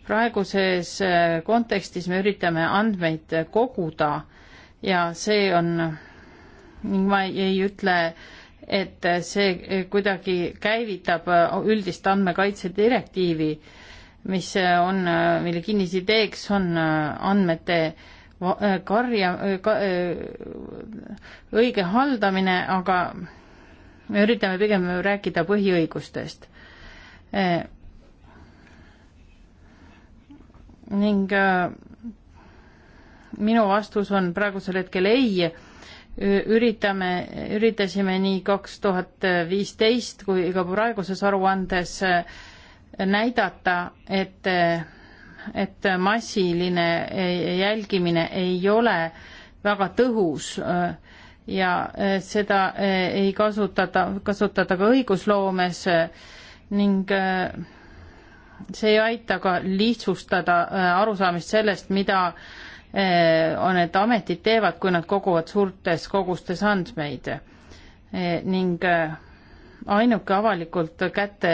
praeguses eh, kontekstis me üritame andmeid koguda ja see on ning ma ei, ei ütle, et see eh, kuidagi käivitab üldist andmekaitse direktiivi, mis on, mille kinnisideeks on andmete karja ka,, õige haldamine, aga me üritame pigem rääkida põhiõigustest eh,. ning eh, minu vastus on praegusel hetkel ei, üritame, üritasime nii kaks tuhat viisteist kui ka praeguses aruandes e, näidata, et, e, et massiline e, jälgimine ei ole väga tõhus eh, ja eh, seda eh, ei kasutata, kasutata ka õigusloomes eh, ning see ei aita ka lihtsustada arusaamist sellest, mida on need ametid teevad, kui nad koguvad suurtes kogustes andmeid ning ainuke avalikult kätte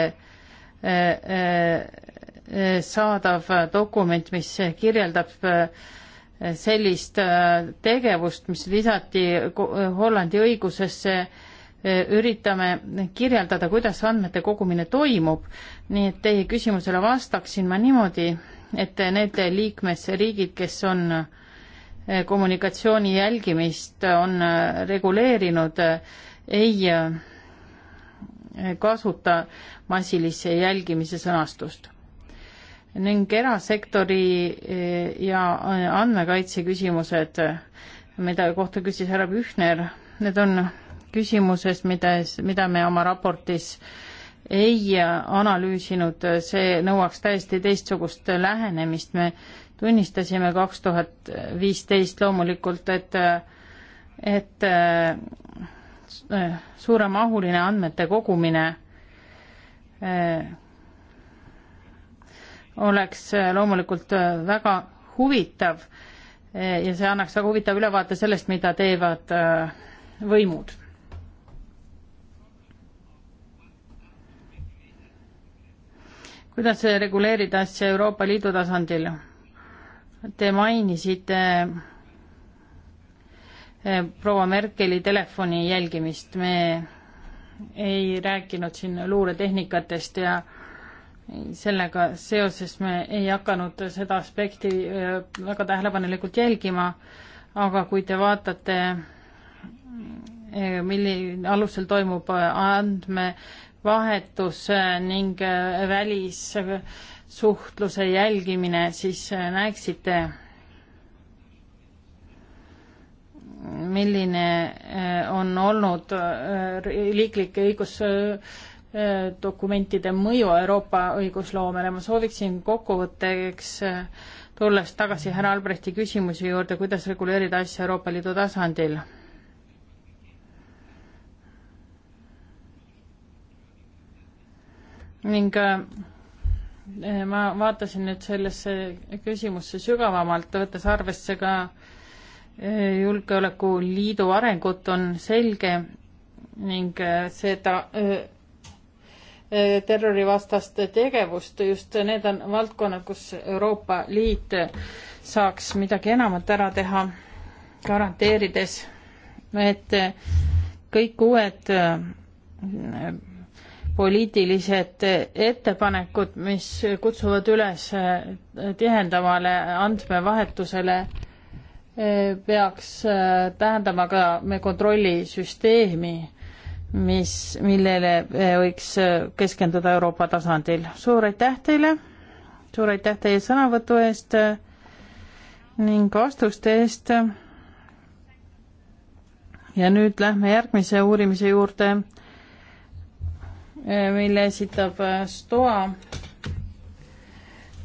saadav dokument, mis kirjeldab sellist äh, tegevust, mis lisati Hollandi õigusesse, äh, üritame kirjeldada, kuidas andmete kogumine toimub, nii et teie küsimusele vastaksin ma niimoodi, et need liikmesriigid, kes on äh, kommunikatsiooni jälgimist on reguleerinud, ei kasuta massilise jälgimise sõnastust ning erasektori eh, ja eh, andmekaitse küsimused, mida kohta küsis härra Pühner, need on küsimused, mida, mida me oma raportis ei analüüsinud, see nõuaks täiesti teistsugust lähenemist, me tunnistasime kaks tuhat viisteist loomulikult, et et eh, suuremahuline andmete kogumine oleks eh, loomulikult eh, väga huvitav eh, ja see annaks väga huvitava ülevaate sellest, mida teevad võimud. kuidas reguleerida asja Euroopa Liidu tasandil? Te mainisite proua Merkeli telefoni jälgimist, me ei rääkinud siin luuretehnikatest ja äh, sellega seoses me ei hakanud seda aspekti äh, väga tähelepanelikult jälgima, aga kui te vaatate, äh, milline alusel toimub äh, andmevahetus ning välissuhtluse jälgimine, siis näeksite, milline on olnud riiklike õigus Äh, dokumentide mõju Euroopa õigusloomele. ma sooviksin kokkuvõtteks äh, tulles tagasi härra Albrechti küsimuse juurde, kuidas reguleerida asja Euroopa Liidu tasandil. ning äh, ma vaatasin nüüd sellesse küsimusse sügavamalt, võttes arvesse ka julgeolekuliidu arengut, on selge ning seda Eh, terrorivastast tegevust, just need on valdkonnad, kus Euroopa Liit saaks midagi enamat ära teha, garanteerides, et kõik uued eh, poliitilised ettepanekud, mis kutsuvad üles eh, tihendamale andmevahetusele, peaks tähendama ka me kontrollisüsteemi mis, millele eh, võiks eh, keskenduda Euroopa tasandil. suur aitäh teile, suur aitäh teie sõnavõtu eest eh, ning vastuste eest. ja nüüd lähme järgmise uurimise juurde, mille esitab STOA,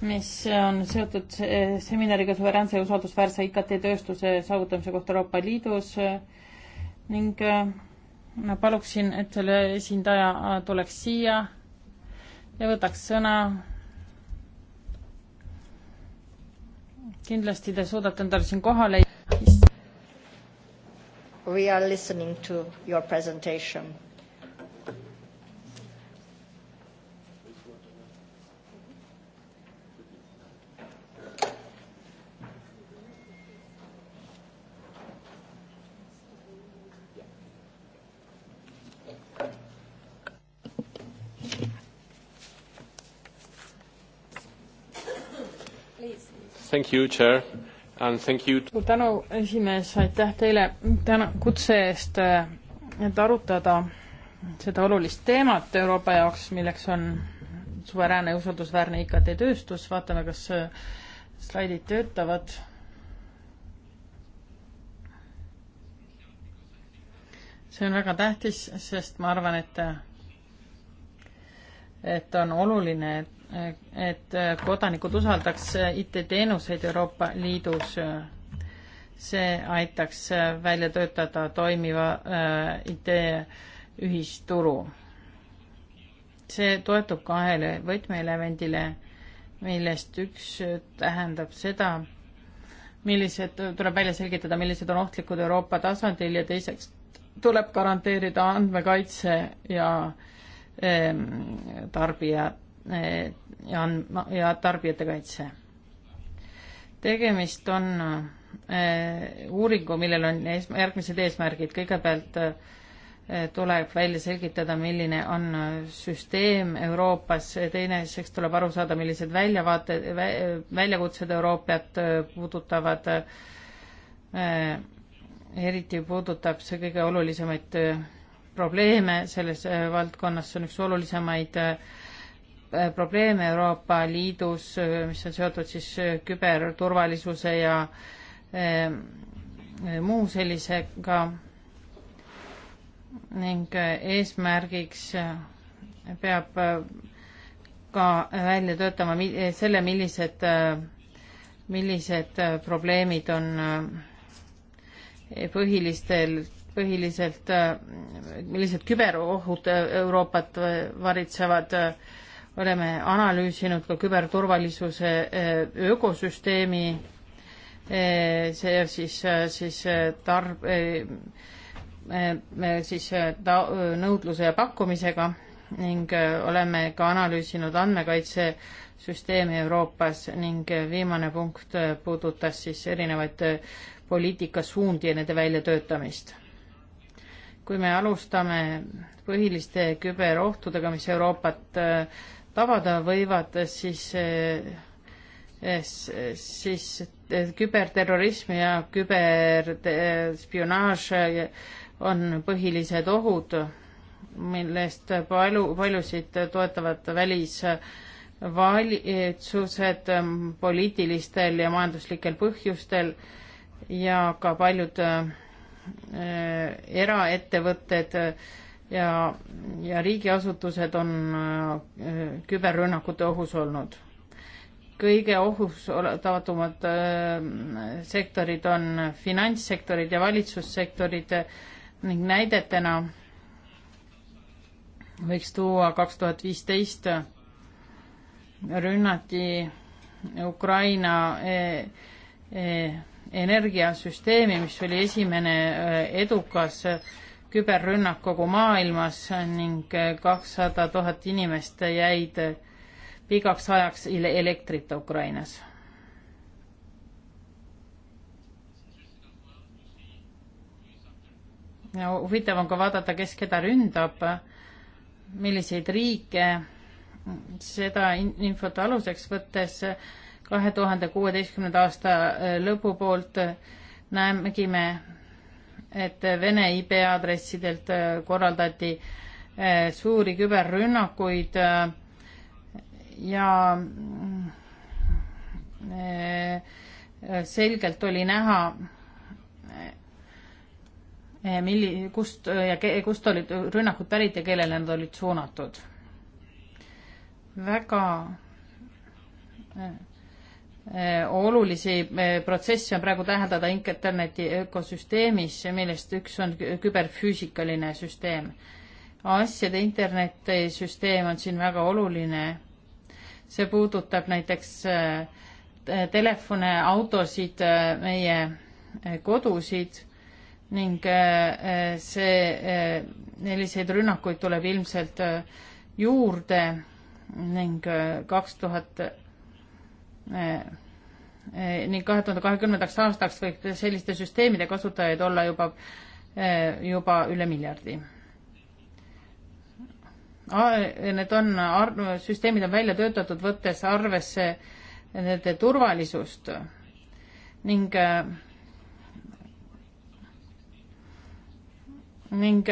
mis on seotud seminariga suveräänse ja usaldusväärse IKT tööstuse saavutamise kohta Euroopa Liidus ning ma paluksin, et selle esindaja tuleks siia ja võtaks sõna. kindlasti te suudate endale siin kohale. We are listening to your presentation Thank you, chair. And thank you. suur tänu, esimees, aitäh teile täna kutse eest, äh, et arutada seda olulist teemat Euroopa jaoks, milleks on suveräänne ja usaldusväärne IKT tööstus, vaatame, kas äh, slaidid töötavad. see on väga tähtis, sest ma arvan, et äh, et on oluline, et et kodanikud usaldaks IT-teenuseid Euroopa Liidus. see aitaks välja töötada toimiva äh, IT-ühisturu. see toetub kahele võtmeelemendile, millest üks tähendab seda, millised, tuleb välja selgitada, millised on ohtlikud Euroopa tasandil ja teiseks tuleb garanteerida andmekaitse ja ähm, tarbija Eh, ja andma ja tarbijate kaitse. tegemist on eh, uuringu, millel on ees, järgmised eesmärgid, kõigepealt eh, tuleb välja selgitada, milline on süsteem Euroopas, teiseks tuleb aru saada, millised väljavaate, väljakutsed Euroopat puudutavad, eriti puudutab see kõige olulisemaid probleeme selles valdkonnas, see on üks olulisemaid äh, Äh, probleeme Euroopa Liidus, äh, mis on seotud siis äh, küberturvalisuse ja muu sellisega ning eesmärgiks peab ka välja töötama selle, millised, millised probleemid on põhilistel, põhiliselt, millised küberohud Euroopat varitsevad äh, oleme analüüsinud ka küberturvalisuse eh, ökosüsteemi, eh, see siis, eh, siis tarb-, siis ta-, nõudluse ja pakkumisega ning oleme ka analüüsinud andmekaitsesüsteemi Euroopas ning viimane punkt puudutas siis erinevaid poliitikasuundi ja nende väljatöötamist. kui me alustame põhiliste küberohtudega, mis Euroopat äh, tabada võivad, siis eh, eh, siis eh, küberterrorism ja küberspionaaž on põhilised ohud, millest palju, paljusid toetavad välisvalitsused poliitilistel ja majanduslikel põhjustel ja ka paljud äh, eraettevõtted äh, ja, ja riigiasutused on äh, küberrünnakute ohus olnud. kõige ohustatumad äh, sektorid on finantssektorid ja valitsussektorid ning näidetena võiks tuua kaks tuhat viisteist rünnati Ukraina äh, energiasüsteemi, mis oli esimene edukas küberrünnak kogu maailmas ning kakssada tuhat inimest jäid pikaks ajaks elektrita Ukrainas. ja huvitav on ka vaadata, kes keda ründab, milliseid riike, seda infot aluseks võttes kahe tuhande kuueteistkümnenda aasta lõpu poolt näemegi me et Vene IP aadressidelt äh, korraldati äh, suuri küberrünnakuid äh, ja selgelt oli näha, milli-, kust ja ke-, kust olid rünnakud pärit ja kellele nad olid suunatud. väga Eh, olulisi eh, protsesse on praegu tähendada interneti ökosüsteemis, millest üks on küberfüüsikaline süsteem. asjade internetisüsteem on siin väga oluline. see puudutab näiteks eh, telefone, autosid, meie kodusid ning see, selliseid rünnakuid tuleb ilmselt juurde ning kaks tuhat Eh, eh, ning kahe tuhande kahekümnendaks aastaks võib selliste süsteemide kasutajaid olla juba, eh, juba üle miljardi. Need on, süsteemid on välja töötatud, võttes arvesse nende turvalisust ning ning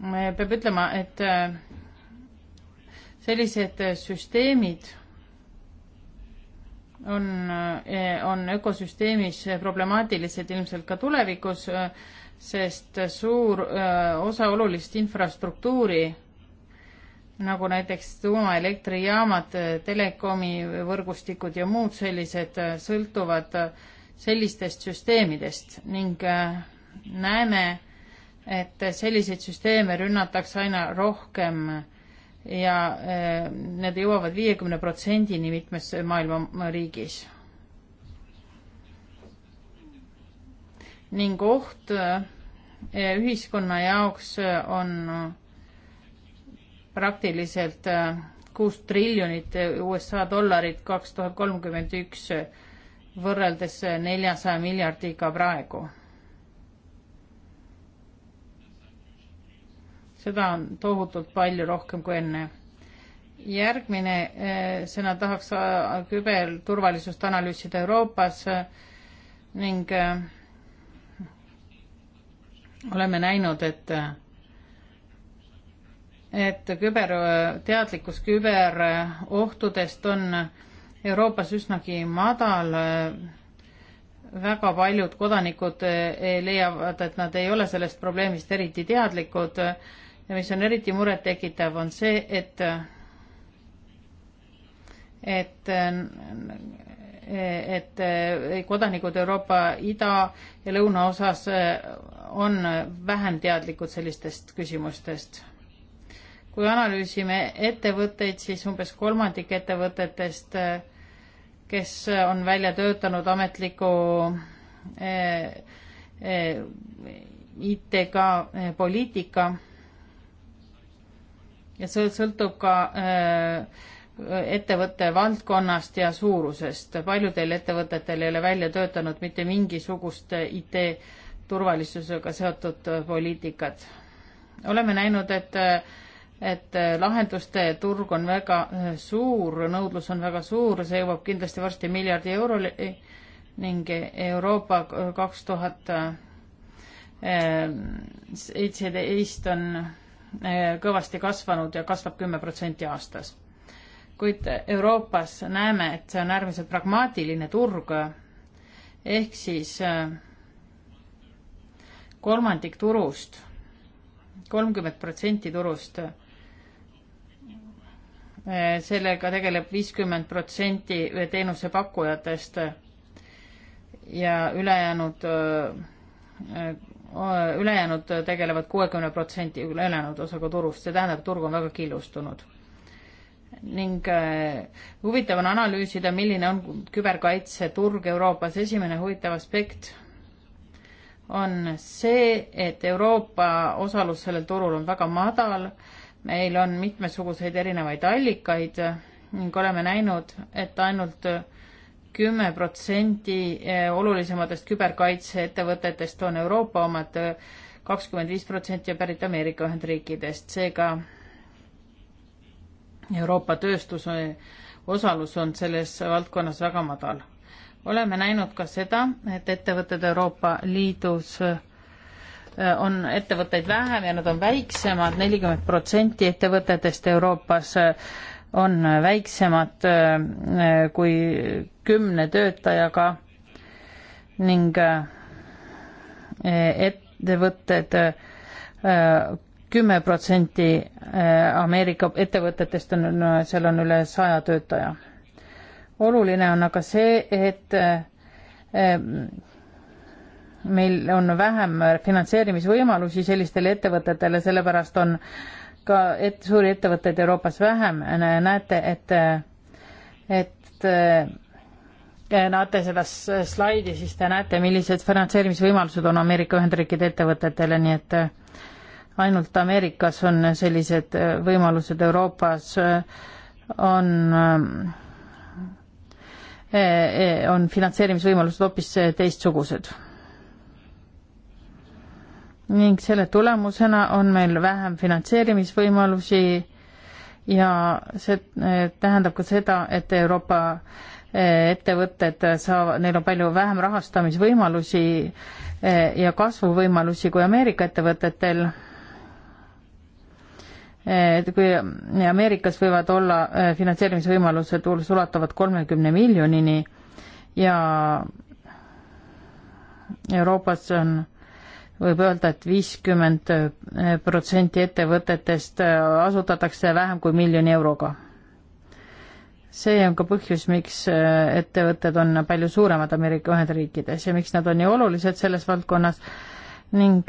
peab ütlema, et sellised äh, süsteemid on, äh, on ökosüsteemis problemaatilised ilmselt ka tulevikus, äh, sest suur osa olulist infrastruktuuri, nagu näiteks tuumaelektrijaamad, telekomi võrgustikud ja muud sellised, sõltuvad sellistest süsteemidest ning näeme, et selliseid süsteeme rünnatakse aina rohkem äh, ja äh, need jõuavad viiekümne protsendini mitmes maailma riigis. ning oht äh, ühiskonna jaoks äh, on praktiliselt kuus triljonit USA dollarit kaks tuhat kolmkümmend üks võrreldes neljasaja miljardiga praegu seda on tohutult palju rohkem kui enne. järgmine eh, sõna tahaks eh, küberturvalisust analüüsida Euroopas eh, ning oleme näinud, et et küberteadlikkus küberohtudest on Euroopas üsnagi madal. väga paljud kodanikud leiavad, et nad ei ole sellest probleemist eriti teadlikud ja mis on eriti murettekitav, on see, et et et kodanikud Euroopa ida ja lõunaosas on vähem teadlikud sellistest küsimustest. kui analüüsime ettevõtteid, siis umbes kolmandik ettevõtetest, kes on välja töötanud ametliku eh, eh, IT-ga eh, poliitika ja see sõltub ka äh, ettevõtte valdkonnast ja suurusest. paljudel ettevõtetel ei ole välja töötanud mitte mingisugust IT turvalisusega seotud poliitikat. oleme näinud, et, et lahenduste turg on väga äh, suur, nõudlus on väga suur, see jõuab kindlasti varsti miljardi eurole ning Euroopa kaks tuhat äh, seitseteist on Eh, kõvasti kasvanud ja kasvab kümme protsenti aastas. kuid Euroopas näeme, et see on äärmiselt pragmaatiline turg, ehk siis eh, kolmandik turust, kolmkümmend protsenti turust, eh, sellega tegeleb viiskümmend protsenti teenusepakkujatest ja ülejäänud Äh, ülejäänud äh, tegelevad kuuekümne protsendi ülejäänud osaga turust, see tähendab, turg on väga killustunud. ning äh, huvitav on analüüsida, milline on küberkaitseturg Euroopas, esimene huvitav aspekt on see, et Euroopa osalus sellel turul on väga madal, meil on mitmesuguseid erinevaid allikaid ning oleme näinud, et ainult kümme protsenti eh, olulisematest küberkaitseettevõtetest on Euroopa omad, kakskümmend viis protsenti on pärit Ameerika Ühendriikidest, seega Euroopa tööstuse eh, osalus on selles valdkonnas väga madal. oleme näinud ka seda, et ettevõtted Euroopa Liidus eh, on ettevõtteid vähem ja nad on väiksemad, nelikümmend protsenti ettevõtetest Euroopas on väiksemad äh, kui kümne töötajaga ning äh, ettevõtted äh, kümme protsenti Ameerika ettevõtetest on, seal on üle saja töötaja. oluline on aga see, et meil on vähem finantseerimisvõimalusi sellistele ettevõtetele, sellepärast on äh, ka et suuri ettevõtteid Euroopas vähem, näete, et, et näete selles slaidi, siis te näete, millised finantseerimisvõimalused on Ameerika Ühendriikide ettevõtetele, nii et ainult Ameerikas on sellised võimalused, Euroopas on, on finantseerimisvõimalused hoopis teistsugused ning selle tulemusena on meil vähem finantseerimisvõimalusi ja see eh, tähendab ka seda, et Euroopa eh, ettevõtted saavad, neil on palju vähem rahastamisvõimalusi eh, ja kasvuvõimalusi kui Ameerika ettevõtetel. et kui Ameerikas võivad olla finantseerimisvõimalused ulatuvad kolmekümne miljonini ja Euroopas on võib öelda et, et viiskümmend eh, protsenti ettevõtetest eh, asutatakse vähem kui miljoni euroga. see on ka põhjus, miks eh, ettevõtted on palju suuremad Ameerika Ühendriikides ja miks nad on nii olulised selles valdkonnas ning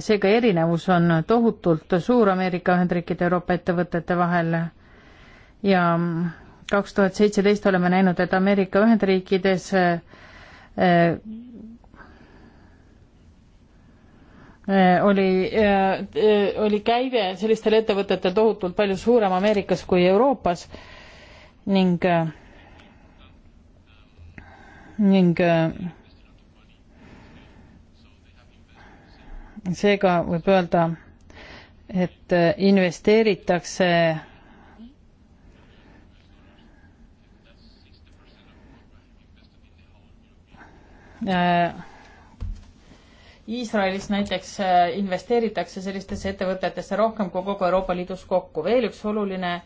seega erinevus on tohutult suur Ameerika Ühendriikide ja Euroopa ettevõtete vahel ja mm, kaks tuhat seitseteist oleme näinud, et Ameerika Ühendriikides äh, äh, oli, äh, oli käive sellistel ettevõtetel tohutult palju suurem Ameerikas kui Euroopas ning, ning seega võib öelda, et investeeritakse Äh, Iisraelis näiteks äh, investeeritakse sellistesse ettevõtetesse rohkem kui kogu Euroopa Liidus kokku. veel üks oluline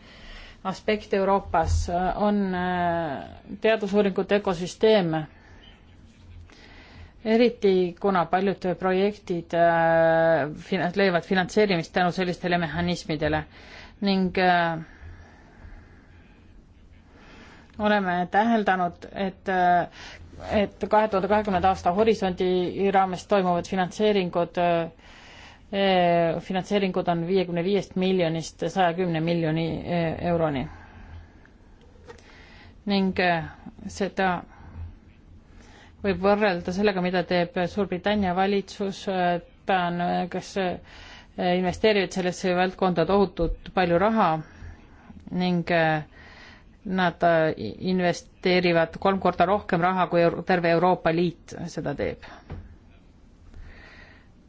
aspekt Euroopas äh, on teadusuuringute ökosüsteem. eriti kuna paljud projektid leiavad finantseerimist tänu sellistele mehhanismidele ning oleme täheldanud, et et kahe tuhande kahekümnenda aasta horisondi raames toimuvad finantseeringud, eh, finantseeringud on viiekümne viiest miljonist saja kümne miljoni eh, euroni. ning eh, seda võib võrrelda sellega, mida teeb Suurbritannia valitsus, ta on, kes investeerivad sellesse valdkonda tohutult palju raha ning äh, nad äh, investeerivad kolm korda rohkem raha, kui terve Euroopa Liit seda teeb.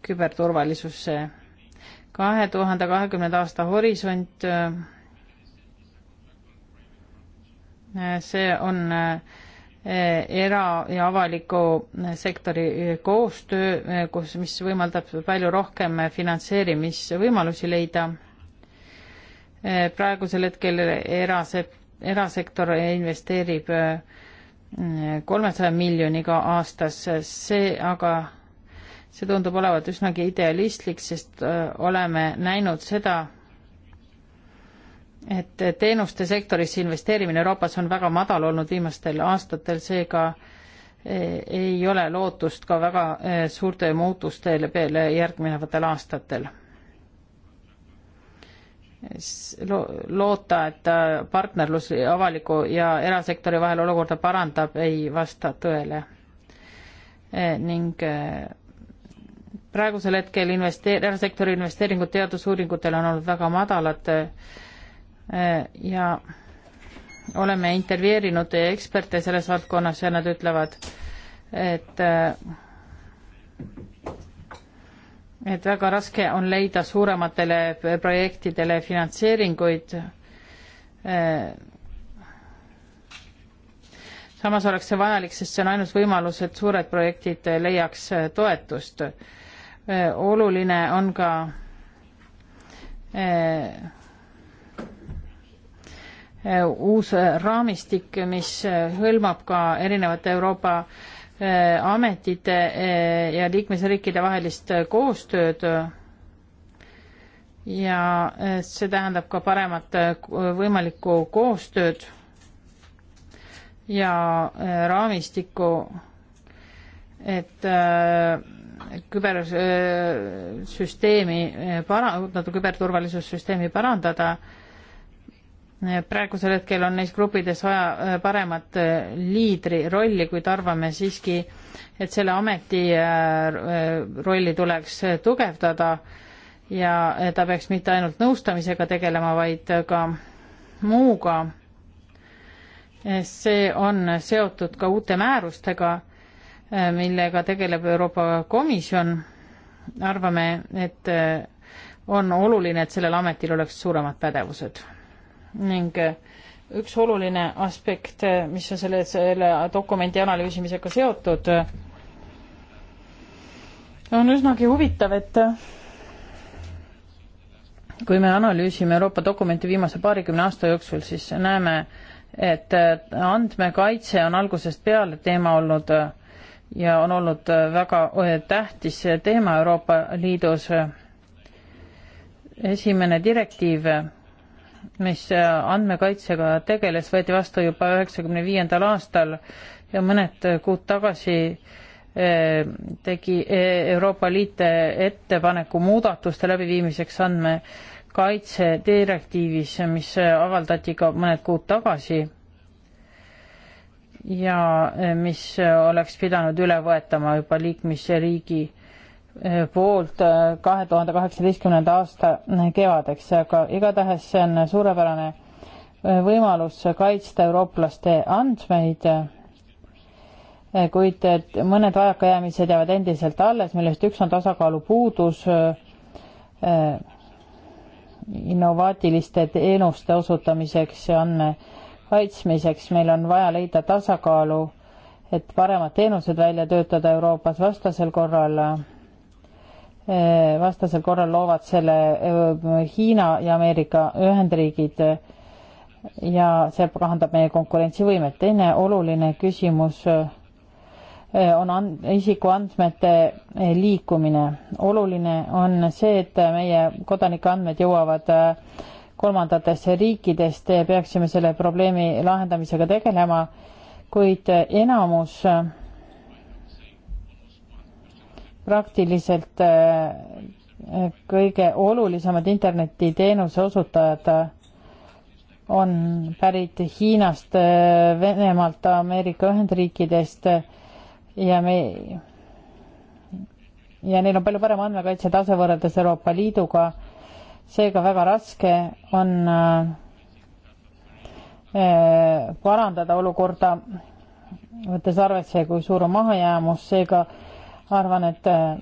küberturvalisusse. kahe tuhande kahekümnenda aasta horisont, äh, see on äh, era- ja avaliku sektori koostöö, kus, mis võimaldab palju rohkem finantseerimisvõimalusi leida. praegusel hetkel erasektor erasektor investeerib äh, kolmesaja miljoniga aastas, see aga, see tundub olevat üsnagi idealistlik, sest äh, oleme näinud seda, et teenuste sektorisse investeerimine Euroopas on väga madal olnud viimastel aastatel, seega äh, ei ole lootust ka väga suurte muutuste peale järgnevatel aastatel loota, et äh, partnerlus avaliku ja erasektori vahel olukorda parandab, ei vasta tõele. E, ning äh, praegusel hetkel investeer-, erasektori investeeringud teadusuuringutele on olnud väga madalad äh, e, ja oleme intervjueerinud eksperte selles valdkonnas ja nad ütlevad, et et väga raske on leida suurematele projektidele finantseeringuid. samas oleks see vajalik, sest see on ainus võimalus, et suured projektid leiaks toetust. oluline on ka eh, eh, uus raamistik, mis hõlmab ka erinevate Euroopa Äh, ametite äh, ja liikmesriikide vahelist äh, koostööd ja see tähendab ka paremat võimalikku koostööd ja raamistikku, et kübersüsteemi para-, küberturvalisussüsteemi parandada praegusel hetkel on neis gruppides vaja äh, paremat äh, liidri rolli, kuid arvame siiski, et selle ameti äh, rolli tuleks tugevdada ja ta peaks mitte ainult nõustamisega tegelema, vaid ka muuga. see on seotud ka uute määrustega, millega tegeleb Euroopa Komisjon. arvame, et on oluline, et sellel ametil oleks suuremad pädevused ning äh, üks oluline aspekt, äh, mis on selle, selle dokumendi analüüsimisega seotud, äh, on üsnagi huvitav, et kui me analüüsime Euroopa dokumenti viimase paarikümne aasta jooksul, siis näeme, et andmekaitse on algusest peale teema olnud ja on olnud väga tähtis teema Euroopa Liidus. esimene direktiiv mis äh, andmekaitsega tegeles, võeti vastu juba üheksakümne viiendal aastal ja mõned kuud tagasi äh, tegi äh, Euroopa Liit ettepaneku muudatuste läbiviimiseks andmekaitse direktiivis, mis avaldati ka mõned kuud tagasi ja mis oleks pidanud üle võetama juba liikmesriigi poolt äh, kahe tuhande kaheksateistkümnenda aasta äh, kevadeks, aga igatahes see on suurepärane äh, võimalus kaitsta eurooplaste andmeid, kuid mõned vajakajäämised jäävad endiselt alles, millest üks on tasakaalu puudus innovaatiliste teenuste osutamiseks ja andmekaitsmiseks, meil on vaja leida tasakaalu, et paremad teenused välja töötada Euroopas, vastasel korral Eh, vastasel korral loovad selle eh, Hiina ja Ameerika Ühendriigid eh, ja see kahandab meie konkurentsivõimet. teine oluline küsimus on and-, isikuandmete liikumine. oluline on see, et meie kodanike andmed jõuavad kolmandatesse riikidest, peaksime selle probleemi lahendamisega tegelema, kuid enamus praktiliselt äh, kõige olulisemad internetiteenuse osutajad äh, on pärit Hiinast, äh, Venemaalt, Ameerika Ühendriikidest ja me ja neil on palju parem andmekaitse tase võrreldes Euroopa Liiduga. seega väga raske on parandada olukorda, võttes arvesse, kui suur on mahajäämus, seega arvan, et äh,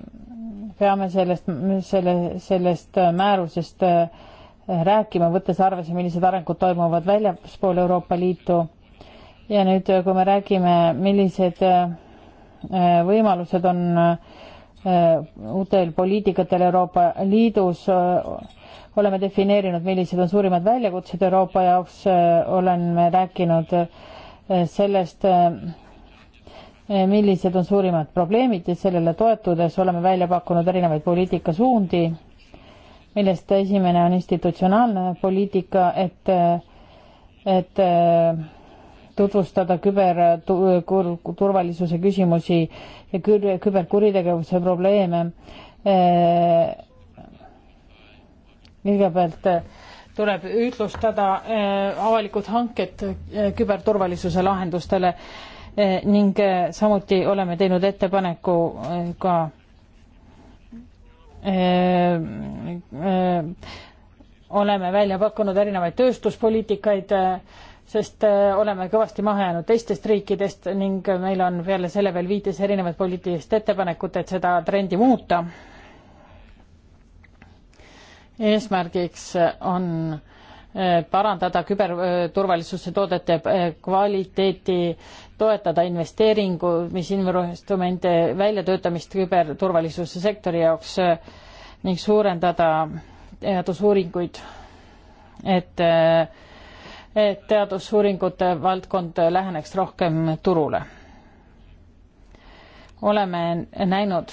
peame sellest, selle, sellest äh, määrusest äh, rääkima, võttes arvesse, millised arengud toimuvad väljaspool Euroopa Liitu. ja nüüd, kui me räägime, millised võimalused on uutel poliitikatel Euroopa Liidus, oleme defineerinud, millised on suurimad väljakutsed Euroopa jaoks, oleme rääkinud sellest, Eh, millised on suurimad probleemid ja sellele toetudes oleme välja pakkunud erinevaid poliitikasuundi, millest esimene on institutsionaalne poliitika, et, et eh, tutvustada küberturvalisuse küsimusi ja küberkuritegevuse probleeme. Eh, kõigepealt tuleb ühtlustada avalikud hanked küberturvalisuse lahendustele Eh, ning eh, samuti oleme teinud ettepaneku eh, ka oleme välja pakkunud erinevaid tööstuspoliitikaid, sest oleme kõvasti maha jäänud teistest riikidest ning meil on peale selle veel viites erinevat poliitilist ettepanekut, et seda trendi muuta. eesmärgiks on parandada küberturvalisuse toodete kvaliteeti, toetada investeeringu, mis instrumente väljatöötamist küberturvalisuse sektori jaoks ning suurendada teadusuuringuid, et, et teadusuuringute valdkond läheneks rohkem turule. oleme näinud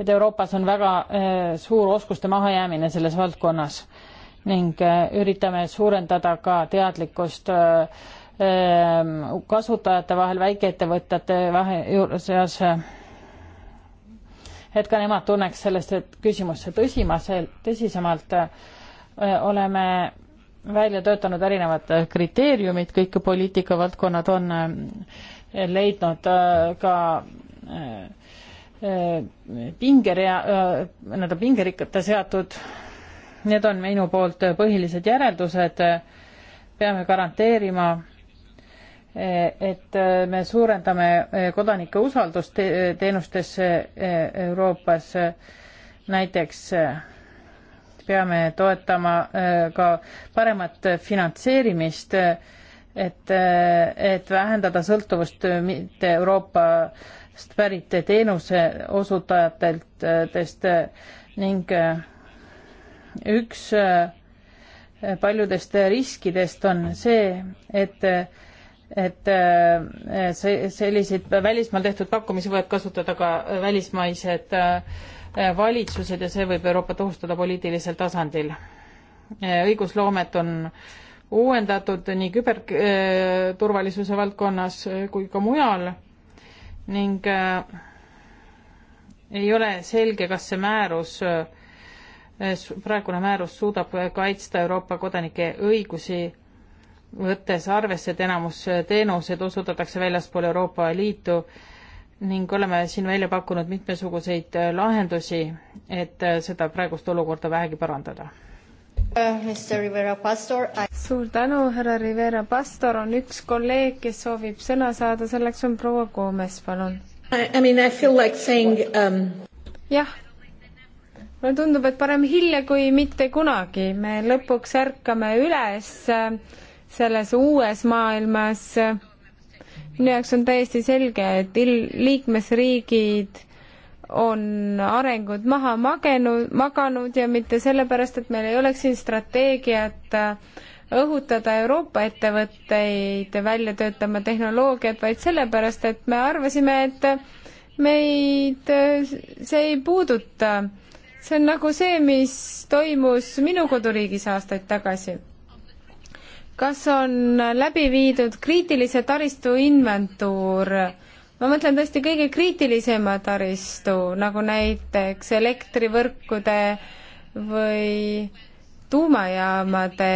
et Euroopas on väga äh, suur oskuste mahajäämine selles valdkonnas ning äh, üritame suurendada ka teadlikkust äh, ähm, kasutajate vahel, väikeettevõtjate vahe seas, et ka nemad tunneks sellest, et küsimusse tõsimaselt, tõsisemalt oleme välja töötanud erinevad kriteeriumid, kõik poliitikavaldkonnad on leidnud ka pingerea, nii-öelda pingerikkate seatud. Need on minu poolt põhilised järeldused. peame garanteerima, et me suurendame kodanike usaldust teenustesse Euroopas. näiteks peame toetama ka paremat finantseerimist, et, et vähendada sõltuvust mitte Euroopa äh, pärit teenuse osutajatelt äh, äh, ning äh, üks paljudest riskidest on see, et et see, selliseid välismaal tehtud pakkumisi võivad kasutada ka välismaised valitsused ja see võib Euroopat ohustada poliitilisel tasandil. õigusloomet on uuendatud nii küberturvalisuse valdkonnas kui ka mujal ning äh, ei ole selge, kas see määrus äh,, praegune määrus suudab kaitsta Euroopa kodanike õigusi, võttes arvesse, et enamus teenuseid osutatakse väljaspool Euroopa Liitu ning oleme siin välja pakkunud mitmesuguseid äh, lahendusi, et äh, seda praegust olukorda vähegi parandada Uh, suur tänu, härra Rivera Pastor, on üks kolleeg, kes soovib sõna saada, selleks on proua Koomes, palun. I mean I feel like saying um... jah, mulle tundub, et parem hilja kui mitte kunagi, me lõpuks ärkame üles äh, selles uues maailmas. minu jaoks on täiesti selge, et liikmesriigid on arengud maha magenud, maganud ja mitte sellepärast, et meil ei oleks siin strateegiat äh, õhutada Euroopa ettevõtteid välja töötama tehnoloogiat, vaid sellepärast, et me arvasime, et meid äh, see ei puuduta. see on nagu see, mis toimus minu koduriigis aastaid tagasi. kas on läbi viidud kriitilise taristu inventuur äh, ma mõtlen tõesti kõige kriitilisema taristu, nagu näiteks elektrivõrkude või tuumajaamade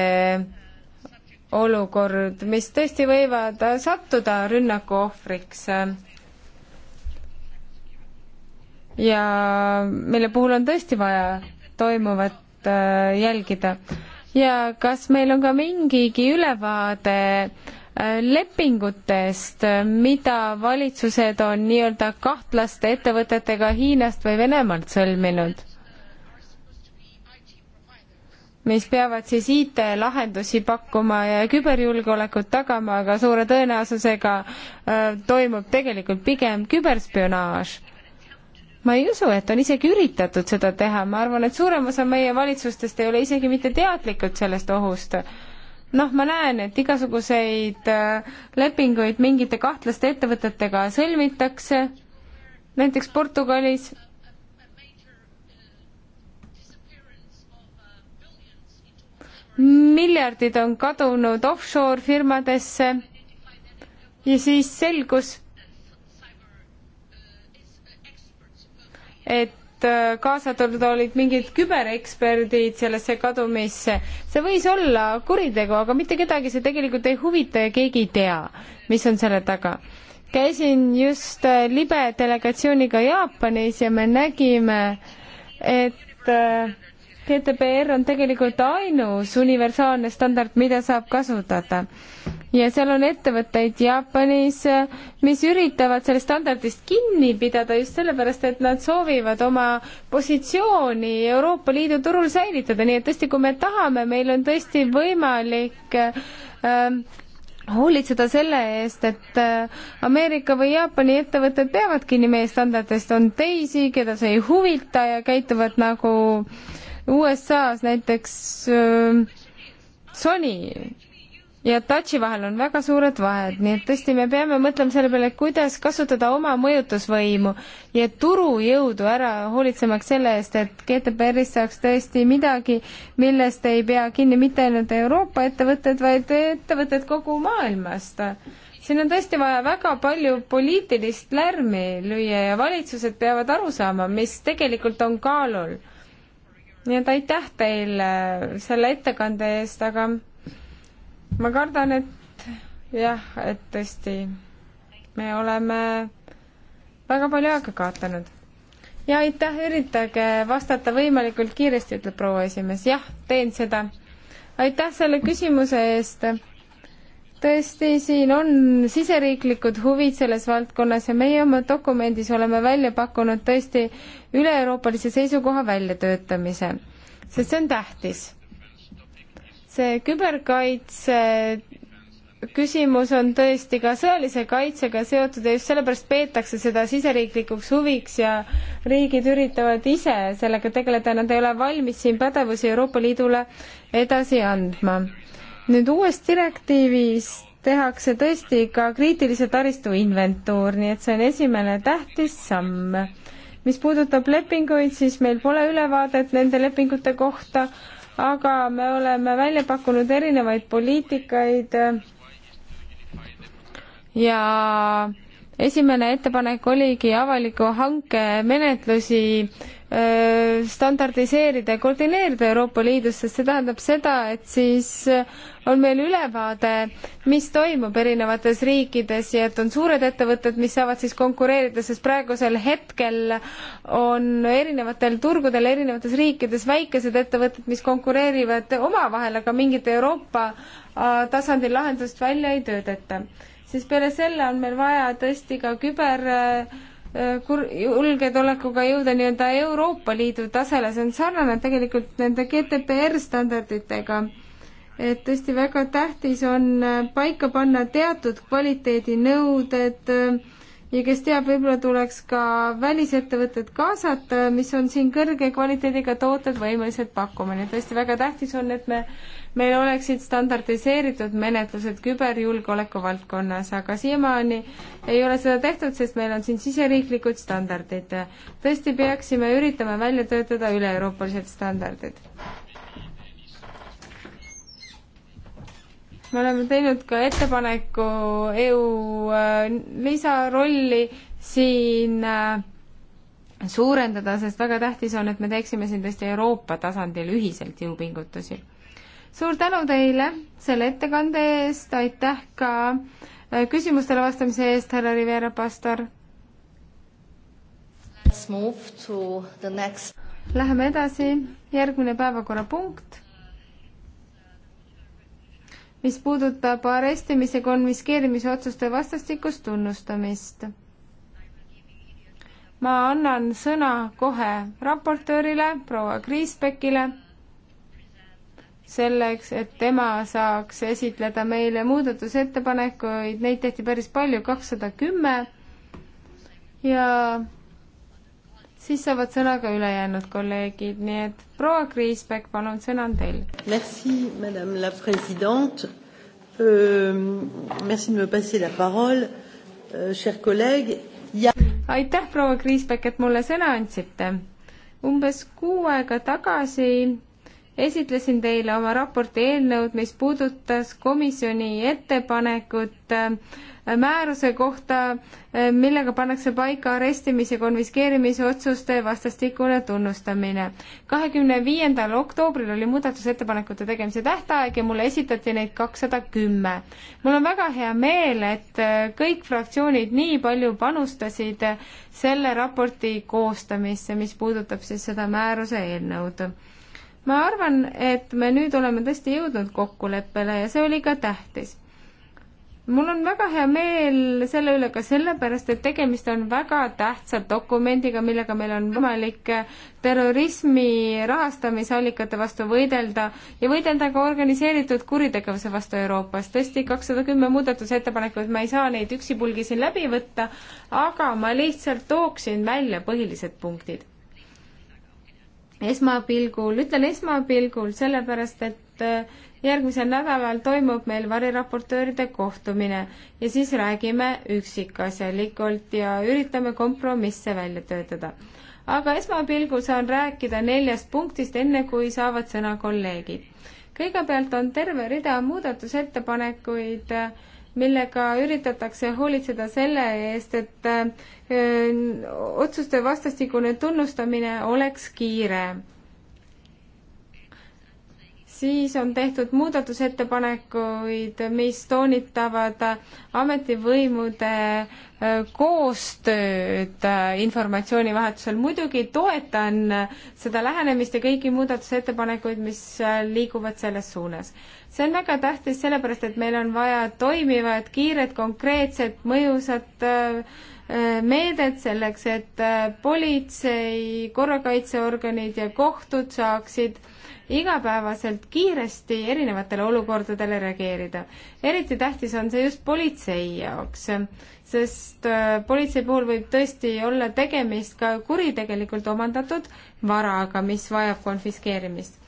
olukord, mis tõesti võivad sattuda rünnaku ohvriks. ja mille puhul on tõesti vaja toimuvat äh, jälgida. ja kas meil on ka mingigi ülevaade äh, lepingutest, mida valitsused on nii-öelda kahtlaste ettevõtetega Hiinast või Venemaalt sõlminud, mis peavad siis IT-lahendusi pakkuma ja küberjulgeolekut tagama, aga suure tõenäosusega äh, toimub tegelikult pigem küberspionaaž ma ei usu, et on isegi üritatud seda teha, ma arvan, et suurem osa meie valitsustest ei ole isegi mitte teadlikud sellest ohust noh, ma näen, et igasuguseid äh, lepinguid mingite kahtlaste ettevõtetega sõlmitakse, näiteks Portugalis miljardid on kadunud offshore firmadesse ja siis selgus, et Äh, kaasatud olid mingid kübereksperdid sellesse kadumisse. see võis olla kuritegu, aga mitte kedagi see tegelikult ei huvita ja keegi ei tea, mis on selle taga. käisin just äh, libe delegatsiooniga Jaapanis ja me nägime, et äh, GDPR on tegelikult ainus universaalne standard, mida saab kasutada. ja seal on ettevõtteid Jaapanis, mis üritavad sellest standardist kinni pidada just sellepärast, et nad soovivad oma positsiooni Euroopa Liidu turul säilitada, nii et tõesti, kui me tahame, meil on tõesti võimalik ähm, hoolitseda selle eest, et äh, Ameerika või Jaapani ettevõtted peavad kinni meie standardist, on teisi, keda see ei huvita ja käituvad nagu äh, USA-s näiteks Sony ja Touchi vahel on väga suured vahed, nii et tõesti, me peame mõtlema selle peale, kuidas kasutada oma mõjutusvõimu ja turujõudu ära, hoolitsemaks selle eest, et GDPR-ist saaks tõesti midagi, millest ei pea kinni mitte ainult Euroopa ettevõtted, vaid ettevõtted kogu maailmast. siin on tõesti vaja väga palju poliitilist lärmi lüüa ja valitsused peavad aru saama, mis tegelikult on kaalul nii et aitäh teile selle ettekande eest, aga ma kardan, et jah, et tõesti, me oleme väga palju aega kaotanud. ja aitäh, üritage vastata võimalikult kiiresti, ütleb proua esimees. jah, teen seda. aitäh selle küsimuse eest tõesti, siin on siseriiklikud huvid selles valdkonnas ja meie oma dokumendis oleme välja pakkunud tõesti üle-euroopalise seisukoha väljatöötamise, sest see on tähtis. see küberkaitse küsimus on tõesti ka sõjalise kaitsega seotud ja just sellepärast peetakse seda siseriiklikuks huviks ja riigid üritavad ise sellega tegeleda, nad ei ole valmis siin pädevusi Euroopa Liidule edasi andma nüüd uues direktiivis tehakse tõesti ka kriitilise taristu inventuur, nii et see on esimene tähtis samm. mis puudutab lepinguid, siis meil pole ülevaadet nende lepingute kohta, aga me oleme välja pakkunud erinevaid poliitikaid ja esimene ettepanek oligi avaliku hanke menetlusi standardiseerida ja koordineerida Euroopa Liidus, sest see tähendab seda, et siis on meil ülevaade, mis toimub erinevates riikides ja et on suured ettevõtted, mis saavad siis konkureerida, sest praegusel hetkel on erinevatel turgudel erinevates riikides väikesed ettevõtted, mis konkureerivad omavahel, aga mingit Euroopa tasandil lahendust välja ei töödeta. siis peale selle on meil vaja tõesti ka küber Äh, kur-, julgeolekuga jõuda nii-öelda Euroopa Liidu tasele, see on sarnane tegelikult nende GDPR standarditega. et tõesti väga tähtis on äh, paika panna teatud kvaliteedinõuded äh, ja kes teab, võib-olla tuleks ka välisettevõtted kaasata, mis on siin kõrge kvaliteediga tooted võimelised pakkuma, nii et tõesti väga tähtis on, et me meil oleksid standardiseeritud menetlused küberjulgeoleku valdkonnas, aga siiamaani ei ole seda tehtud, sest meil on siin siseriiklikud standardid. tõesti peaksime üritama välja töötada üle-euroopalised standardid. me oleme teinud ka ettepaneku EU äh, lisarolli siin äh, suurendada, sest väga tähtis on, et me teeksime siin tõesti Euroopa tasandil ühiselt jõupingutusi suur tänu teile selle ettekande eest, aitäh ka äh, küsimustele vastamise eest, härra Rivera pastor. Läheme edasi, järgmine päevakorrapunkt, mis puudutab arestimise konfiskeerimise otsuste vastastikust tunnustamist. ma annan sõna kohe raportöörile, proua Kriisbekile selleks, et tema saaks esitleda meile muudatusettepanekuid, neid tehti päris palju, kakssada kümme, ja siis saavad sõna ka ülejäänud kolleegid, nii et proua Kriisbeck, palun, sõna on teil. Merci, madame la president euh,. Merci de me passer la parole euh,, cher kolleeg ja.... aitäh, proua Kriisbeck, et mulle sõna andsite. umbes kuu aega tagasi esitlesin teile oma raporti eelnõud, mis puudutas komisjoni ettepanekut äh, määruse kohta, äh, millega pannakse paika arestimise, konfiskeerimise otsuste vastastikune tunnustamine. kahekümne viiendal oktoobril oli muudatusettepanekute tegemise tähtaeg ja mulle esitati neid kakssada kümme. mul on väga hea meel, et äh, kõik fraktsioonid nii palju panustasid selle raporti koostamisse, mis puudutab siis seda määruse eelnõud ma arvan, et me nüüd oleme tõesti jõudnud kokkuleppele ja see oli ka tähtis. mul on väga hea meel selle üle ka sellepärast, et tegemist on väga tähtsa dokumendiga, millega meil on võimalik terrorismi rahastamisallikate vastu võidelda ja võidelda ka organiseeritud kuritegevuse vastu Euroopas. tõesti, kakssada kümme muudatusettepanekut, ma ei saa neid üksipulgi siin läbi võtta, aga ma lihtsalt tooksin välja põhilised punktid esmapilgul, ütlen esmapilgul, sellepärast et äh, järgmisel nädalal toimub meil variraportööride kohtumine ja siis räägime üksikasjalikult ja üritame kompromisse välja töötada. aga esmapilgul saan rääkida neljast punktist, enne kui saavad sõna kolleegid. kõigepealt on terve rida muudatusettepanekuid äh, millega üritatakse hoolitseda selle eest, et äh, otsuste vastastikune tunnustamine oleks kiire. siis on tehtud muudatusettepanekuid, mis toonitavad ametivõimude äh, koostööd äh, informatsioonivahetusel. muidugi toetan seda lähenemist ja kõiki muudatusettepanekuid, mis liiguvad selles suunas see on väga tähtis sellepärast, et meil on vaja toimivat, kiiret, konkreetset, mõjusat äh, äh, meedet selleks, et äh, politsei, korrakaitseorganid ja kohtud saaksid igapäevaselt kiiresti erinevatele olukordadele reageerida. eriti tähtis on see just politsei jaoks, sest politsei puhul võib tõesti olla tegemist ka kuritegelikult omandatud varaga, mis vajab konfiskeerimist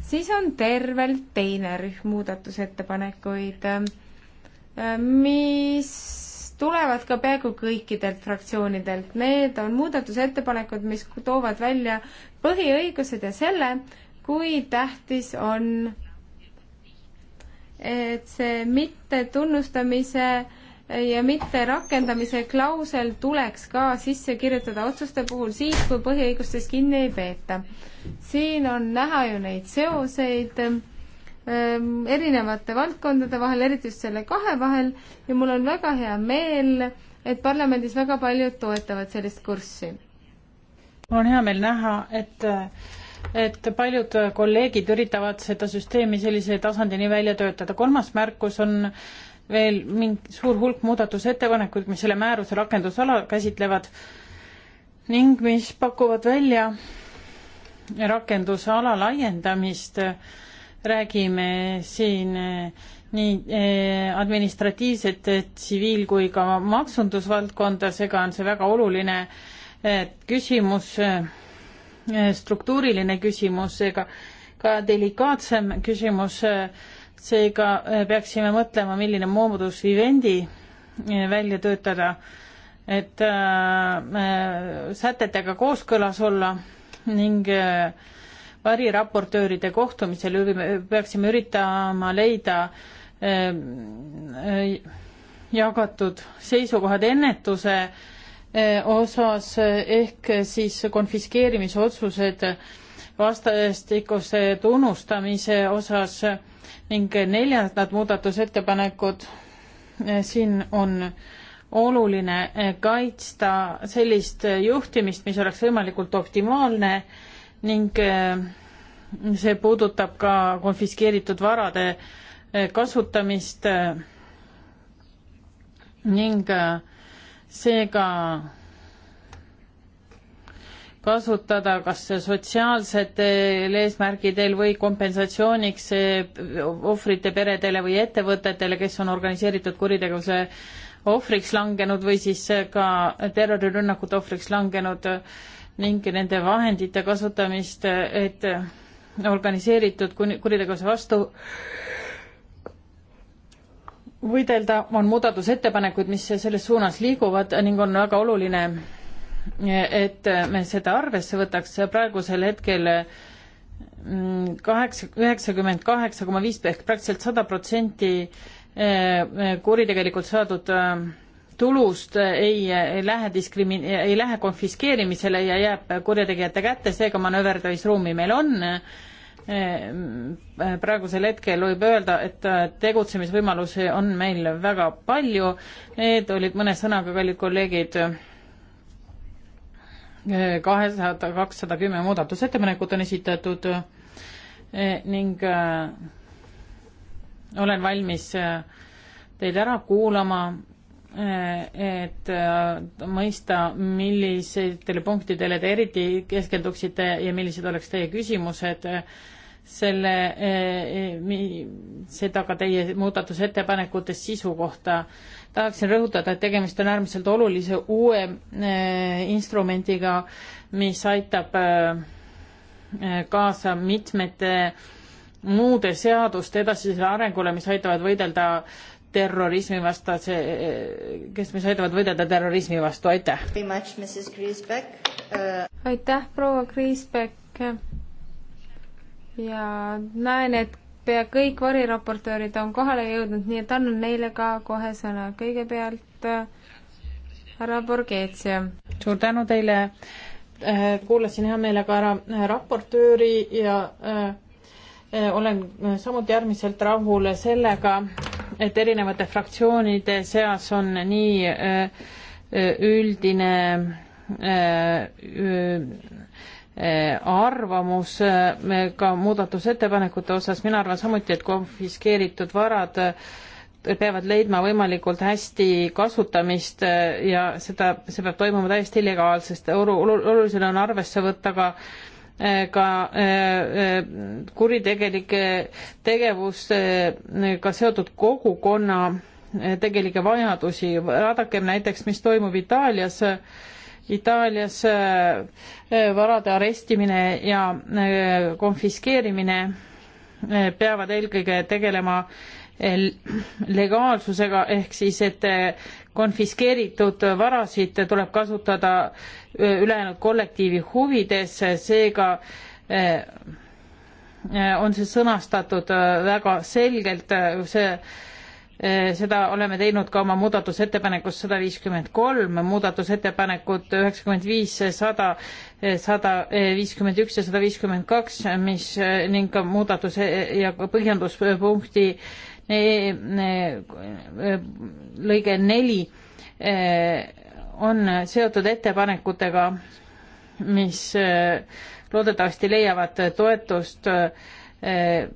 siis on tervelt teine rühm muudatusettepanekuid, äh, mis tulevad ka peaaegu kõikidelt fraktsioonidelt. Need on muudatusettepanekud, mis toovad välja põhiõigused ja selle, kui tähtis on, et see mittetunnustamise ja mitte rakendamise klausel tuleks ka sisse kirjutada otsuste puhul siis, kui põhiõigustest kinni ei peeta. siin on näha ju neid seoseid ähm, erinevate valdkondade vahel, eriti just selle kahe vahel ja mul on väga hea meel, et parlamendis väga paljud toetavad sellist kurssi. mul on hea meel näha, et et paljud kolleegid üritavad seda süsteemi sellise tasandini välja töötada. kolmas märkus on äh, veel mingi suur hulk muudatusettepanekuid, mis selle määruse rakendusala käsitlevad ning mis pakuvad välja rakendusala laiendamist. räägime siin eh, nii eh, administratiivset, eh, tsiviil kui ka maksundusvaldkonda, seega on see väga oluline küsimus, struktuuriline küsimus, seega ka delikaatsem küsimus äh, seega eh, peaksime mõtlema, milline moodus vivendi eh, välja töötada, et äh, äh, sätetega kooskõlas olla ning äh, variraportööride kohtumisel peaksime üritama leida äh, äh jagatud seisukohad ennetuse äh, osas ehk siis konfiskeerimisotsused vastastikuse tunnustamise osas ning neljandad muudatusettepanekud, eh, siin on oluline eh, kaitsta sellist juhtimist, mis oleks võimalikult optimaalne ning eh, see puudutab ka konfiskeeritud varade kasutamist ning seega kasutada kas sotsiaalsetel eesmärgidel või kompensatsiooniks eh, ohvrite peredele või ettevõtetele, kes on organiseeritud kuritegevuse ohvriks langenud või siis ka terrorirünnakute ohvriks langenud ning nende vahendite kasutamist, et organiseeritud kuritegevuse vastu võidelda, on muudatusettepanekuid, mis selles suunas liiguvad ning on väga oluline et me seda arvesse võtaks, praegusel hetkel mm, kaheksa, üheksakümmend kaheksa koma viis ehk praktiliselt sada protsenti eh, kuritegelikult saadud eh, tulust ei, ei lähe diskrimi-, ei lähe konfiskeerimisele ja jääb kurjategijate kätte, seega manööverdamisruumi meil on. Eh, praegusel hetkel võib öelda, et tegutsemisvõimalusi on meil väga palju. Need olid mõne sõnaga, kallid kolleegid kahesada, kakssada kümme muudatusettepanekut on esitatud e, ning e, olen valmis e, teid ära kuulama, et mõista, millisetele punktidele te eriti keskenduksite ja millised oleks teie küsimused selle, eh, eh, seda ka teie muudatusettepanekute sisu kohta. tahaksin rõhutada, et tegemist on äärmiselt olulise uue eh, instrumendiga, mis aitab kaasa mitmete muude seaduste edasisele arengule, mis aitavad võidelda terrorismi vastase, kes mis aitavad võidelda terrorismi vastu, aitäh! Uh, aitäh, proua Kriisbeck! ja näen, et pea kõik variraportöörid on kohale jõudnud, nii et annan neile ka kohe sõna. kõigepealt äh, härra Borgetsia. suur tänu teile. Äh, kuulasin hea meelega ära äh, raportööri ja olen samuti äärmiselt rahul sellega, et erinevate fraktsioonide seas on nii üldine Eh, arvamus eh, ka muudatusettepanekute osas, mina arvan samuti, et konfiskeeritud varad eh, peavad leidma võimalikult hästi kasutamist ja seda, see peab toimuma täiesti legaalsest, olulisel on arvesse võtta ka ka kuritegelike tegevustega seotud kogukonna tegelikke vajadusi, vaadakem näiteks, mis toimub Itaalias, Itaalias äh, äh, varade arestimine ja äh, konfiskeerimine peavad eelkõige tegelema legaalsusega ehk siis, et konfiskeeritud varasid tuleb kasutada ülejäänud kollektiivi huvides, seega on see sõnastatud väga selgelt, see Eh, seda oleme teinud ka oma muudatusettepanekus sada viiskümmend kolm, muudatusettepanekud üheksakümmend viis, sada, eh, sada eh, viiskümmend üks ja sada viiskümmend kaks, mis ning ka muudatuse ja põhjenduspunkti lõige neli on seotud ettepanekutega, mis loodetavasti leiavad toetust äh, Äh,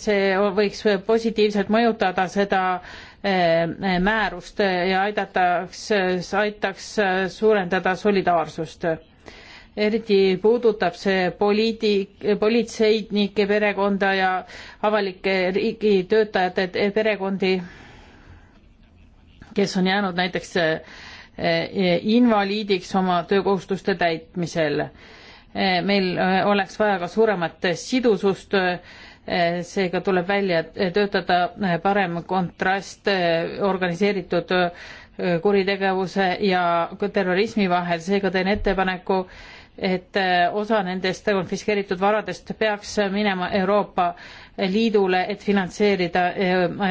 see võiks positiivselt mõjutada seda äh, määrust ja aidataks, aitaks suurendada solidaarsust. eriti puudutab see poliiti-, politseinike perekonda ja avalike riigitöötajate perekondi, kes on jäänud näiteks äh, invaliidiks oma töökohustuste täitmisel Eh, meil eh, oleks vaja ka suuremat eh, sidusust, seega tuleb välja töötada parem kontrast organiseeritud kuritegevuse ja terrorismi vahel, seega teen ettepaneku, et osa nendest konfiskeeritud varadest peaks minema Euroopa Liidule, et finantseerida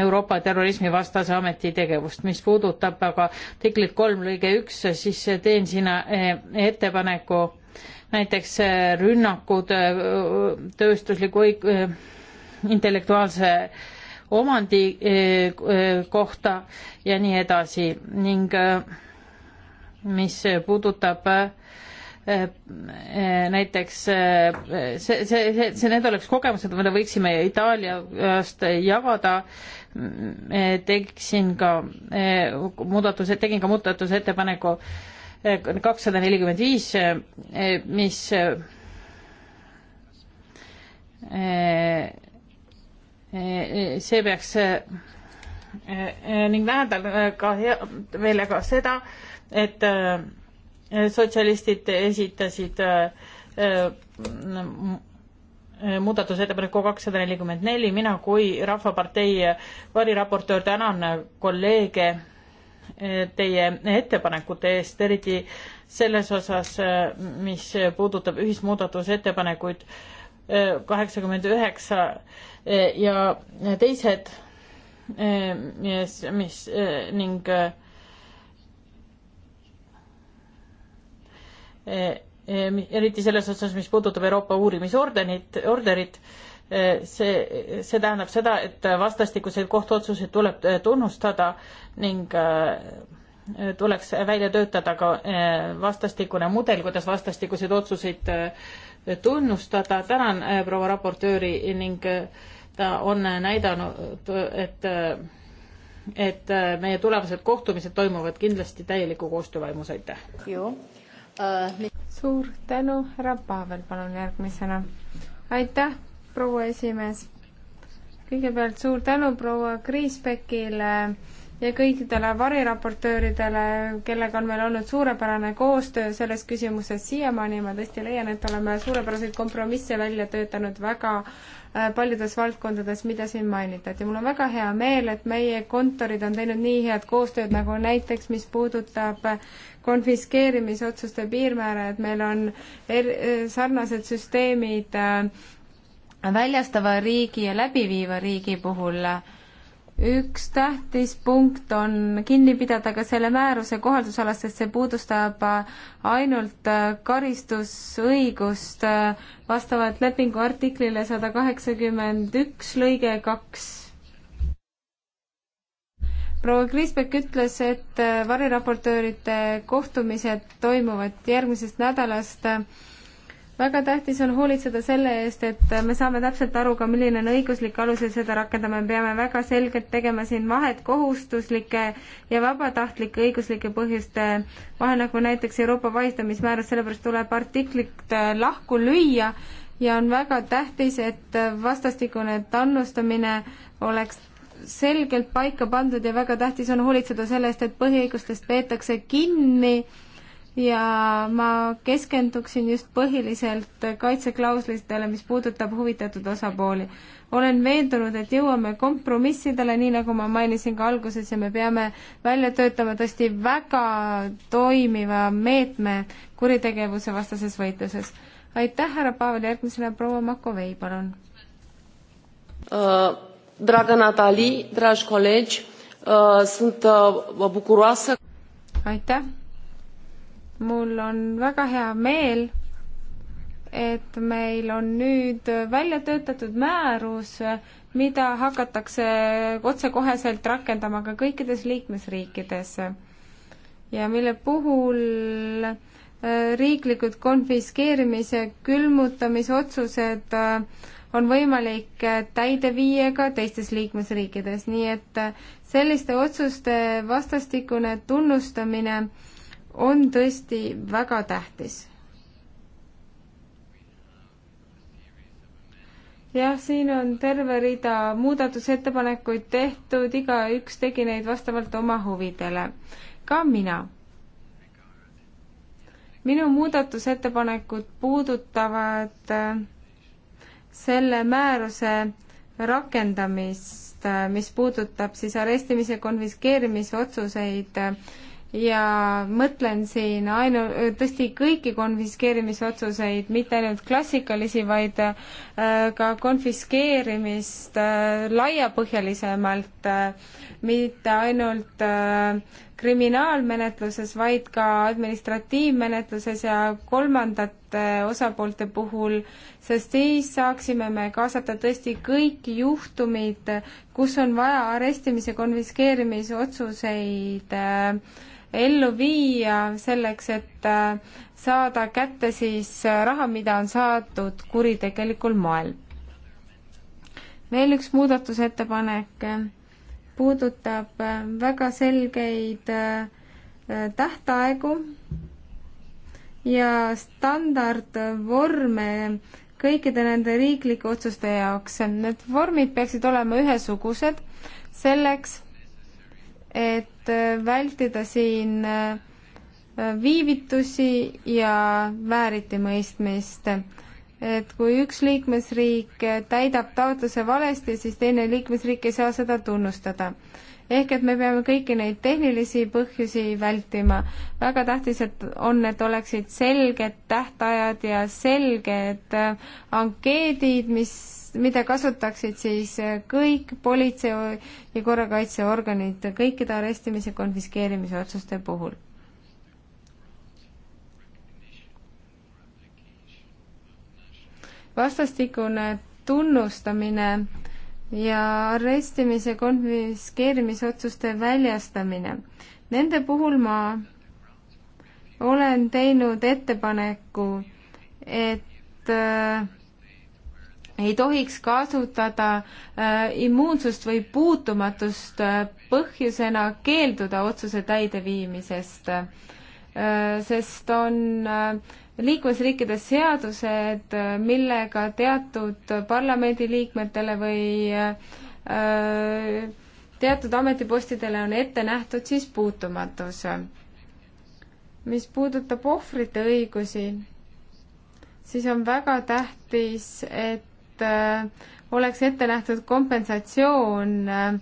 Euroopa terrorismivastase ameti tegevust. mis puudutab aga artiklit kolm lõige üks, siis teen sinna ettepaneku näiteks äh, rünnakud äh, tööstusliku õig-, äh, intellektuaalse omandi kohta ja nii edasi ning mis puudutab näiteks see, see, see, see, need oleks kogemused, mida võiksime Itaaliast jagada. Mm, tegin ka muudatuse, tegin ka muudatusettepaneku äh, kakssada nelikümmend viis, eh, eh, mis eh, see peaks ning tähendan ka hea, meile ka seda, et sotsialistid esitasid muudatusettepaneku kakssada nelikümmend neli, mina kui Rahvapartei variraportöör tänan kolleege teie ettepanekute eest, eriti selles osas, mis puudutab ühismuudatusettepanekuid eh, kaheksakümmend üheksa eh, ja teised, eh, mis, mis ning eriti selles osas, mis puudutab Euroopa uurimisordenit, orderit, orderit Äh, see, see tähendab seda, et vastastikuseid kohtuotsuseid tuleb äh, tunnustada ning äh, tuleks välja töötada ka vastastikune mudel, kuidas vastastikuseid otsuseid tunnustada. tänan proua raportööri ning ta on näidanud, et, et meie tulevased kohtumised toimuvad kindlasti täieliku koostöövaimus, aitäh! suur tänu, härra Pavel, palun järgmisena. aitäh, proua esimees. kõigepealt suur tänu proua Kriisbekile ja kõikidele variraportööridele, kellega on meil olnud suurepärane koostöö selles küsimuses siiamaani, ma tõesti leian, et oleme suurepäraseid kompromisse välja töötanud väga äh, paljudes valdkondades, mida siin mainitati. mul on väga hea meel, et meie kontorid on teinud nii head koostööd, nagu näiteks, mis puudutab äh, konfiskeerimisotsuste piirmäära, et meil on er äh, sarnased süsteemid äh, väljastava riigi ja läbiviiva riigi puhul üks tähtis punkt on kinni pidada ka selle määruse kohaldusalast, sest see puudustab ainult karistusõigust vastavalt lepingu artiklile sada kaheksakümmend üks lõige kaks. proua Kriisbek ütles, et variraportöörite kohtumised toimuvad järgmisest nädalast väga tähtis on hoolitseda selle eest, et me saame täpselt aru ka, milline on õiguslik alus ja seda rakendame, me peame väga selgelt tegema siin vahet kohustuslike ja vabatahtlike õiguslike põhjuste vahel, nagu näiteks Euroopa vahistamismäärus, sellepärast tuleb artiklit äh, lahku lüüa ja on väga tähtis, et vastastikune tannustamine oleks selgelt paika pandud ja väga tähtis on hoolitseda selle eest, et põhiõigustest peetakse kinni ja ma keskenduksin just põhiliselt kaitseklauslitele, mis puudutab huvitatud osapooli. olen veendunud, et jõuame kompromissidele, nii nagu ma mainisin ka alguses ja me peame välja töötama tõesti väga toimiva meetme kuritegevuse vastases võitluses. aitäh, härra Pavel, järgmisena proua Makovei, palun uh,. Draga Natali, draž kolleeg uh,, sunt uh, bukuroasă. aitäh mul on väga hea meel, et meil on nüüd välja töötatud määrus, mida hakatakse otsekoheselt rakendama ka kõikides liikmesriikides ja mille puhul äh, riiklikud konfiskeerimise külmutamisotsused äh, on võimalik äh, täide viia ka teistes liikmesriikides, nii et selliste otsuste vastastikune tunnustamine äh, on tõesti väga tähtis. jah, siin on terve rida muudatusettepanekuid tehtud, igaüks tegi neid vastavalt oma huvidele. ka mina. minu muudatusettepanekud puudutavad äh, selle määruse rakendamist, äh, mis puudutab siis arestimise konfiskeerimisotsuseid äh, ja mõtlen siin ainu-, tõesti kõiki konfiskeerimisotsuseid, mitte ainult klassikalisi, vaid äh, ka konfiskeerimist äh, laiapõhjalisemalt, äh, mitte ainult kriminaalmenetluses, vaid ka administratiivmenetluses ja kolmandate osapoolte puhul, sest siis saaksime me kaasata tõesti kõik juhtumid, kus on vaja arestimise, konfiskeerimisotsuseid äh, ellu viia selleks, et äh, saada kätte siis äh, raha, mida on saadud kuritegelikul moel. veel üks muudatusettepanek äh, puudutab väga selgeid tähtaegu ja standardvorme kõikide nende riiklike otsuste jaoks. Need vormid peaksid olema ühesugused selleks, et et äh, vältida siin äh, viivitusi ja vääritimõistmist. et kui üks liikmesriik täidab taotluse valesti, siis teine liikmesriik ei saa seda tunnustada. ehk et me peame kõiki neid tehnilisi põhjusi vältima. väga tähtis, et on, et oleksid selged tähtajad ja selged äh, ankeedid, mis mida kasutaksid siis äh, kõik politsei- ja korrakaitseorganid kõikide arestimise, konfiskeerimise otsuste puhul. vastastikune tunnustamine ja arestimise, konfiskeerimisotsuste väljastamine. Nende puhul ma olen teinud ettepaneku, et äh, ei tohiks kasutada äh, immuunsust või puutumatust äh, põhjusena keelduda otsuse täideviimisest, äh, sest on liikmesriikides seadused, millega teatud parlamendiliikmetele või teatud ametipostidele on ette nähtud siis puutumatus. mis puudutab ohvrite õigusi, siis on väga tähtis, et et äh, oleks ette nähtud kompensatsioon äh,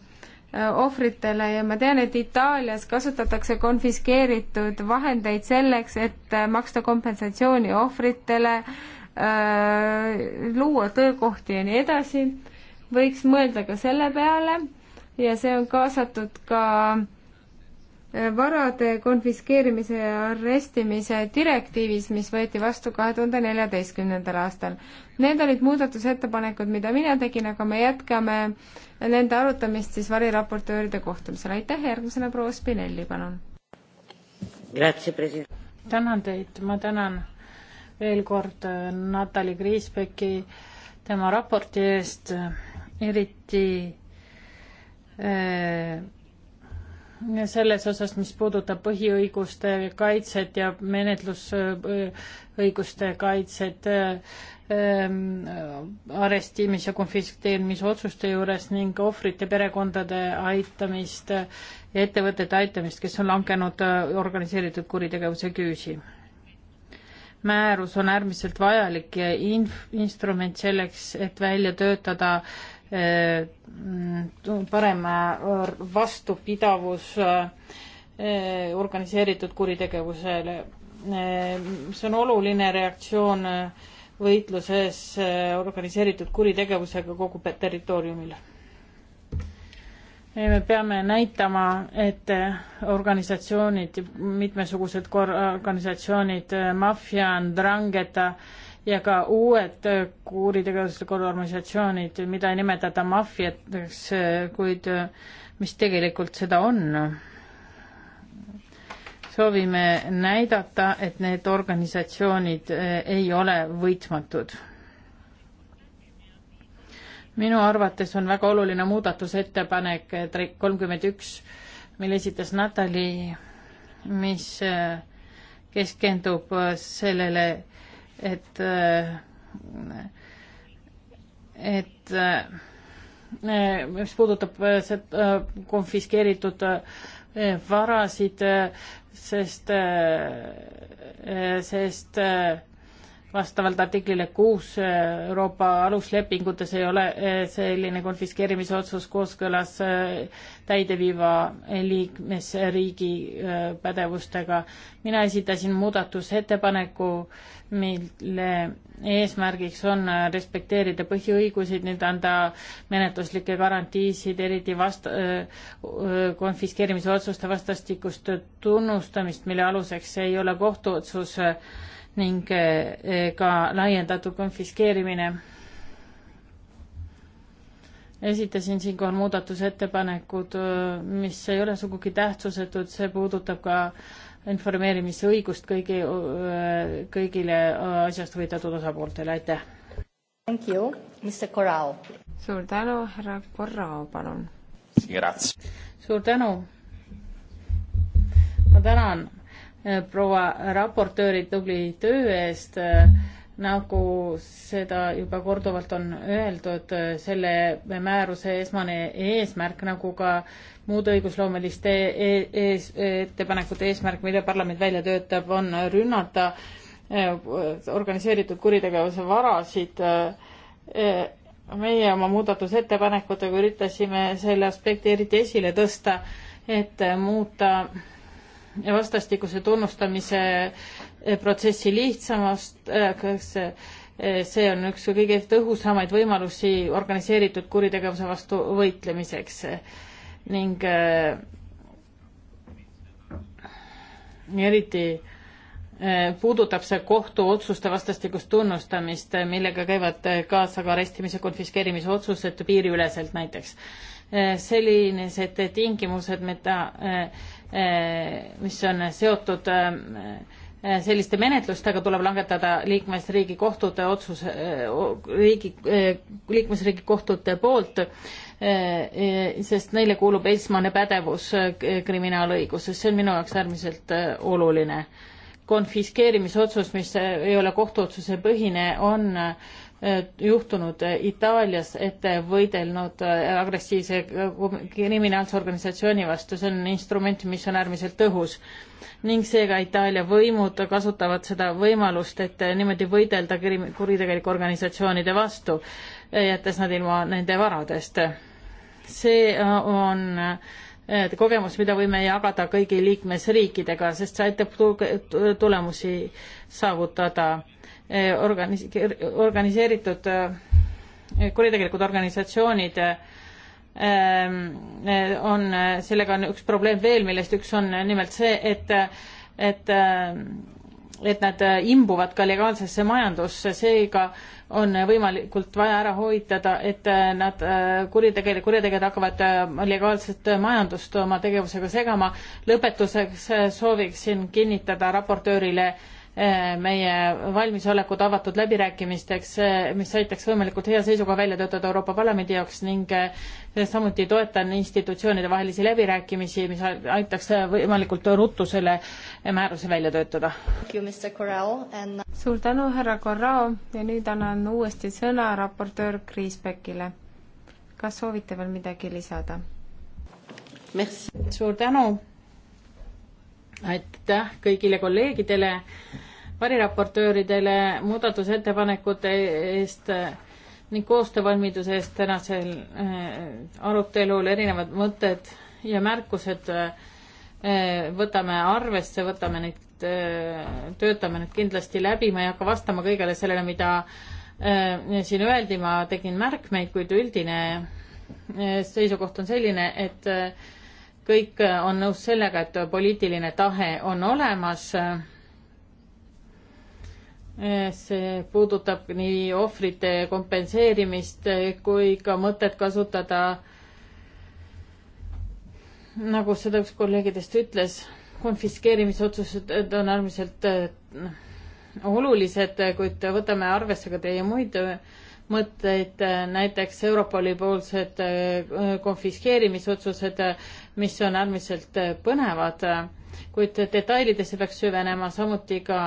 ohvritele ja ma tean, et Itaalias kasutatakse konfiskeeritud vahendeid selleks, et äh, maksta kompensatsiooni ohvritele, luua töökohti ja nii edasi, võiks mõelda ka selle peale ja see on kaasatud ka äh, varade konfiskeerimise ja arestimise direktiivis, mis võeti vastu kahe tuhande neljateistkümnendal aastal. Need olid muudatusettepanekud, mida mina tegin, aga me jätkame nende arutamist siis variraportööride kohtumisel. aitäh, järgmisena proua Spinelli, palun. tänan teid, ma tänan veel kord äh, Natali Kriisbecki tema raporti eest, eriti äh, selles osas, mis puudutab põhiõiguste kaitset ja menetlusõiguste kaitset ähm, arestimis- ja konfiskeerimisotsuste juures ning ohvrite perekondade aitamist ja ettevõtete aitamist, kes on langenud äh, organiseeritud kuritegevuse küüsi. määrus on äärmiselt vajalik inf-, instrument selleks, et välja töötada Äh, mm, parem vastupidavus äh, organiseeritud kuritegevusele. Äh, see on oluline reaktsioon võitluses organiseeritud kuritegevusega kogu territooriumil. me peame näitama, et organisatsioonid, mitmesugused organisatsioonid, maffia, Ndrangheta, ja ka uued kuritegevuslikud organisatsioonid, mida ei nimetata maffiateks, kuid mis tegelikult seda on. soovime näidata, et need organisatsioonid eh, ei ole võitmatud minu arvates on väga oluline muudatusettepanek kolmkümmend üks, mille esitas Natali, mis eh, keskendub sellele, et, et mis puudutab seda konfiskeeritud varasid, sest, sest vastavalt artiklile kuus eh, Euroopa aluslepingutes ei ole eh, selline konfiskeerimise otsus kooskõlas eh, täideviiva liikmesriigi pädevustega. mina esitasin muudatusettepaneku, mille eesmärgiks on respekteerida põhiõiguseid, nüüd anda menetluslikke garantiisid, eriti vast-, konfiskeerimise otsuste vastastikust tunnustamist, mille aluseks ei ole kohtuotsus ning eh, ka laiendatud konfiskeerimine. esitasin siinkohal muudatusettepanekud, eh, mis ei ole sugugi tähtsusetud, see puudutab ka informeerimisõigust kõigi, eh, kõigile asjast huvitatud osapooltele, aitäh! Thank you, Mr Corral. suur tänu, härra Corral, palun! suur tänu! ma tänan Äh, proua raportööri tubli töö eest. Äh, nagu seda juba korduvalt on öeldud, äh, selle määruse esmane eesmärk, nagu ka muude õigusloomeliste e-, ees, ettepanekute eesmärk, mille parlament välja töötab, on rünnata organiseeritud kuritegevuse varasid meie oma muudatusettepanekutega üritasime selle aspekti eriti esile tõsta, et muuta vastastikuse tunnustamise eh, protsessi lihtsamast, eh, kas eh, see on üks kõige tõhusamaid võimalusi organiseeritud kuritegevuse vastu võitlemiseks ning eriti puudutab see kohtuotsuste vastastikust tunnustamist, millega käivad kaasa ka arestimise, konfiskeerimise otsused piiriüleselt näiteks. sellised tingimused, mida Eh, mis on seotud eh, selliste menetlustega tuleb langetada liikmesriigi kohtute otsus, eh, riigi, liikmesriigi kohtute poolt, sest neile kuulub esmane pädevus kriminaalõiguses, see on minu jaoks äärmiselt oluline. konfiskeerimisotsus, mis ei ole kohtuotsuse põhine, on juhtunud Itaalias, et võidelnud agressiivse kriminaalse organisatsiooni vastu, see on instrument, mis on äärmiselt tõhus. ning seega Itaalia võimud kasutavad seda võimalust, et niimoodi võidelda kuritegelike organisatsioonide vastu, jättes nad ilma nende varadest. see on kogemus, mida võime jagada kõigi liikmesriikidega, sest see aitab tulemusi saavutada Eh, organis-, organiseeritud eh, kuritegelikud organisatsioonid eh, on, sellega on üks probleem veel, millest üks on nimelt see, et, et, et nad imbuvad ka legaalsesse majandusse, seega on võimalikult vaja ära hoitada, et nad kuritegel-, kurjategijad hakkavad legaalset majandust oma tegevusega segama. lõpetuseks sooviksin kinnitada raportöörile äh, Eh, meie valmisolekut avatud läbirääkimisteks, eh, mis aitaks võimalikult hea seisuga välja töötada Euroopa Parlamendi jaoks ning eh, samuti toetan institutsioonide vahelisi läbirääkimisi, mis aitaks võimalikult ruttu selle määruse välja töötada. And... suur tänu, härra Corrao ja nüüd annan uuesti sõna raportöör Kriis Pekile. kas soovite veel midagi lisada? suur tänu aitäh kõigile kolleegidele, variraportööridele muudatusettepanekute eest ning koostöövalmiduse eest tänasel äh, arutelul erinevad mõtted ja märkused äh, võtame arvesse, võtame neid, äh, töötame need kindlasti läbi, ma ei hakka vastama kõigele sellele, mida siin öeldi, ma tegin märkmeid, kuid üldine seisukoht on selline, et kõik on nõus sellega, et poliitiline tahe on olemas. see puudutab nii ohvrite kompenseerimist kui ka mõtet kasutada, nagu seda üks kolleegidest ütles, konfiskeerimisotsused on äärmiselt eh, olulised, kuid võtame arvesse ka teie muid mõtteid, näiteks Europoli poolsed eh, konfiskeerimisotsused mis on äärmiselt äh, põnevad, äh, kuid detailidesse peaks süvenema, samuti ka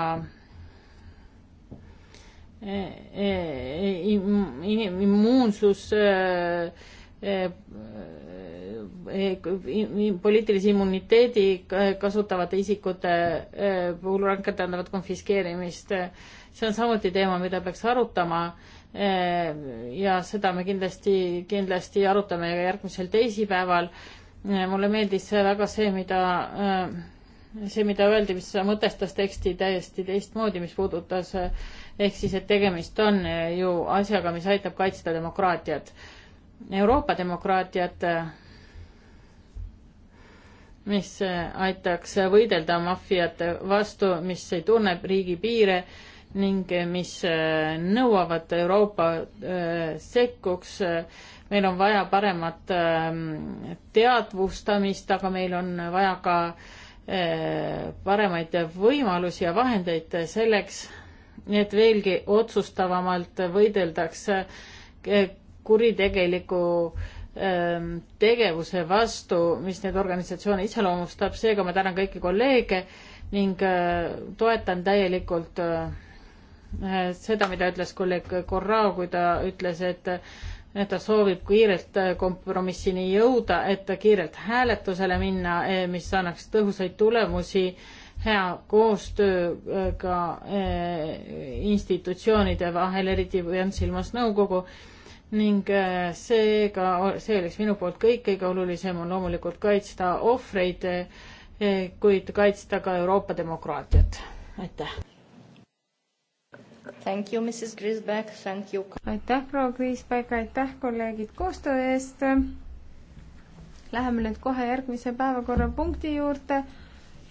äh, immuunsus, poliitilise immuniteedi kasutavate isikute puhul rakendavad konfiskeerimist. see on samuti teema, mida peaks arutama ja seda me kindlasti, kindlasti arutame ka järgmisel teisipäeval Äh, mulle meeldis väga see, mida, äh, see, mida öeldi, mis mõtestas teksti täiesti teistmoodi, mis puudutas äh, ehk siis, et tegemist on ju asjaga, mis aitab kaitsta demokraatiat. Euroopa demokraatiat, mis aitaks võidelda maffiate vastu, mis ei tunne riigipiire ning mis nõuavad Euroopa sekkuks äh, meil on vaja paremat ähm, teadvustamist, aga meil on vaja ka äh, paremaid võimalusi ja vahendeid selleks, et veelgi otsustavamalt võideldakse äh, kuritegeliku ähm, tegevuse vastu, mis neid organisatsioone iseloomustab, seega ma tänan kõiki kolleege ning äh, toetan täielikult seda, mida ütles kolleeg Korrao, kui ta ütles, et et ta soovib kiirelt kompromissini jõuda, et kiirelt hääletusele minna, eh, mis annaks tõhusaid tulemusi hea koostööga eh, eh, institutsioonide vahel, eriti pean silmas nõukogu ning seega, see oleks minu poolt kõik, kõige olulisem on loomulikult kaitsta ohvreid, kuid kaitsta ka Euroopa demokraatiat. aitäh! Thank you, Mrs Grisbeck, thank you. aitäh, proua Grisbeck, aitäh, kolleegid, koostöö eest. Läheme nüüd kohe järgmise päevakorrapunkti juurde,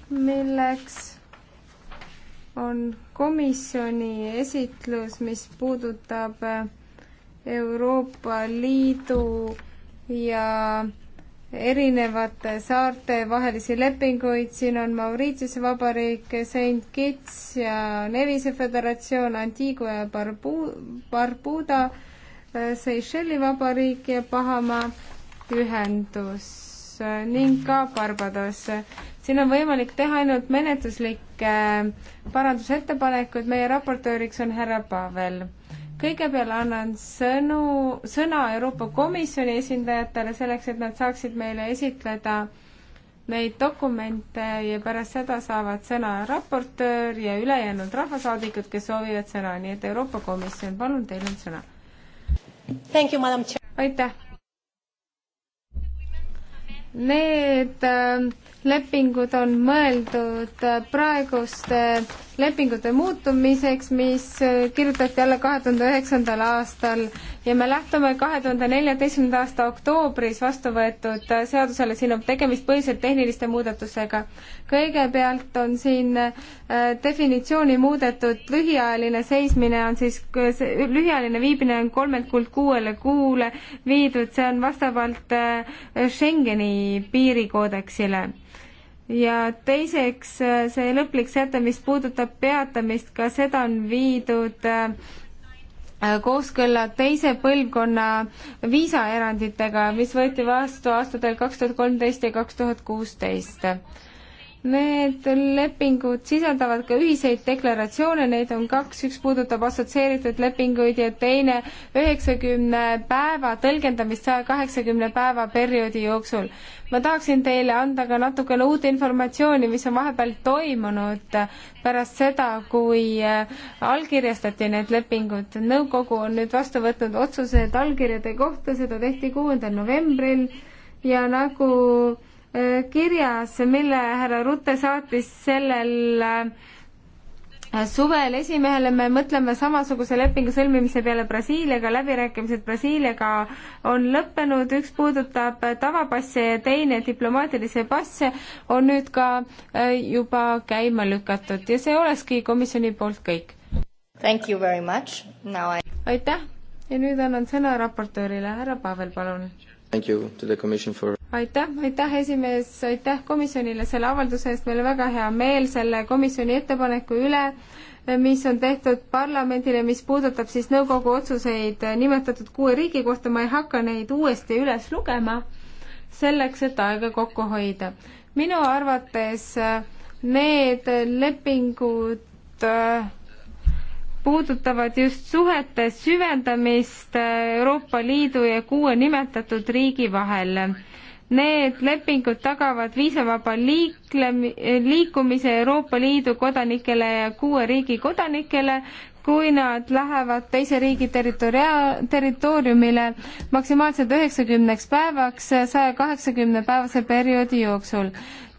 milleks on komisjoni esitlus, mis puudutab Euroopa Liidu ja erinevate saarte vahelisi lepinguid, siin on Mauritiuse Vabariik, Saint Kitts ja Nevise Föderatsioon, Antigua ja Barbu-, Barbuda, Seychelli Vabariik ja Bahama Ühendus ning ka Barbados. siin on võimalik teha ainult menetluslikke parandusettepanekuid, meie raportööriks on härra Pavel kõigepealt annan sõnu, sõna Euroopa Komisjoni esindajatele selleks, et nad saaksid meile esitleda neid dokumente ja pärast seda saavad sõna raportöör ja ülejäänud rahvasaadikud, kes soovivad sõna, nii et Euroopa Komisjon, palun, teil on sõna. aitäh. Need äh, lepingud on mõeldud praeguste äh, lepingute muutumiseks, mis kirjutati alla kahe tuhande üheksandal aastal ja me lähtume kahe tuhande neljateistkümnenda aasta oktoobris vastu võetud seadusele, siin on tegemist põhiliselt tehniliste muudatusega. kõigepealt on siin äh, definitsiooni muudetud, lühiajaline seismine on siis, lühiajaline viibimine on kolmelt kuult kuuele kuule viidud, see on vastavalt äh, Schengeni piirikoodeksile ja teiseks äh, see lõplik säte, mis puudutab peatamist, ka seda on viidud äh, äh, kooskõlla teise põlvkonna viisaeranditega, mis võeti vastu aastatel kaks tuhat kolmteist ja kaks tuhat kuusteist Need lepingud sisaldavad ka ühiseid deklaratsioone, neid on kaks, üks puudutab assotsieeritud lepinguid ja teine üheksakümne päeva tõlgendamist saja kaheksakümne päeva perioodi jooksul. ma tahaksin teile anda ka natukene uut informatsiooni, mis on vahepeal toimunud pärast seda, kui allkirjastati need lepingud. nõukogu on nüüd vastu võtnud otsused allkirjade kohta, seda tehti kuuendal novembril ja nagu kirjas, mille härra Rutte saatis sellel äh, suvel esimehele me mõtleme samasuguse lepingu sõlmimise peale Brasiiliaga, läbirääkimised Brasiiliaga on lõppenud, üks puudutab tavapasse ja teine diplomaatilisi passe, on nüüd ka äh, juba käima lükatud ja see olekski komisjoni poolt kõik. Thank you very much, now I aitäh ja nüüd annan sõna raportöörile, härra Pavel, palun For... aitäh, aitäh esimees, aitäh komisjonile selle avalduse eest, meil on väga hea meel selle komisjoni ettepaneku üle, mis on tehtud parlamendile, mis puudutab siis nõukogu otsuseid nimetatud kuue riigi kohta, ma ei hakka neid uuesti üles lugema, selleks, et aega kokku hoida. minu arvates need lepingud äh, puudutavad just suhete süvendamist Euroopa Liidu ja kuue nimetatud riigi vahel. Need lepingud tagavad viisavaba liiklemi-, liikumise Euroopa Liidu kodanikele ja kuue riigi kodanikele, kui nad lähevad teise riigi territoria-, territooriumile maksimaalselt üheksakümneks päevaks saja kaheksakümne päevase perioodi jooksul.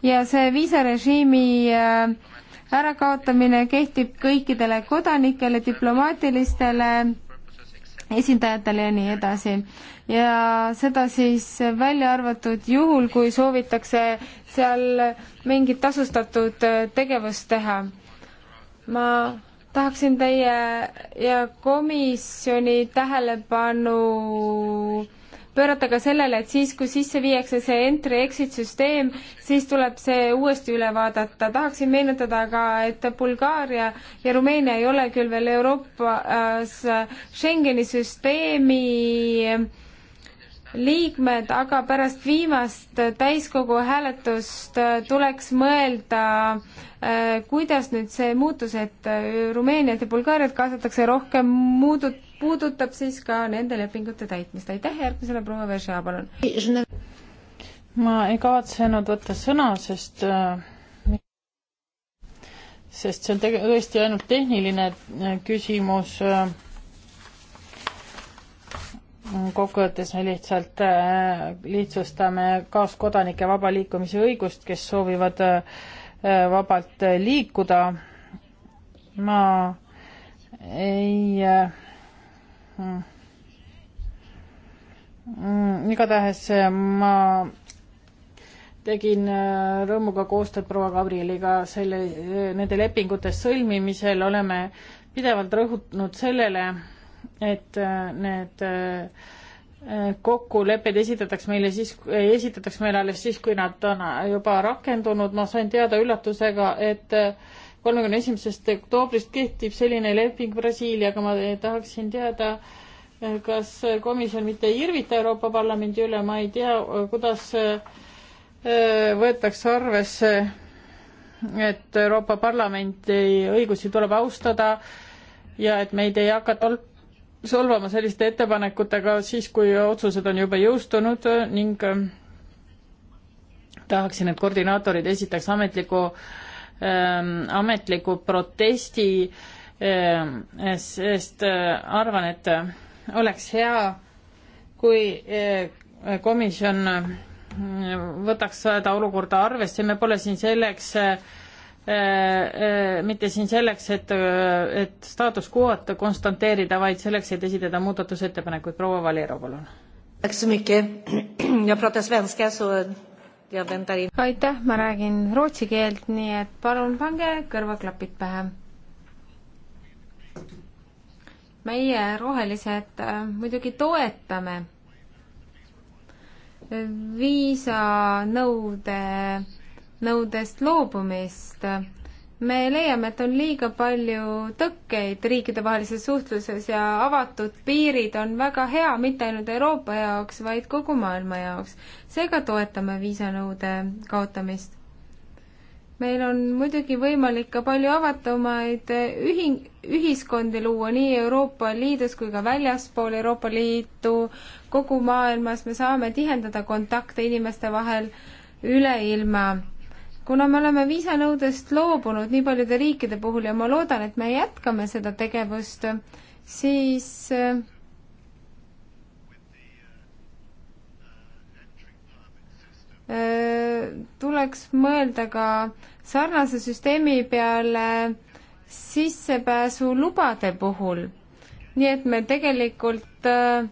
ja see viisarežiimi äh, ärakaotamine kehtib kõikidele kodanikele, diplomaatilistele esindajatele ja nii edasi. ja seda siis välja arvatud juhul, kui soovitakse seal mingit tasustatud äh, tegevust teha. ma tahaksin teie ja komisjoni tähelepanu pöörata ka sellele, et siis, kui sisse viiakse see entry-exit süsteem, siis tuleb see uuesti üle vaadata. tahaksin meenutada ka, et Bulgaaria ja Rumeenia ei ole küll veel Euroopas äh, Schengeni süsteemi liikmed, aga pärast viimast täiskogu hääletust äh, tuleks mõelda, äh, kuidas nüüd see muutus, et Rumeeniat ja Bulgaariat kaasatakse rohkem muudu-, puudutab siis ka nende lepingute täitmist. aitäh, järgmisele proua Veržea, palun. ma ei kavatsenud võtta sõna, sest äh, sest see on tege-, tõesti ainult tehniline äh, küsimus. Äh, kokkuvõttes me lihtsalt lihtsustame kaaskodanike vaba liikumise õigust, kes soovivad vabalt liikuda. ma ei äh, Mm, igatahes eh, ma tegin eh, rõõmuga koostööd proua Gabrieliga selle, eh, nende lepingute sõlmimisel oleme pidevalt rõhutanud sellele, et need kokkulepped esitatakse meile siis, esitatakse meile alles siis, kui nad on juba rakendunud, ma sain teada üllatusega, et kolmekümne esimesest oktoobrist kehtib selline leping Brasiiliaga, ma tahaksin teada, kas komisjon mitte ei irvita Euroopa Parlamendi üle, ma ei tea, kuidas äh, võetakse arvesse, et Euroopa Parlamenti õigusi tuleb austada ja et meid ei hakata solvama selliste ettepanekutega siis, kui otsused on juba jõustunud ning äh, tahaksin, et koordinaatorid esitaks ametliku äh, Ähm, ametliku protesti, ähm, sest äh, arvan, et äh, oleks hea, kui äh, komisjon võtaks seda olukorda arvesse, me pole siin selleks mitte siin selleks, et, et staatus quo'd konstanteerida, vaid selleks, et esitada muudatusettepanekuid. proua Valero, palun. aitäh, ma räägin rootsi keelt, nii et palun pange kõrvaklapid pähe. meie rohelised äh, muidugi toetame viisanõude, nõudest loobumist me leiame, et on liiga palju tõkkeid riikidevahelises suhtluses ja avatud piirid on väga hea mitte ainult Euroopa jaoks, vaid kogu maailma jaoks. seega toetame viisanõude kaotamist meil on muidugi võimalik ka palju avatumaid ühing, ühiskondi luua nii Euroopa Liidus kui ka väljaspool Euroopa Liitu, kogu maailmas me saame tihendada kontakte inimeste vahel üle ilma kuna me oleme viisanõudest loobunud nii paljude riikide puhul ja ma loodan, et me jätkame seda tegevust, siis äh, tuleks mõelda ka sarnase süsteemi peale sissepääsulubade puhul. nii et me tegelikult äh,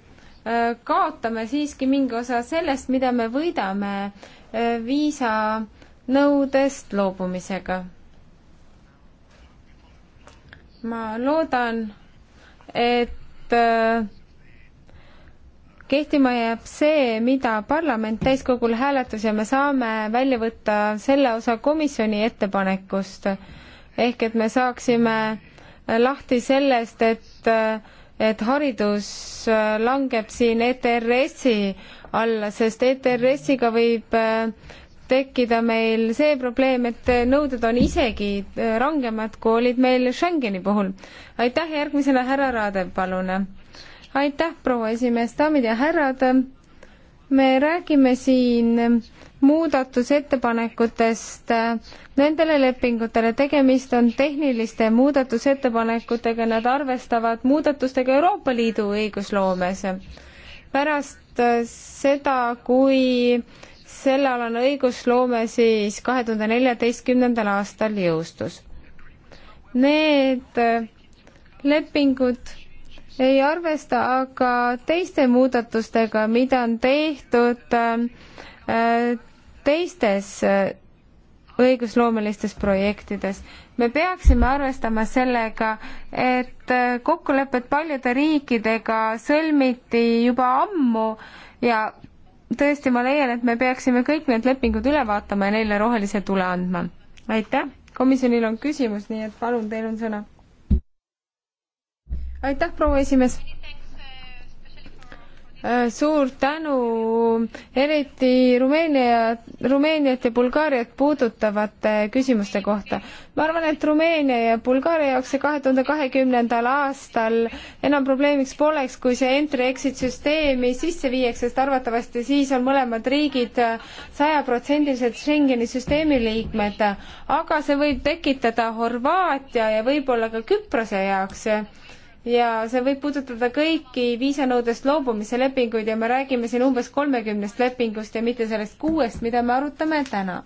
äh, kaotame siiski mingi osa sellest, mida me võidame viisa nõudest loobumisega. ma loodan, et äh, kehtima jääb see, mida parlament täiskogul hääletas ja me saame välja võtta selle osa komisjoni ettepanekust. ehk et me saaksime lahti sellest, et, äh, et haridus äh, langeb siin ETRS-i alla, sest ETRS-iga võib tekkida meil see probleem, et nõuded on isegi äh, rangemad, kui olid meil Schengeni puhul. aitäh, järgmisena härra Raadev, palun. aitäh, proua esimees, daamid ja härrad. me räägime siin muudatusettepanekutest nendele lepingutele. tegemist on tehniliste muudatusettepanekutega, nad arvestavad muudatustega Euroopa Liidu õigusloomes. pärast äh, seda, kui sellealane õigusloome siis kahe tuhande neljateistkümnendal aastal jõustus. Need äh, lepingud ei arvesta aga teiste muudatustega, mida on tehtud äh, äh, teistes õigusloomelistes projektides. me peaksime arvestama sellega, et kokkulepped paljude riikidega sõlmiti juba ammu ja tõesti, ma leian, et me peaksime kõik need lepingud üle vaatama ja neile rohelise tule andma. aitäh, komisjonil on küsimus, nii et palun, teil on sõna. aitäh, proua esimees Äh, suur tänu eriti Rumeenia, Rumeeniat ja Bulgaariat puudutavate küsimuste kohta. ma arvan, et Rumeenia ja Bulgaaria jaoks see kahe tuhande kahekümnendal aastal enam probleemiks poleks, kui see entry-exit süsteemi sisse viiakse, sest arvatavasti siis on mõlemad riigid sajaprotsendiliselt Schengeni süsteemi liikmed. aga see võib tekitada Horvaatia ja võib-olla ka Küprose jaoks ja see võib puudutada kõiki viisanõudest loobumise lepinguid ja me räägime siin umbes kolmekümnest lepingust ja mitte sellest kuuest, mida me arutame täna.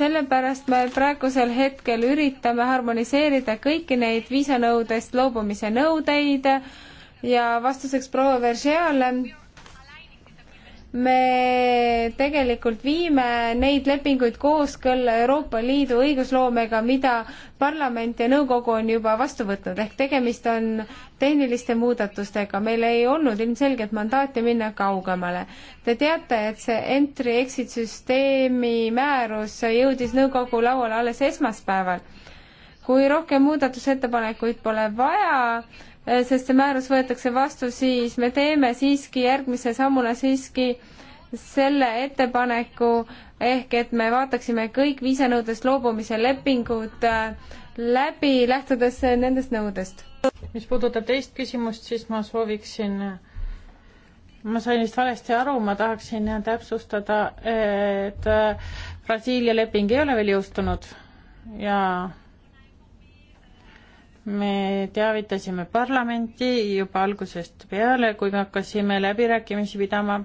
sellepärast me praegusel hetkel üritame harmoniseerida kõiki neid viisanõudest loobumise nõudeid ja vastuseks proua Veržeale me tegelikult viime neid lepinguid kooskõlla Euroopa Liidu õigusloomega, mida parlament ja nõukogu on juba vastu võtnud, ehk tegemist on tehniliste muudatustega, meil ei olnud ilmselgelt mandaati minna kaugemale. Te teate, et see entry-exit süsteemi määrus jõudis nõukogu lauale alles esmaspäeval. kui rohkem muudatusettepanekuid pole vaja, Eh, sest see määrus võetakse vastu, siis me teeme siiski järgmise sammuna siiski selle ettepaneku, ehk et me vaataksime kõik viisanõudest loobumise lepingud eh, läbi, lähtudes nendest nõudest. mis puudutab teist küsimust, siis ma sooviksin, ma sain vist valesti aru, ma tahaksin täpsustada, et eh, Brasiilia leping ei ole veel jõustunud ja me teavitasime parlamenti juba algusest peale, kui me hakkasime läbirääkimisi pidama,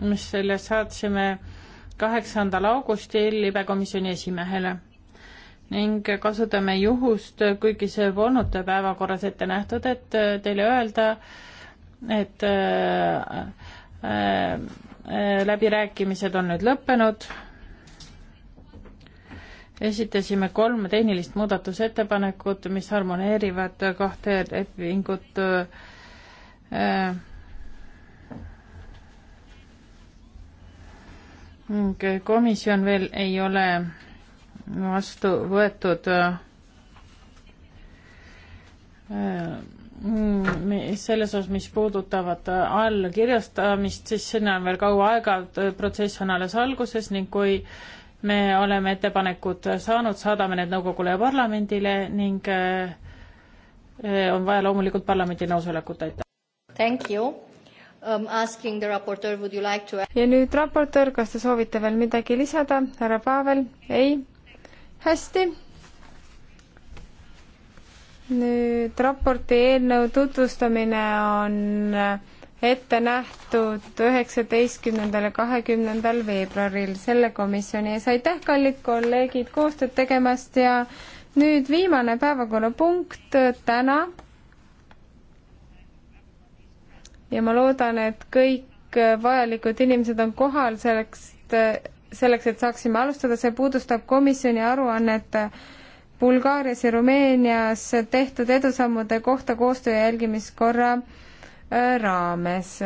mis selle saatsime kaheksandal augustil libekomisjoni esimehele ning kasutame juhust, kuigi see polnud päevakorras ette nähtud, et teile öelda, et äh, äh, äh läbirääkimised on nüüd lõppenud esitasime kolm tehnilist muudatusettepanekut, mis harmoneerivad kahte lepingut äh, komisjon veel ei ole vastu võetud äh, selles osas, mis puudutavad allkirjastamist, siis sinna on veel kaua aega, protsess on alles alguses ning kui me oleme ettepanekud saanud, saadame need nõukogule ja parlamendile ning äh, on vaja loomulikult parlamendi nõusolekut, aitäh. Thank you. Um, asking the raportöör, would you like to ja nüüd raportöör, kas te soovite veel midagi lisada, härra Pavel? ei? hästi. nüüd raporti eelnõu tutvustamine on ette nähtud üheksateistkümnendal ja kahekümnendal veebruaril selle komisjoni ees. aitäh, kallid kolleegid, koostööd tegemast ja nüüd viimane päevakorrapunkt äh, täna. ja ma loodan, et kõik äh, vajalikud inimesed on kohal selleks, äh, selleks, et saaksime alustada, see puudustab komisjoni aruannet Bulgaarias ja Rumeenias tehtud edusammude kohta koostöö jälgimiskorra raames.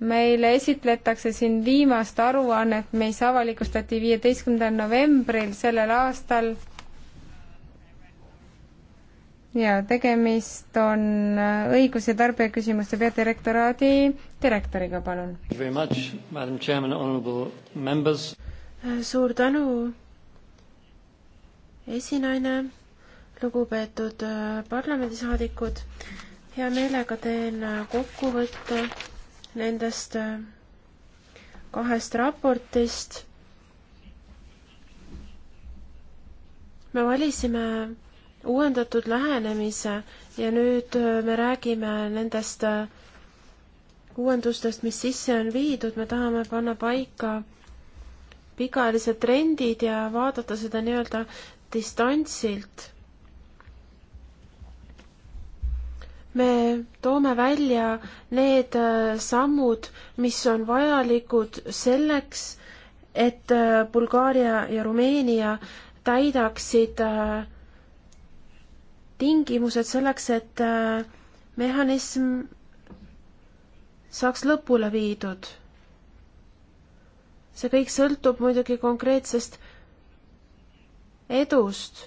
meile esitletakse siin viimast aruannet, mis avalikustati viieteistkümnendal novembril sellel aastal. ja tegemist on õigus- ja tarbijaküsimuste peadirektoraadi direktoriga, palun. suur tänu, esinaine lugupeetud äh, parlamendisaadikud, hea meelega teen äh, kokkuvõtte nendest äh, kahest raportist. me valisime uuendatud lähenemise ja nüüd me räägime nendest uuendustest, mis sisse on viidud, me tahame panna paika pikaajalised trendid ja vaadata seda nii-öelda distantsilt me toome välja need äh, sammud, mis on vajalikud selleks, et äh, Bulgaaria ja Rumeenia täidaksid äh, tingimused selleks, et mehhanism saaks lõpule viidud. see kõik sõltub muidugi konkreetsest edust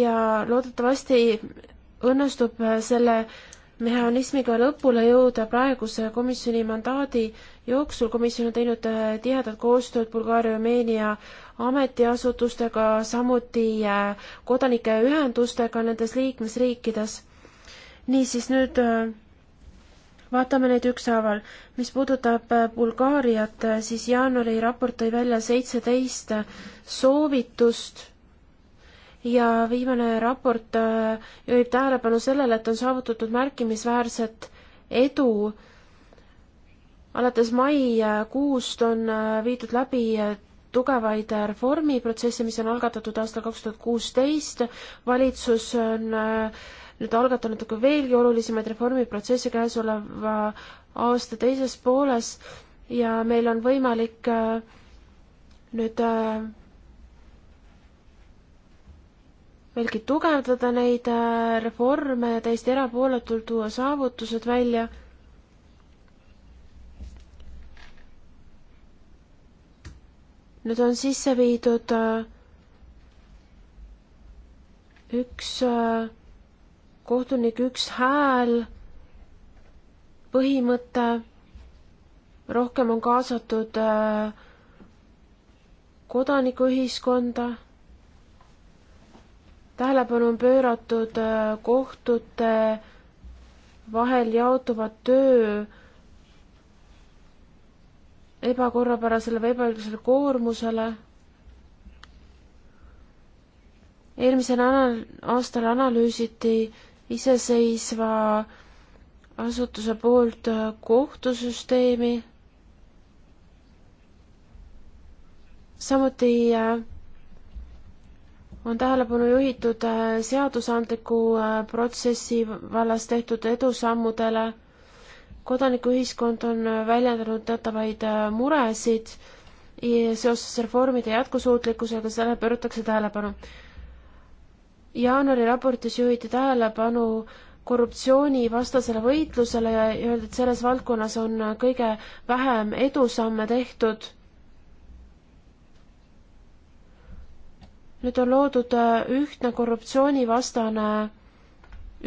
ja loodetavasti õnnestub äh, selle mehhanismiga lõpule jõuda praeguse komisjoni mandaadi jooksul. komisjon on teinud äh, tihedat koostööd Bulgaaria, Rumeenia ametiasutustega, samuti äh, kodanike ühendustega nendes liikmesriikides. niisiis nüüd vaatame neid ükshaaval. mis puudutab Bulgaariat, siis jaanuari raport tõi välja seitseteist soovitust ja viimane raport äh, juhib tähelepanu sellele, et on saavutatud märkimisväärset edu. alates maikuust äh, on äh, viidud läbi tugevaid reformiprotsesse, mis on algatatud aastal kaks tuhat kuusteist. valitsus on nüüd algatanud natuke veelgi olulisemaid reformiprotsesse käesoleva aasta teises pooles ja meil on võimalik nüüd veelgi tugevdada neid äh, reforme ja täiesti erapooletult tuua saavutused välja. nüüd on sisse viidud äh, üks äh, kohtunik, üks hääl, põhimõte, rohkem on kaasatud kodanikuühiskonda tähelepanu on pööratud äh, kohtute vahel jaotuva töö ebakorrapärasele või ebaõiglasele koormusele. eelmisel aastal analüüsiti iseseisva asutuse poolt äh, kohtusüsteemi. samuti äh, on tähelepanu juhitud äh, seadusandliku äh, protsessi vallas tehtud edusammudele. kodanikuühiskond on äh, väljendanud teatavaid muresid seoses reformide jätkusuutlikkusega, sellele pööratakse tähelepanu. jaanuari raportis juhiti tähelepanu korruptsioonivastasele võitlusele ja öeldi, et selles valdkonnas on kõige vähem edusamme tehtud nüüd on loodud äh, ühtne korruptsioonivastane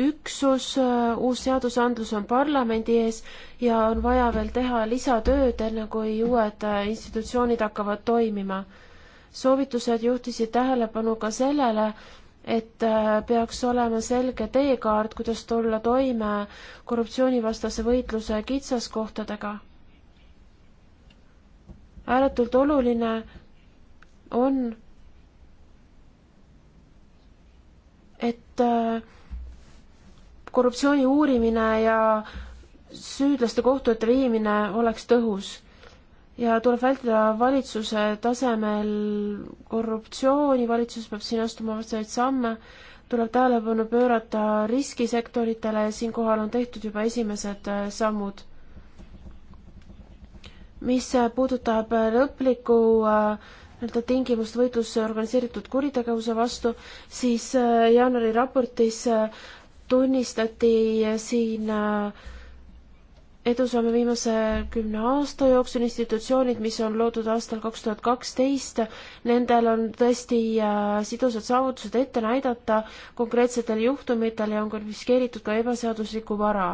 üksus, äh, uus seadusandlus on parlamendi ees ja on vaja veel teha lisatööd, enne kui uued äh, institutsioonid hakkavad toimima. soovitused juhtisid tähelepanu ka sellele, et peaks olema selge teekaart, kuidas tulla toime korruptsioonivastase võitluse kitsaskohtadega. ääretult oluline on et äh, korruptsiooni uurimine ja süüdlaste kohtu ette viimine oleks tõhus ja tuleb vältida valitsuse tasemel korruptsiooni, valitsus peab siin astuma vastavaid samme, tuleb tähelepanu pöörata riskisektoritele ja siinkohal on tehtud juba esimesed äh, sammud. mis äh, puudutab lõplikku äh, nii-öelda tingimust võitlus organiseeritud kuritegevuse vastu, siis äh, jaanuari raportis äh, tunnistati äh, siin edusamme viimase kümne aasta jooksul, institutsioonid, mis on loodud aastal kaks tuhat kaksteist, nendel on tõesti sidusad saavutused ette näidata konkreetsetel juhtumitel ja on konfiskeeritud ka ebaseaduslikku vara.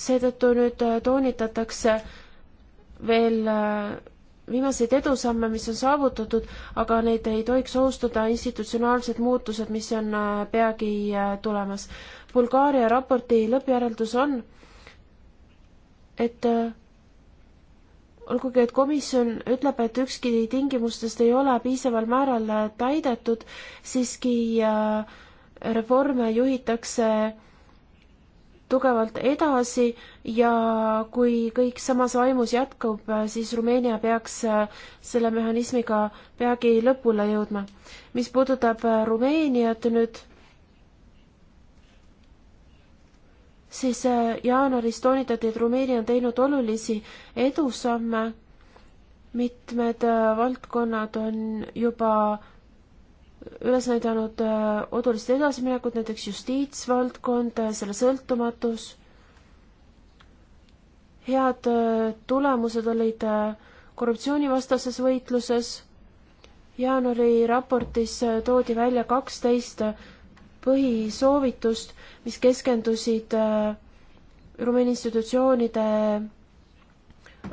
seetõttu nüüd toonitatakse veel viimaseid edusamme, mis on saavutatud, aga neid ei tohiks ohustada institutsionaalsed muutused, mis on äh, peagi äh, tulemas. Bulgaaria raporti lõppjäreldus on, et äh, olgugi, et komisjon ütleb, et ükski tingimustest ei ole piisaval määral täidetud, siiski reforme juhitakse äh, tugevalt edasi ja kui kõik samas vaimus jätkub, siis Rumeenia peaks äh, selle mehhanismiga peagi lõpule jõudma. mis puudutab äh, Rumeeniat nüüd, siis äh, jaanuaris toonitati, et Rumeenia on teinud olulisi edusamme, mitmed valdkonnad on juba üles näidanud äh, odulist edasiminekut, näiteks justiitsvaldkond, äh, selle sõltumatus. head äh, tulemused olid korruptsioonivastases võitluses. jaanuari raportis toodi välja kaksteist põhisoovitust, mis keskendusid Rumeenia institutsioonide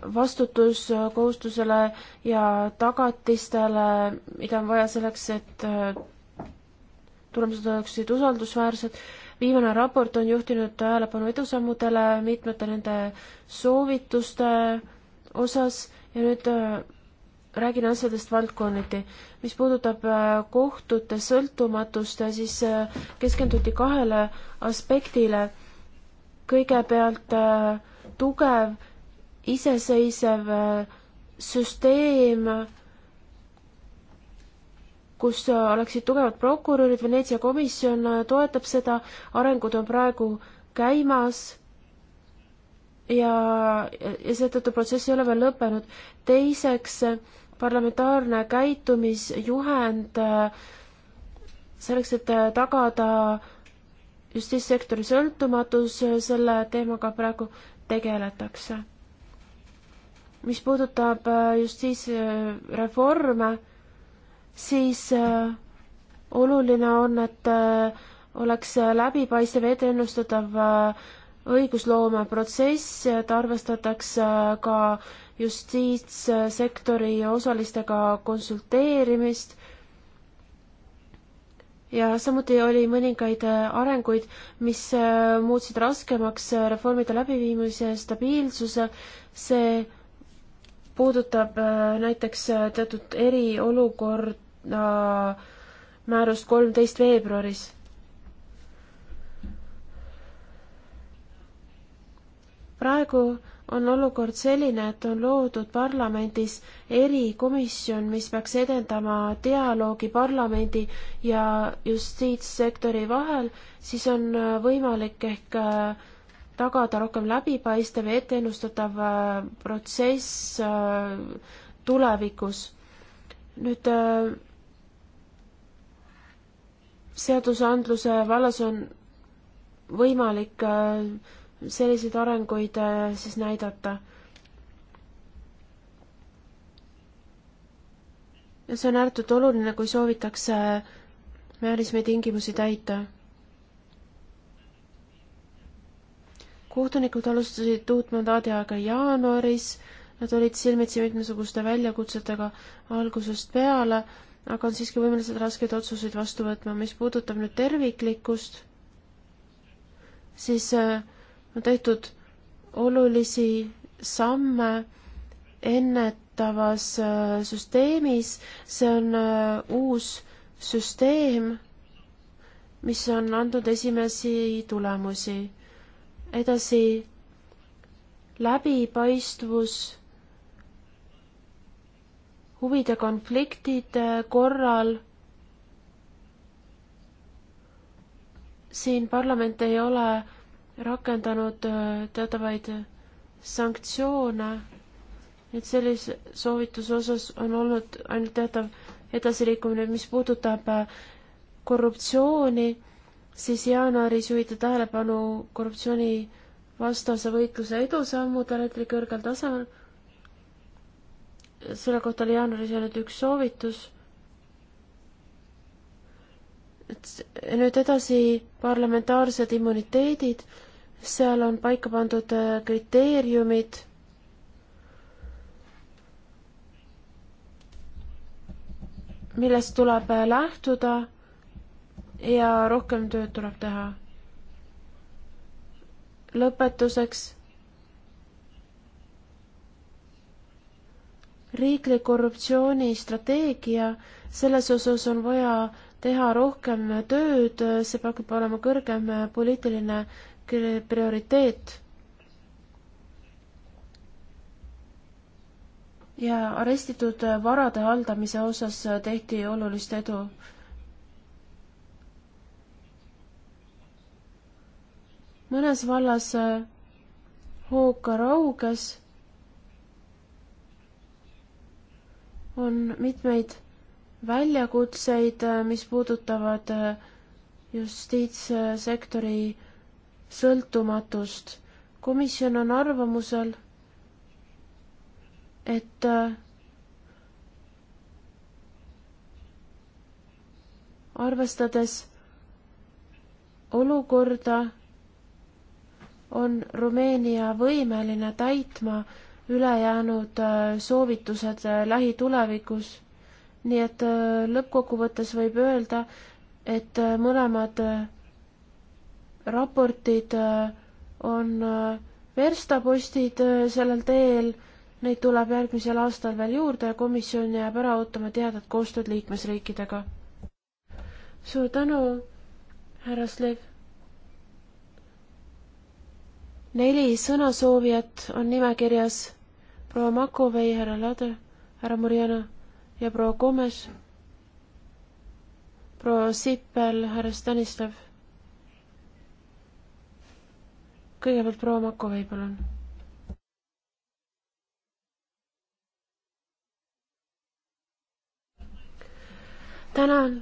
vastutuskohustusele äh, ja tagatistele, mida on vaja selleks, et äh, tulemused oleksid usaldusväärsed. viimane raport on juhtinud tähelepanu edusammudele mitmete nende soovituste osas ja nüüd äh, räägin asjadest valdkonniti. mis puudutab kohtute sõltumatust, siis keskenduti kahele aspektile. kõigepealt tugev iseseisev äh, süsteem, kus äh, oleksid tugevad prokurörid, Veneetsia komisjon äh, toetab seda, arengud on praegu käimas ja, ja seetõttu protsess ei ole veel lõppenud. teiseks, parlamentaarne käitumisjuhend selleks, et tagada justiitssektori sõltumatus, selle teemaga praegu tegeletakse mis puudutab äh, justiitsreforme, siis äh, äh, oluline on, et oleks läbipaistev ja etteennustatav õigusloomeprotsess, et arvestataks ka justiitssektori osalistega konsulteerimist ja samuti oli mõningaid arenguid, mis muutsid raskemaks reformide läbiviimise stabiilsuse, see puudutab äh, näiteks äh, teatud eriolukorda määrust kolmteist veebruaris. praegu on olukord selline, et on loodud parlamendis erikomisjon, mis peaks edendama dialoogi parlamendi ja justiitssektori vahel, siis on äh, võimalik ehk äh, tagada rohkem läbipaistev ja etteennustatav äh, protsess äh, tulevikus. nüüd äh, seadusandluse vallas on võimalik selliseid arenguid siis näidata. ja see on ääretult oluline, kui soovitakse määrismetingimusi täita kohtunikud alustasid uut mandaadi aega jaanuaris, nad olid silmitsi mitmesuguste väljakutsetega algusest peale, aga on siiski võimelised raskeid otsuseid vastu võtma. mis puudutab nüüd terviklikkust, siis äh, on tehtud olulisi samme ennetavas äh, süsteemis, see on äh, uus süsteem, mis on andnud esimesi tulemusi edasi läbipaistvus huvide konfliktide korral. siin parlament ei ole rakendanud äh, teatavaid sanktsioone, et sellise soovituse osas on olnud ainult teatav edasiliikumine, mis puudutab äh, korruptsiooni siis jaanuaris juhiti tähelepanu korruptsioonivastase võitluse edusammudele hetkel kõrgel tasemel. selle kohta oli jaanuaris ainult üks soovitus. et nüüd edasi parlamentaarsed immuniteedid, seal on paika pandud äh, kriteeriumid millest tuleb äh, lähtuda ja rohkem tööd tuleb teha. lõpetuseks. riiklik korruptsioonistrateegia, selles osas on vaja teha rohkem tööd, see peab olema kõrgem poliitiline prioriteet. ja arestitud varade haldamise osas tehti olulist edu mõnes vallas äh, hoog ka rauges. on mitmeid väljakutseid, äh, mis puudutavad äh, justiitssektori sõltumatust. komisjon on arvamusel, et arvestades olukorda on Rumeenia võimeline täitma ülejäänud äh, soovitused äh, lähitulevikus. nii et äh, lõppkokkuvõttes võib öelda, et mõlemad raportid on verstapostid sellel teel, neid tuleb järgmisel aastal veel juurde ja komisjon jääb ära ootama teadet koostööd liikmesriikidega. suur tänu, härra Slev. neli sõnasoovijat on nimekirjas proua Makovei, härra Lade, härra Murjana ja proua Komes, proua Sippel, härra Stanislav. kõigepealt proua Makovei, palun. tänan,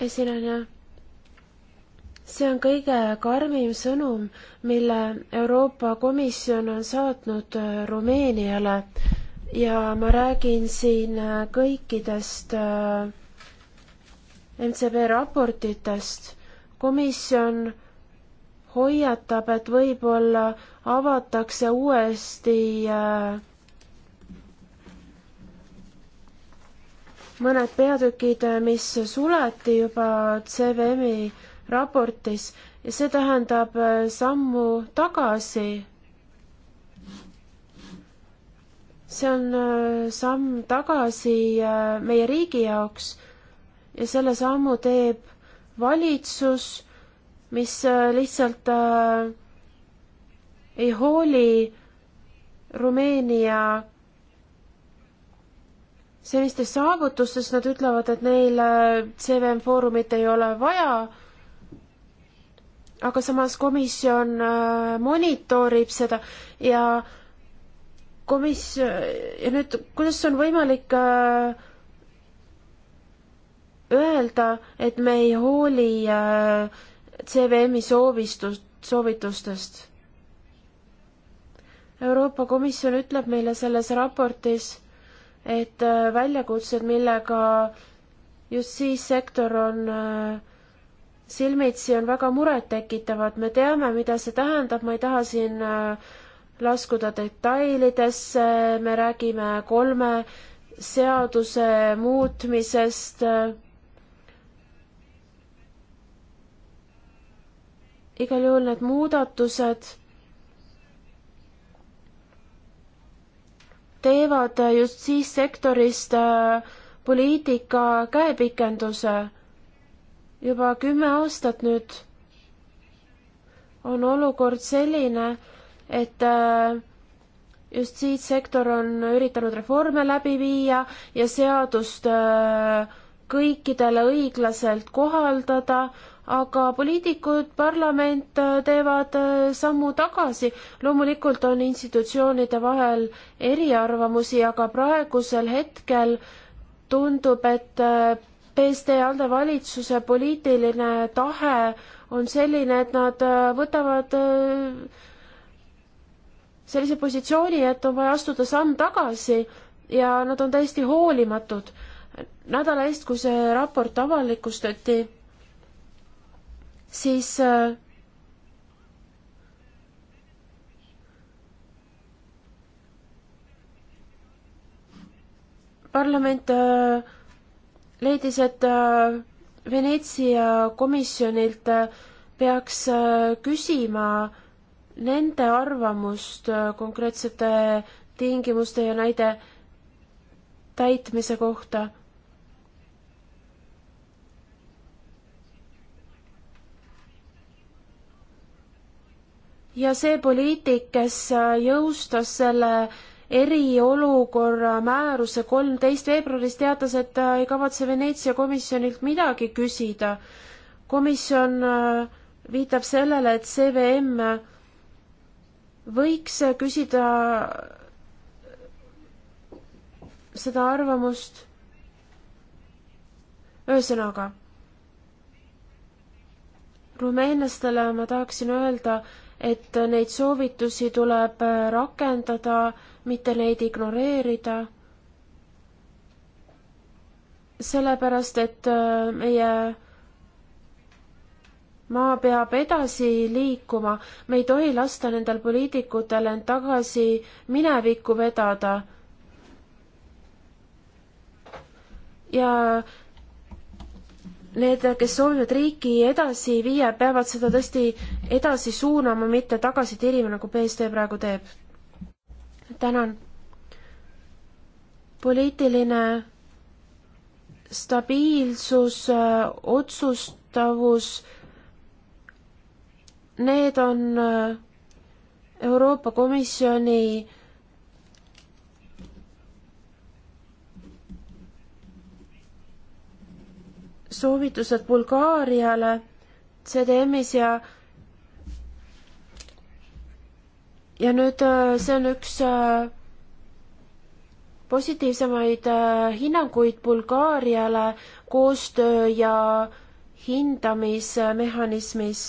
esinejana see on kõige karmim sõnum, mille Euroopa Komisjon on saatnud äh, Rumeeniale ja ma räägin siin äh, kõikidest äh, MCB raportitest. komisjon hoiatab, et võib-olla avatakse uuesti mõned peatükid, mis suleti juba CVM-i raportis ja see tähendab äh, sammu tagasi. see on äh, samm tagasi äh, meie riigi jaoks ja selle sammu teeb valitsus, mis lihtsalt äh, ei hooli Rumeenia sellistest saavutustest, nad ütlevad, et neil CVM Foorumit ei ole vaja aga samas komisjon äh, monitoorib seda ja komis-, ja nüüd, kuidas on võimalik äh, öelda, et me ei hooli äh, CVM-i soovistust, soovitustest? Euroopa Komisjon ütleb meile selles raportis, et väljakutsed, millega just siis sektor on äh, silmitsi on väga murettekitavad, me teame, mida see tähendab, ma ei taha siin äh, laskuda detailidesse, me räägime kolme seaduse muutmisest. Äh. igal juhul need muudatused teevad justiitssektorist äh, poliitika käepikenduse juba kümme aastat nüüd on olukord selline, et äh, justiitssektor on üritanud reforme läbi viia ja seadust äh, kõikidele õiglaselt kohaldada, aga poliitikud, parlament äh, teevad sammu tagasi. loomulikult on institutsioonide vahel eriarvamusi, aga praegusel hetkel tundub, et teiste anda valitsuse poliitiline tahe on selline, et nad äh, võtavad äh, sellise positsiooni, et on vaja astuda samm tagasi ja nad on täiesti hoolimatud. nädala eest, kui see raport avalikustati, siis äh, parlament äh, leidis, et äh, Veneetsia komisjonilt äh, peaks äh, küsima nende arvamust konkreetsete tingimuste ja näide täitmise kohta. ja see poliitik, kes jõustas selle eriolukorra määruse kolmteist veebruaris teatas, et ta ei kavatse Veneetsia komisjonilt midagi küsida. komisjon äh, viitab sellele, et CVM äh, võiks äh, küsida seda arvamust. ühesõnaga rumeenlastele ma tahaksin öelda, et neid soovitusi tuleb rakendada, mitte neid ignoreerida. sellepärast, et äh, meie maa peab edasi liikuma, me ei tohi lasta nendel poliitikutel end tagasi minevikku vedada. ja Need, kes soovivad riiki edasi viia, peavad seda tõesti edasi suunama, mitte tagasi tirima, nagu BSD praegu teeb. tänan. poliitiline stabiilsus, äh, otsustavus, need on äh, Euroopa Komisjoni soovitused Bulgaariale CDM-is ja ja nüüd äh, see on üks äh, positiivsemaid äh, hinnanguid Bulgaariale koostöö ja hindamismehhanismis.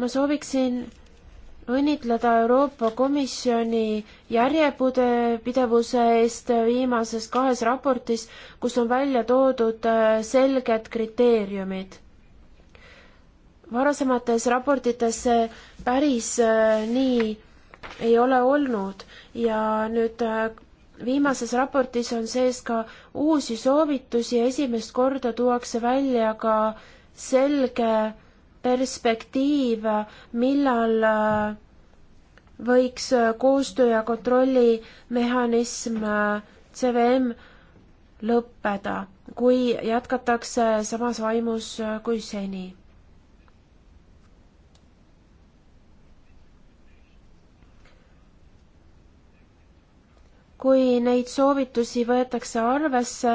ma sooviksin õnnitleda Euroopa Komisjoni järjepidevuse eest viimases kahes raportis, kus on välja toodud äh, selged kriteeriumid. varasemates raportites see päris äh, nii ei ole olnud ja nüüd äh, viimases raportis on sees ka uusi soovitusi ja esimest korda tuuakse välja ka selge perspektiiv, millal äh, võiks äh, koostöö ja kontrollimehhanism äh, CVM lõppeda, kui jätkatakse samas vaimus kui seni? kui neid soovitusi võetakse arvesse,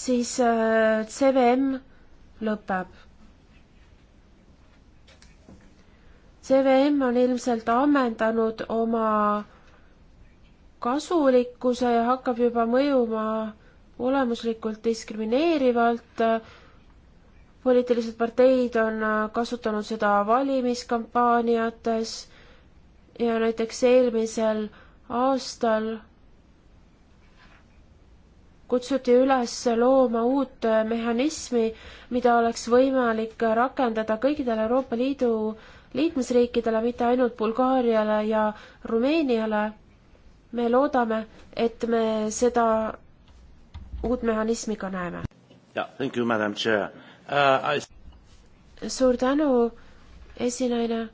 siis CVM lõpeb CVM on ilmselt ammendanud oma kasulikkuse ja hakkab juba mõjuma olemuslikult diskrimineerivalt. poliitilised parteid on kasutanud seda valimiskampaaniates ja näiteks eelmisel aastal kutsuti üles looma uut mehhanismi, mida oleks võimalik rakendada kõikidel Euroopa Liidu liikmesriikidele, mitte ainult Bulgaariale ja Rumeeniale. me loodame, et me seda uut mehhanismi ka näeme. Uh, I... suur tänu, esinaine.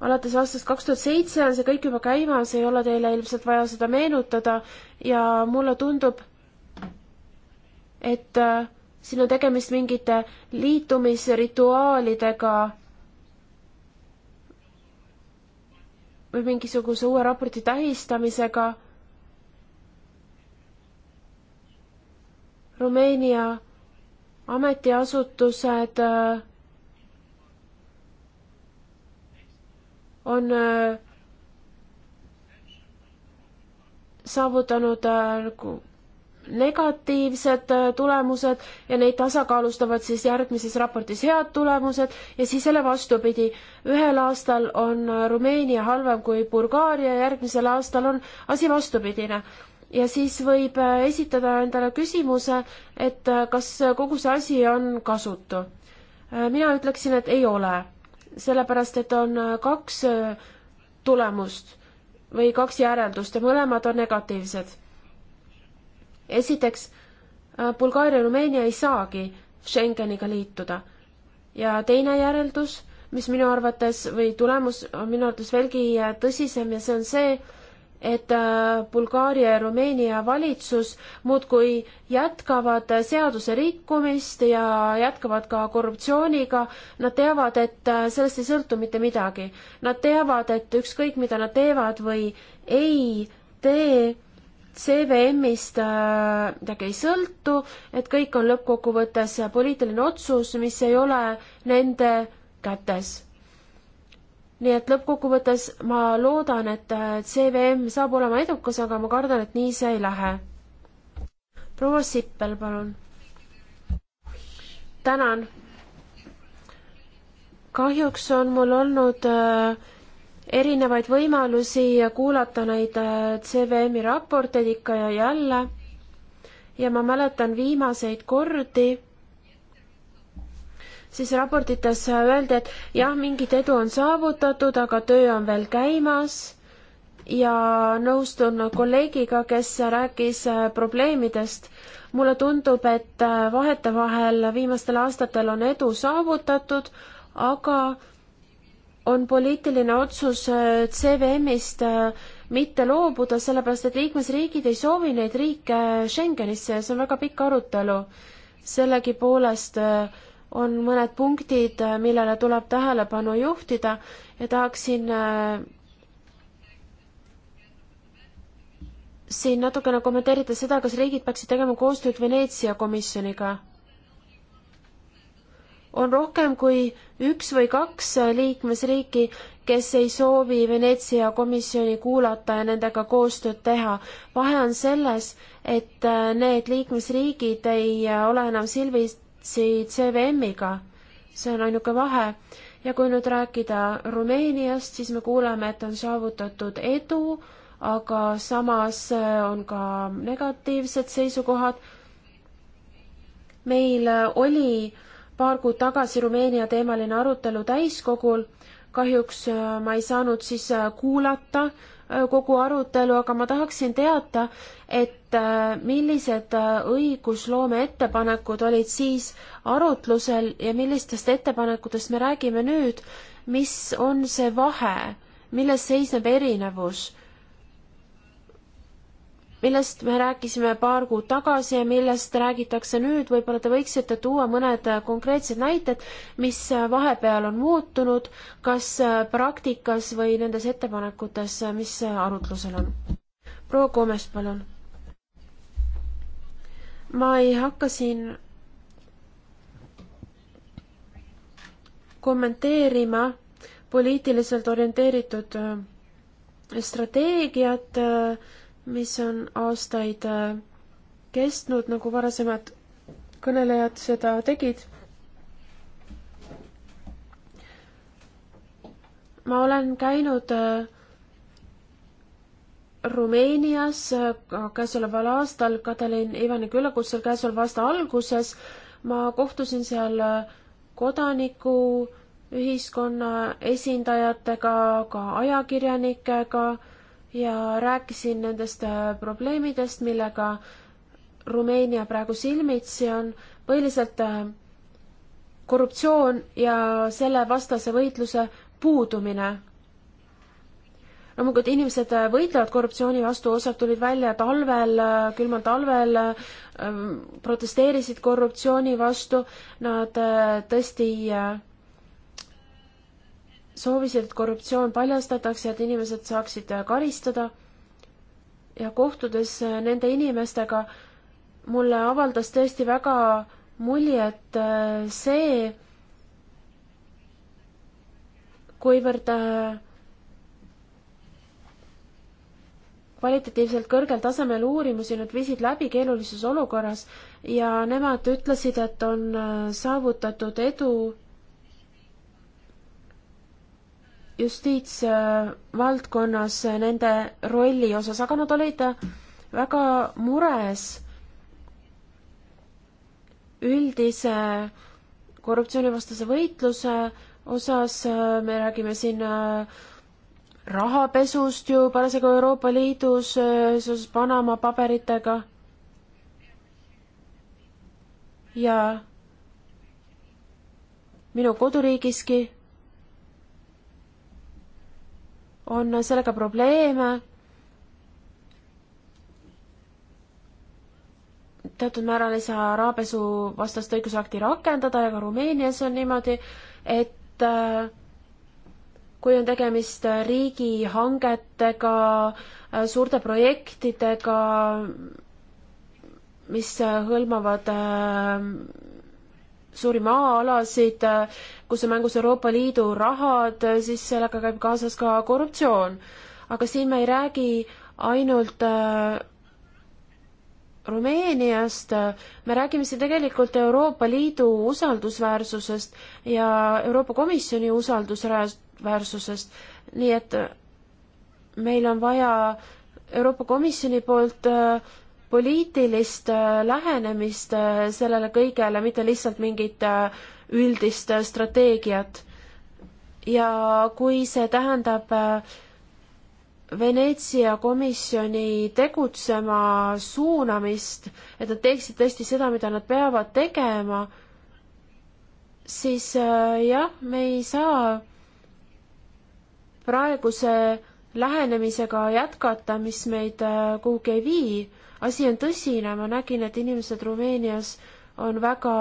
alates aastast kaks tuhat seitse on see kõik juba käimas, ei ole teile ilmselt vaja seda meenutada ja mulle tundub, et uh, siin on tegemist mingite liitumisrituaalidega või mingisuguse uue raporti tähistamisega. Rumeenia ametiasutused äh, on äh, saavutanud nagu äh, negatiivsed äh, tulemused ja neid tasakaalustavad siis järgmises raportis head tulemused ja siis jälle vastupidi. ühel aastal on äh, Rumeenia halvem kui Bulgaaria, järgmisel aastal on asi vastupidine. ja siis võib äh, esitada endale küsimuse, et kas kogu see asi on kasutu. mina ütleksin, et ei ole, sellepärast et on kaks tulemust või kaks järeldust ja mõlemad on negatiivsed esiteks, äh, Bulgaaria ja Rumeenia ei saagi Schengeniga liituda. ja teine järeldus, mis minu arvates või tulemus on minu arvates veelgi äh, tõsisem ja see on see, et äh, Bulgaaria ja Rumeenia valitsus muudkui jätkavad seaduse rikkumist ja jätkavad ka korruptsiooniga. Nad teavad, et sellest ei sõltu mitte midagi. Nad teavad, et ükskõik, mida nad teevad või ei tee, CVM-ist äh, midagi ei sõltu, et kõik on lõppkokkuvõttes poliitiline otsus, mis ei ole nende kätes. nii et lõppkokkuvõttes ma loodan, et äh, CVM saab olema edukas, aga ma kardan, et nii see ei lähe. proua Sippel, palun. tänan. kahjuks on mul olnud äh, erinevaid võimalusi kuulata neid äh, CVM-i raporteid ikka ja jälle ja ma mäletan viimaseid kordi, siis raportites öeldi, et jah, mingit edu on saavutatud, aga töö on veel käimas ja nõustun kolleegiga, kes rääkis äh, probleemidest. mulle tundub, et äh, vahetevahel viimastel aastatel on edu saavutatud, aga on poliitiline otsus äh, CVM-ist äh, mitte loobuda, sellepärast et liikmesriigid ei soovi neid riike äh, Schengenisse ja see on väga pikk arutelu. sellegipoolest on mõned punktid, millele tuleb tähelepanu juhtida ja tahaksin siin natukene kommenteerida seda, kas riigid peaksid tegema koostööd Veneetsia komisjoniga on rohkem kui üks või kaks liikmesriiki, kes ei soovi Veneetsia komisjoni kuulata ja nendega koostööd teha. vahe on selles, et äh, need liikmesriigid ei äh, ole enam silmitsi CVM-iga. see on ainuke vahe. ja kui nüüd rääkida Rumeeniast, siis me kuuleme, et on saavutatud edu, aga samas äh, on ka negatiivsed seisukohad. meil oli äh, paar kuud tagasi Rumeenia teemaline arutelu täiskogul. kahjuks äh, ma ei saanud siis äh, kuulata äh, kogu arutelu, aga ma tahaksin teada, et millised õigusloome ettepanekud olid siis arutlusel ja millistest ettepanekutest me räägime nüüd, mis on see vahe, milles seisneb erinevus millest me rääkisime paar kuud tagasi ja millest räägitakse nüüd, võib-olla te võiksite tuua mõned äh, konkreetsed näited, mis äh, vahepeal on muutunud, kas äh, praktikas või nendes ettepanekutes, mis arutlusel on? proua Komes, palun. ma ei hakka siin kommenteerima poliitiliselt orienteeritud strateegiat äh, mis on aastaid äh, kestnud, nagu varasemad kõnelejad seda tegid. ma olen käinud äh, Rumeenias äh, käesoleval aastal Katalin Ivani külakutsel käesoleva aasta alguses. ma kohtusin seal kodanikuühiskonna esindajatega, ka ajakirjanikega ja rääkisin nendest äh, probleemidest, millega Rumeenia praegu silmitsi on, põhiliselt äh, korruptsioon ja sellevastase võitluse puudumine. loomulikult inimesed äh, võitlevad korruptsiooni vastu, osad tulid välja talvel, külmal talvel, protesteerisid korruptsiooni vastu, nad tõesti soovisid, et korruptsioon paljastatakse, et inimesed saaksid karistada ja kohtudes nende inimestega mulle avaldas tõesti väga muljet äh, see, kuivõrd äh, kvalitatiivselt kõrgel tasemel uurimusi nad viisid läbi keerulises olukorras ja nemad ütlesid, et on äh, saavutatud edu justiitsvaldkonnas nende rolli osas, aga nad olid väga mures üldise korruptsioonivastase võitluse osas, me räägime siin äh, rahapesust ju parasjagu Euroopa Liidus äh, seoses Panama paberitega. ja minu koduriigiski on sellega probleeme. teatud määral ei saa rahapesu vastast õigusakti rakendada ja ka Rumeenias on niimoodi, et äh, kui on tegemist riigihangetega, äh, suurte projektidega, mis äh, hõlmavad suuri maa-alasid, kus on mängus Euroopa Liidu rahad, siis sellega käib kaasas ka korruptsioon. aga siin me ei räägi ainult äh, Rumeeniast, me räägime siin tegelikult Euroopa Liidu usaldusväärsusest ja Euroopa Komisjoni usaldusväärsusest, nii et meil on vaja Euroopa Komisjoni poolt äh, poliitilist äh, lähenemist äh, sellele kõigele, mitte lihtsalt mingit äh, üldist strateegiat. ja kui see tähendab Veneetsia komisjoni tegutsema suunamist, et nad teeksid tõesti seda, mida nad peavad tegema, siis jah, me ei saa praeguse lähenemisega jätkata, mis meid kuhugi ei vii asi on tõsine, ma nägin, et inimesed Rumeenias on väga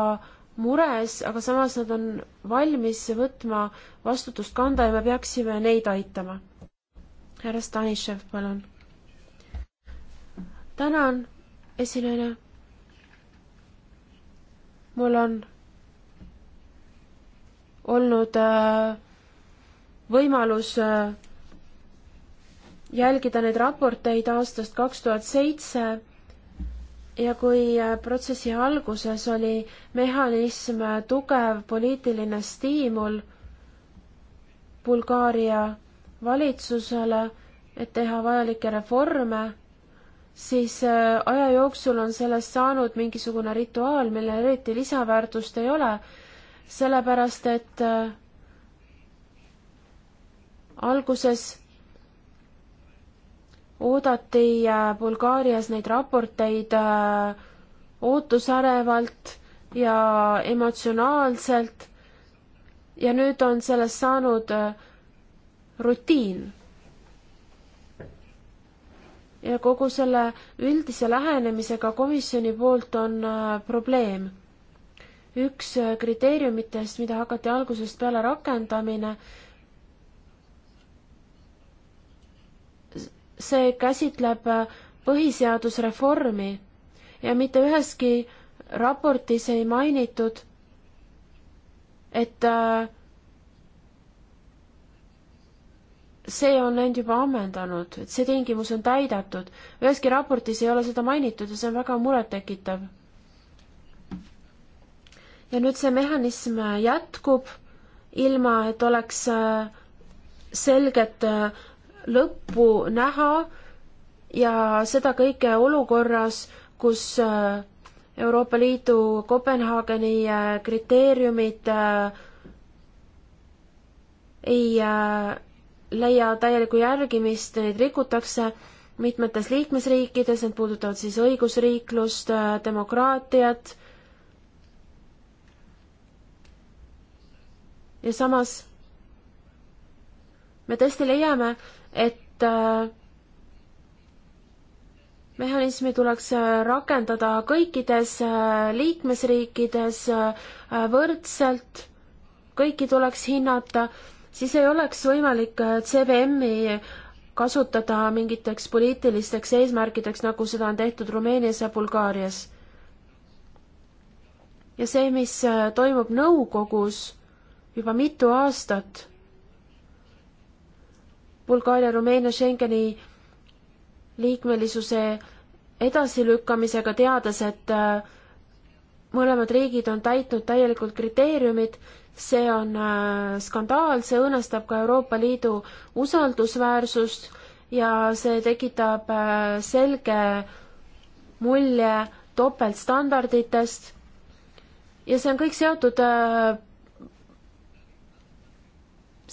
mures, aga samas nad on valmis võtma vastutust kanda ja me peaksime neid aitama. härra Stanišev, palun. tänan, esinejana. mul on olnud äh, võimalus äh, jälgida neid raporteid aastast kaks tuhat seitse ja kui äh, protsessi alguses oli mehhanism äh, tugev poliitiline stiimul Bulgaaria valitsusele, et teha vajalikke reforme, siis äh, aja jooksul on sellest saanud mingisugune rituaal, millel eriti lisaväärtust ei ole, sellepärast et alguses oodati äh, Bulgaarias neid raporteid äh, ootusärevalt ja emotsionaalselt ja nüüd on sellest saanud äh, rutiin. ja kogu selle üldise lähenemisega komisjoni poolt on probleem. üks kriteeriumitest, mida hakati algusest peale rakendamine, see käsitleb äh, põhiseadusreformi ja mitte üheski raportis ei mainitud, et äh, see on end juba ammendanud, et see tingimus on täidetud. üheski raportis ei ole seda mainitud ja see on väga murettekitav. ja nüüd see mehhanism äh, jätkub, ilma et oleks selget lõppu näha ja seda kõike olukorras, kus äh, Euroopa Liidu Kopenhaageni äh, kriteeriumid äh, ei leia täielikku järgimist, neid rikutakse mitmetes liikmesriikides, need puudutavad siis õigusriiklust, demokraatiat ja samas me tõesti leiame, et äh, mehhanismi tuleks äh, rakendada kõikides äh, liikmesriikides võrdselt, kõiki tuleks hinnata, siis ei oleks võimalik CVM-i kasutada mingiteks poliitilisteks eesmärkideks, nagu seda on tehtud Rumeenias ja Bulgaarias. ja see, mis toimub nõukogus juba mitu aastat Bulgaaria, Rumeenia, Schengeni liikmelisuse edasilükkamisega, teades, et äh, mõlemad riigid on täitnud täielikult kriteeriumid, see on äh, skandaal, see õõnestab ka Euroopa Liidu usaldusväärsust ja see tekitab äh, selge mulje topeltstandarditest ja see on kõik seotud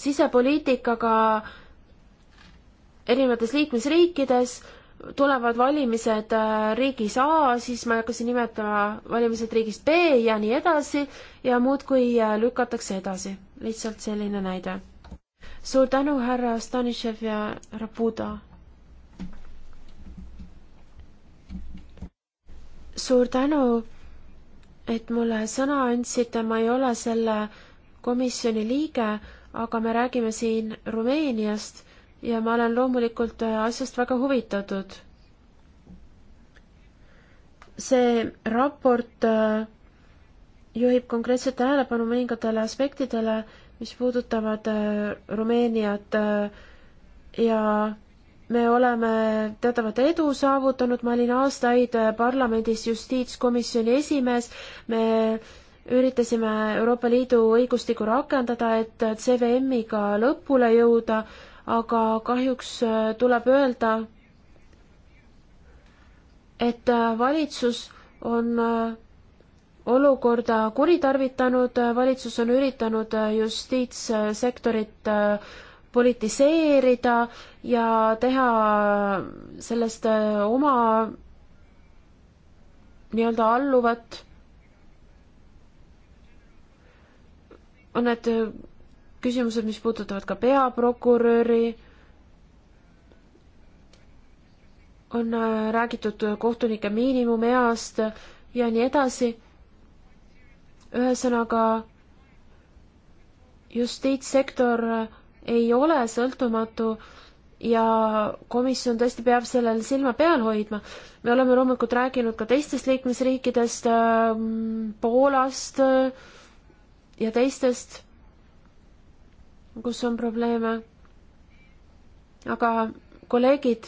sisepoliitikaga äh, erinevates liikmesriikides tulevad valimised äh, riigis A, siis ma ei hakka siin nimetama valimised riigis B ja nii edasi ja muudkui äh, lükatakse edasi. lihtsalt selline näide. suur tänu, härra Stanišev ja härra Buda. suur tänu, et mulle sõna andsite, ma ei ole selle komisjoni liige, aga me räägime siin Rumeeniast ja ma olen loomulikult äh, asjast väga huvitatud. see raport äh, juhib konkreetselt tähelepanu mõningatele aspektidele, mis puudutavad äh, Rumeeniat ja me oleme teatavat edu saavutanud, ma olin aastaid parlamendis justiitskomisjoni esimees, me üritasime Euroopa Liidu õigustikku rakendada, et CVM-iga lõpule jõuda aga kahjuks äh, tuleb öelda, et äh, valitsus on äh, olukorda kuritarvitanud, valitsus on üritanud justiitssektorit politiseerida ja teha sellest oma nii-öelda alluvat. on need küsimused, mis puudutavad ka peaprokuröri, on äh, räägitud kohtunike miinimumeast ja nii edasi. ühesõnaga, justiitssektor ei ole sõltumatu ja komisjon tõesti peab sellel silma peal hoidma. me oleme loomulikult rääkinud ka teistest liikmesriikidest, ähm, Poolast äh, ja teistest kus on probleeme. aga kolleegid,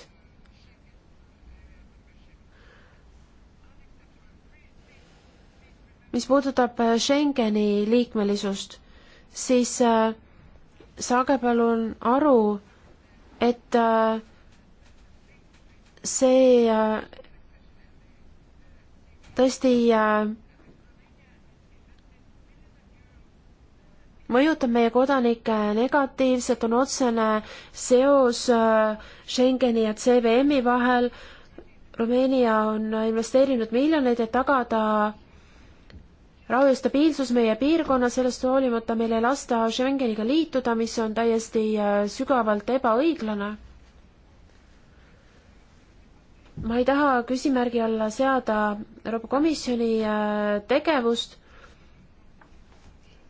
mis puudutab äh, Schengeni liikmelisust, siis äh, saage palun aru, et äh, see äh, tõesti äh, mõjutab meie kodanikke negatiivselt, on otsene seos äh, Schengeni ja CVM-i vahel. Rumeenia on investeerinud miljoneid, et tagada rahu ja stabiilsus meie piirkonnas, sellest hoolimata meil ei lasta Schengeniga liituda, mis on täiesti äh, sügavalt ebaõiglane. ma ei taha küsimärgi alla seada Euroopa Komisjoni äh, tegevust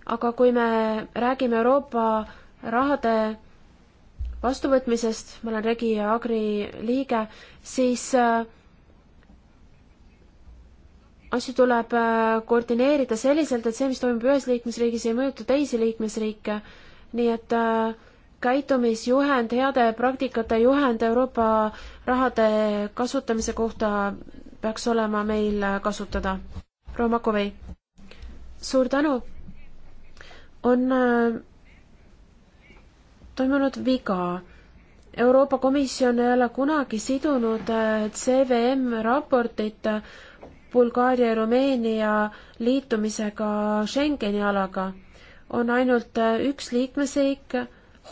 aga kui me räägime Euroopa rahade vastuvõtmisest, ma olen Regi ja Agri liige, siis äh, asju tuleb äh, koordineerida selliselt, et see, mis toimub ühes liikmesriigis, ei mõjuta teisi liikmesriike. nii et äh, käitumisjuhend, heade praktikate juhend Euroopa rahade kasutamise kohta peaks olema meil kasutada. proua Makovei, suur tänu! on äh, toimunud viga. Euroopa Komisjon ei ole kunagi sidunud äh, CVM raportit Bulgaaria ja Rumeenia liitumisega Schengeni alaga. on ainult äh, üks liikmesriik,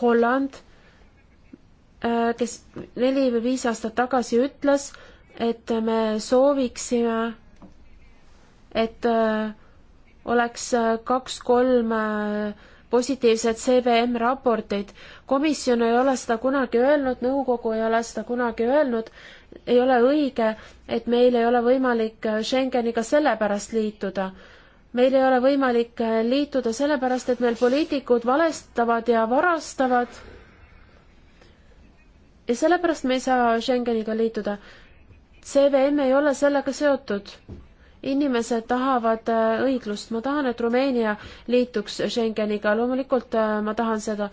Holland, kes neli või viis aastat tagasi ütles, et me sooviksime, et äh, oleks äh, kaks-kolm äh, positiivset CBM raportit. komisjon ei ole seda kunagi öelnud, nõukogu ei ole seda kunagi öelnud, ei ole õige, et meil ei ole võimalik äh, Schengeniga sellepärast liituda. meil ei ole võimalik liituda sellepärast, et meil poliitikud valestavad ja varastavad. ja sellepärast me ei saa Schengeniga liituda. CBM ei ole sellega seotud inimesed tahavad äh, õiglust, ma tahan, et Rumeenia liituks Schengeniga, loomulikult äh, ma tahan seda,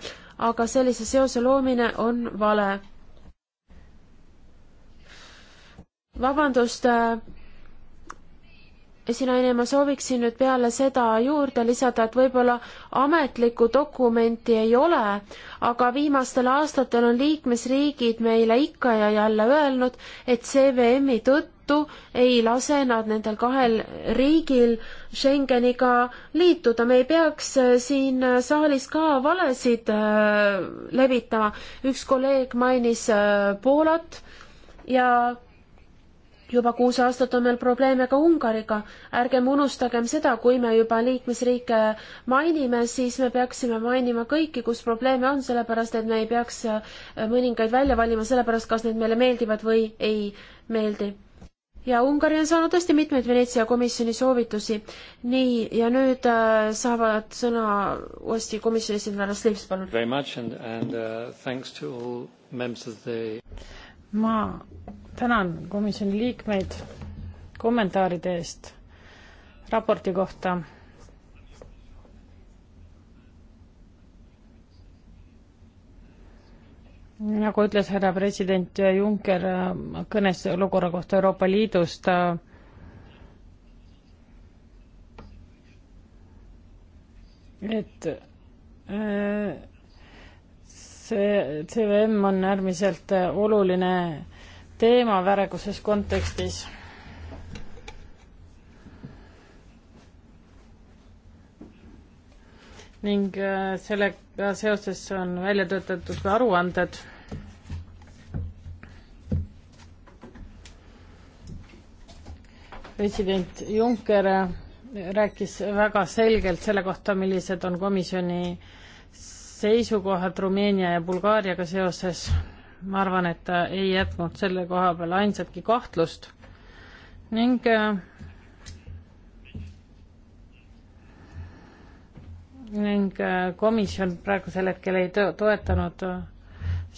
aga sellise seose loomine on vale. vabandust, äh, esinaine, ma sooviksin nüüd peale seda juurde lisada, et võib-olla ametlikku dokumenti ei ole, aga viimastel aastatel on liikmesriigid meile ikka ja jälle öelnud, et CVM-i tõttu ei lase nad nendel kahel riigil Schengeniga liituda, me ei peaks äh, siin äh, saalis ka valesid äh, levitama, üks kolleeg mainis Poolat ja juba kuus aastat on meil probleeme ka Ungariga, ärgem unustagem seda, kui me juba liikmesriike mainime, siis me peaksime mainima kõiki, kus probleeme on, sellepärast et me ei peaks äh, mõningaid välja valima sellepärast, kas need meile meeldivad või ei meeldi. ja Ungari on saanud tõesti mitmeid Veneetsia komisjoni soovitusi. nii, ja nüüd äh, saavad sõna uuesti komisjoni esindaja Slivs, palun. Very much and, and uh, thanks to all members of the ma tänan komisjoni liikmeid kommentaaride eest raporti kohta. nagu ütles härra president Juncker äh, kõnes olukorra kohta Euroopa Liidus, ta äh, et äh, see CVM on äärmiselt oluline teema praeguses kontekstis. ning äh, sellega seoses on välja töötatud ka aruanded president Juncker äh, rääkis väga selgelt selle kohta, millised on komisjoni seisukohad Rumeenia ja Bulgaariaga seoses ma arvan, et ta äh, ei jätnud selle koha peal ainsatki kahtlust ning äh, ning äh, komisjon praegusel hetkel ei toetanud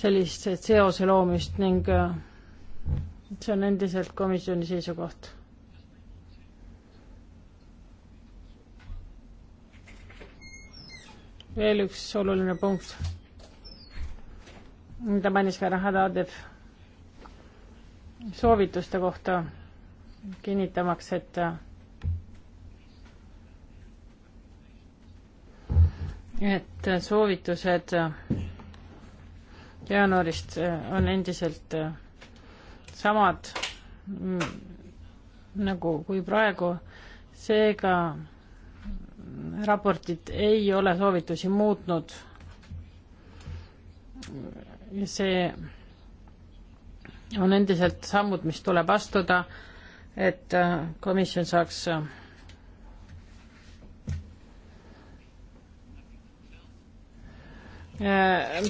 sellist seose loomist ning see on endiselt komisjoni seisukoht. veel üks oluline punkt mida mainis ka Rahadadev soovituste kohta, kinnitamaks, et et soovitused jaanuarist on endiselt samad nagu kui praegu, seega raportid ei ole soovitusi muutnud see on endiselt sammud, mis tuleb astuda, et äh, komisjon saaks äh,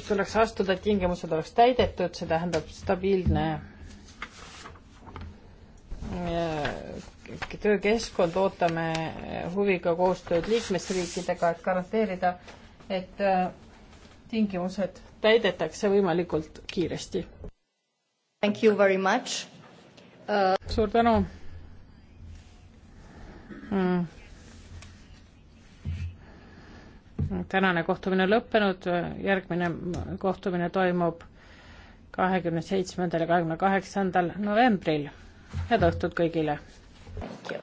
tuleks astuda, et tingimused oleks täidetud, see tähendab stabiilne äh, töökeskkond, ootame huviga koostööd liikmesriikidega, et garanteerida, et tingimused täidetakse võimalikult kiiresti. Thank you very much uh.... suur tänu mm.. tänane kohtumine on lõppenud, järgmine kohtumine toimub kahekümne seitsmendal ja kahekümne kaheksandal novembril. head õhtut kõigile! Thank you.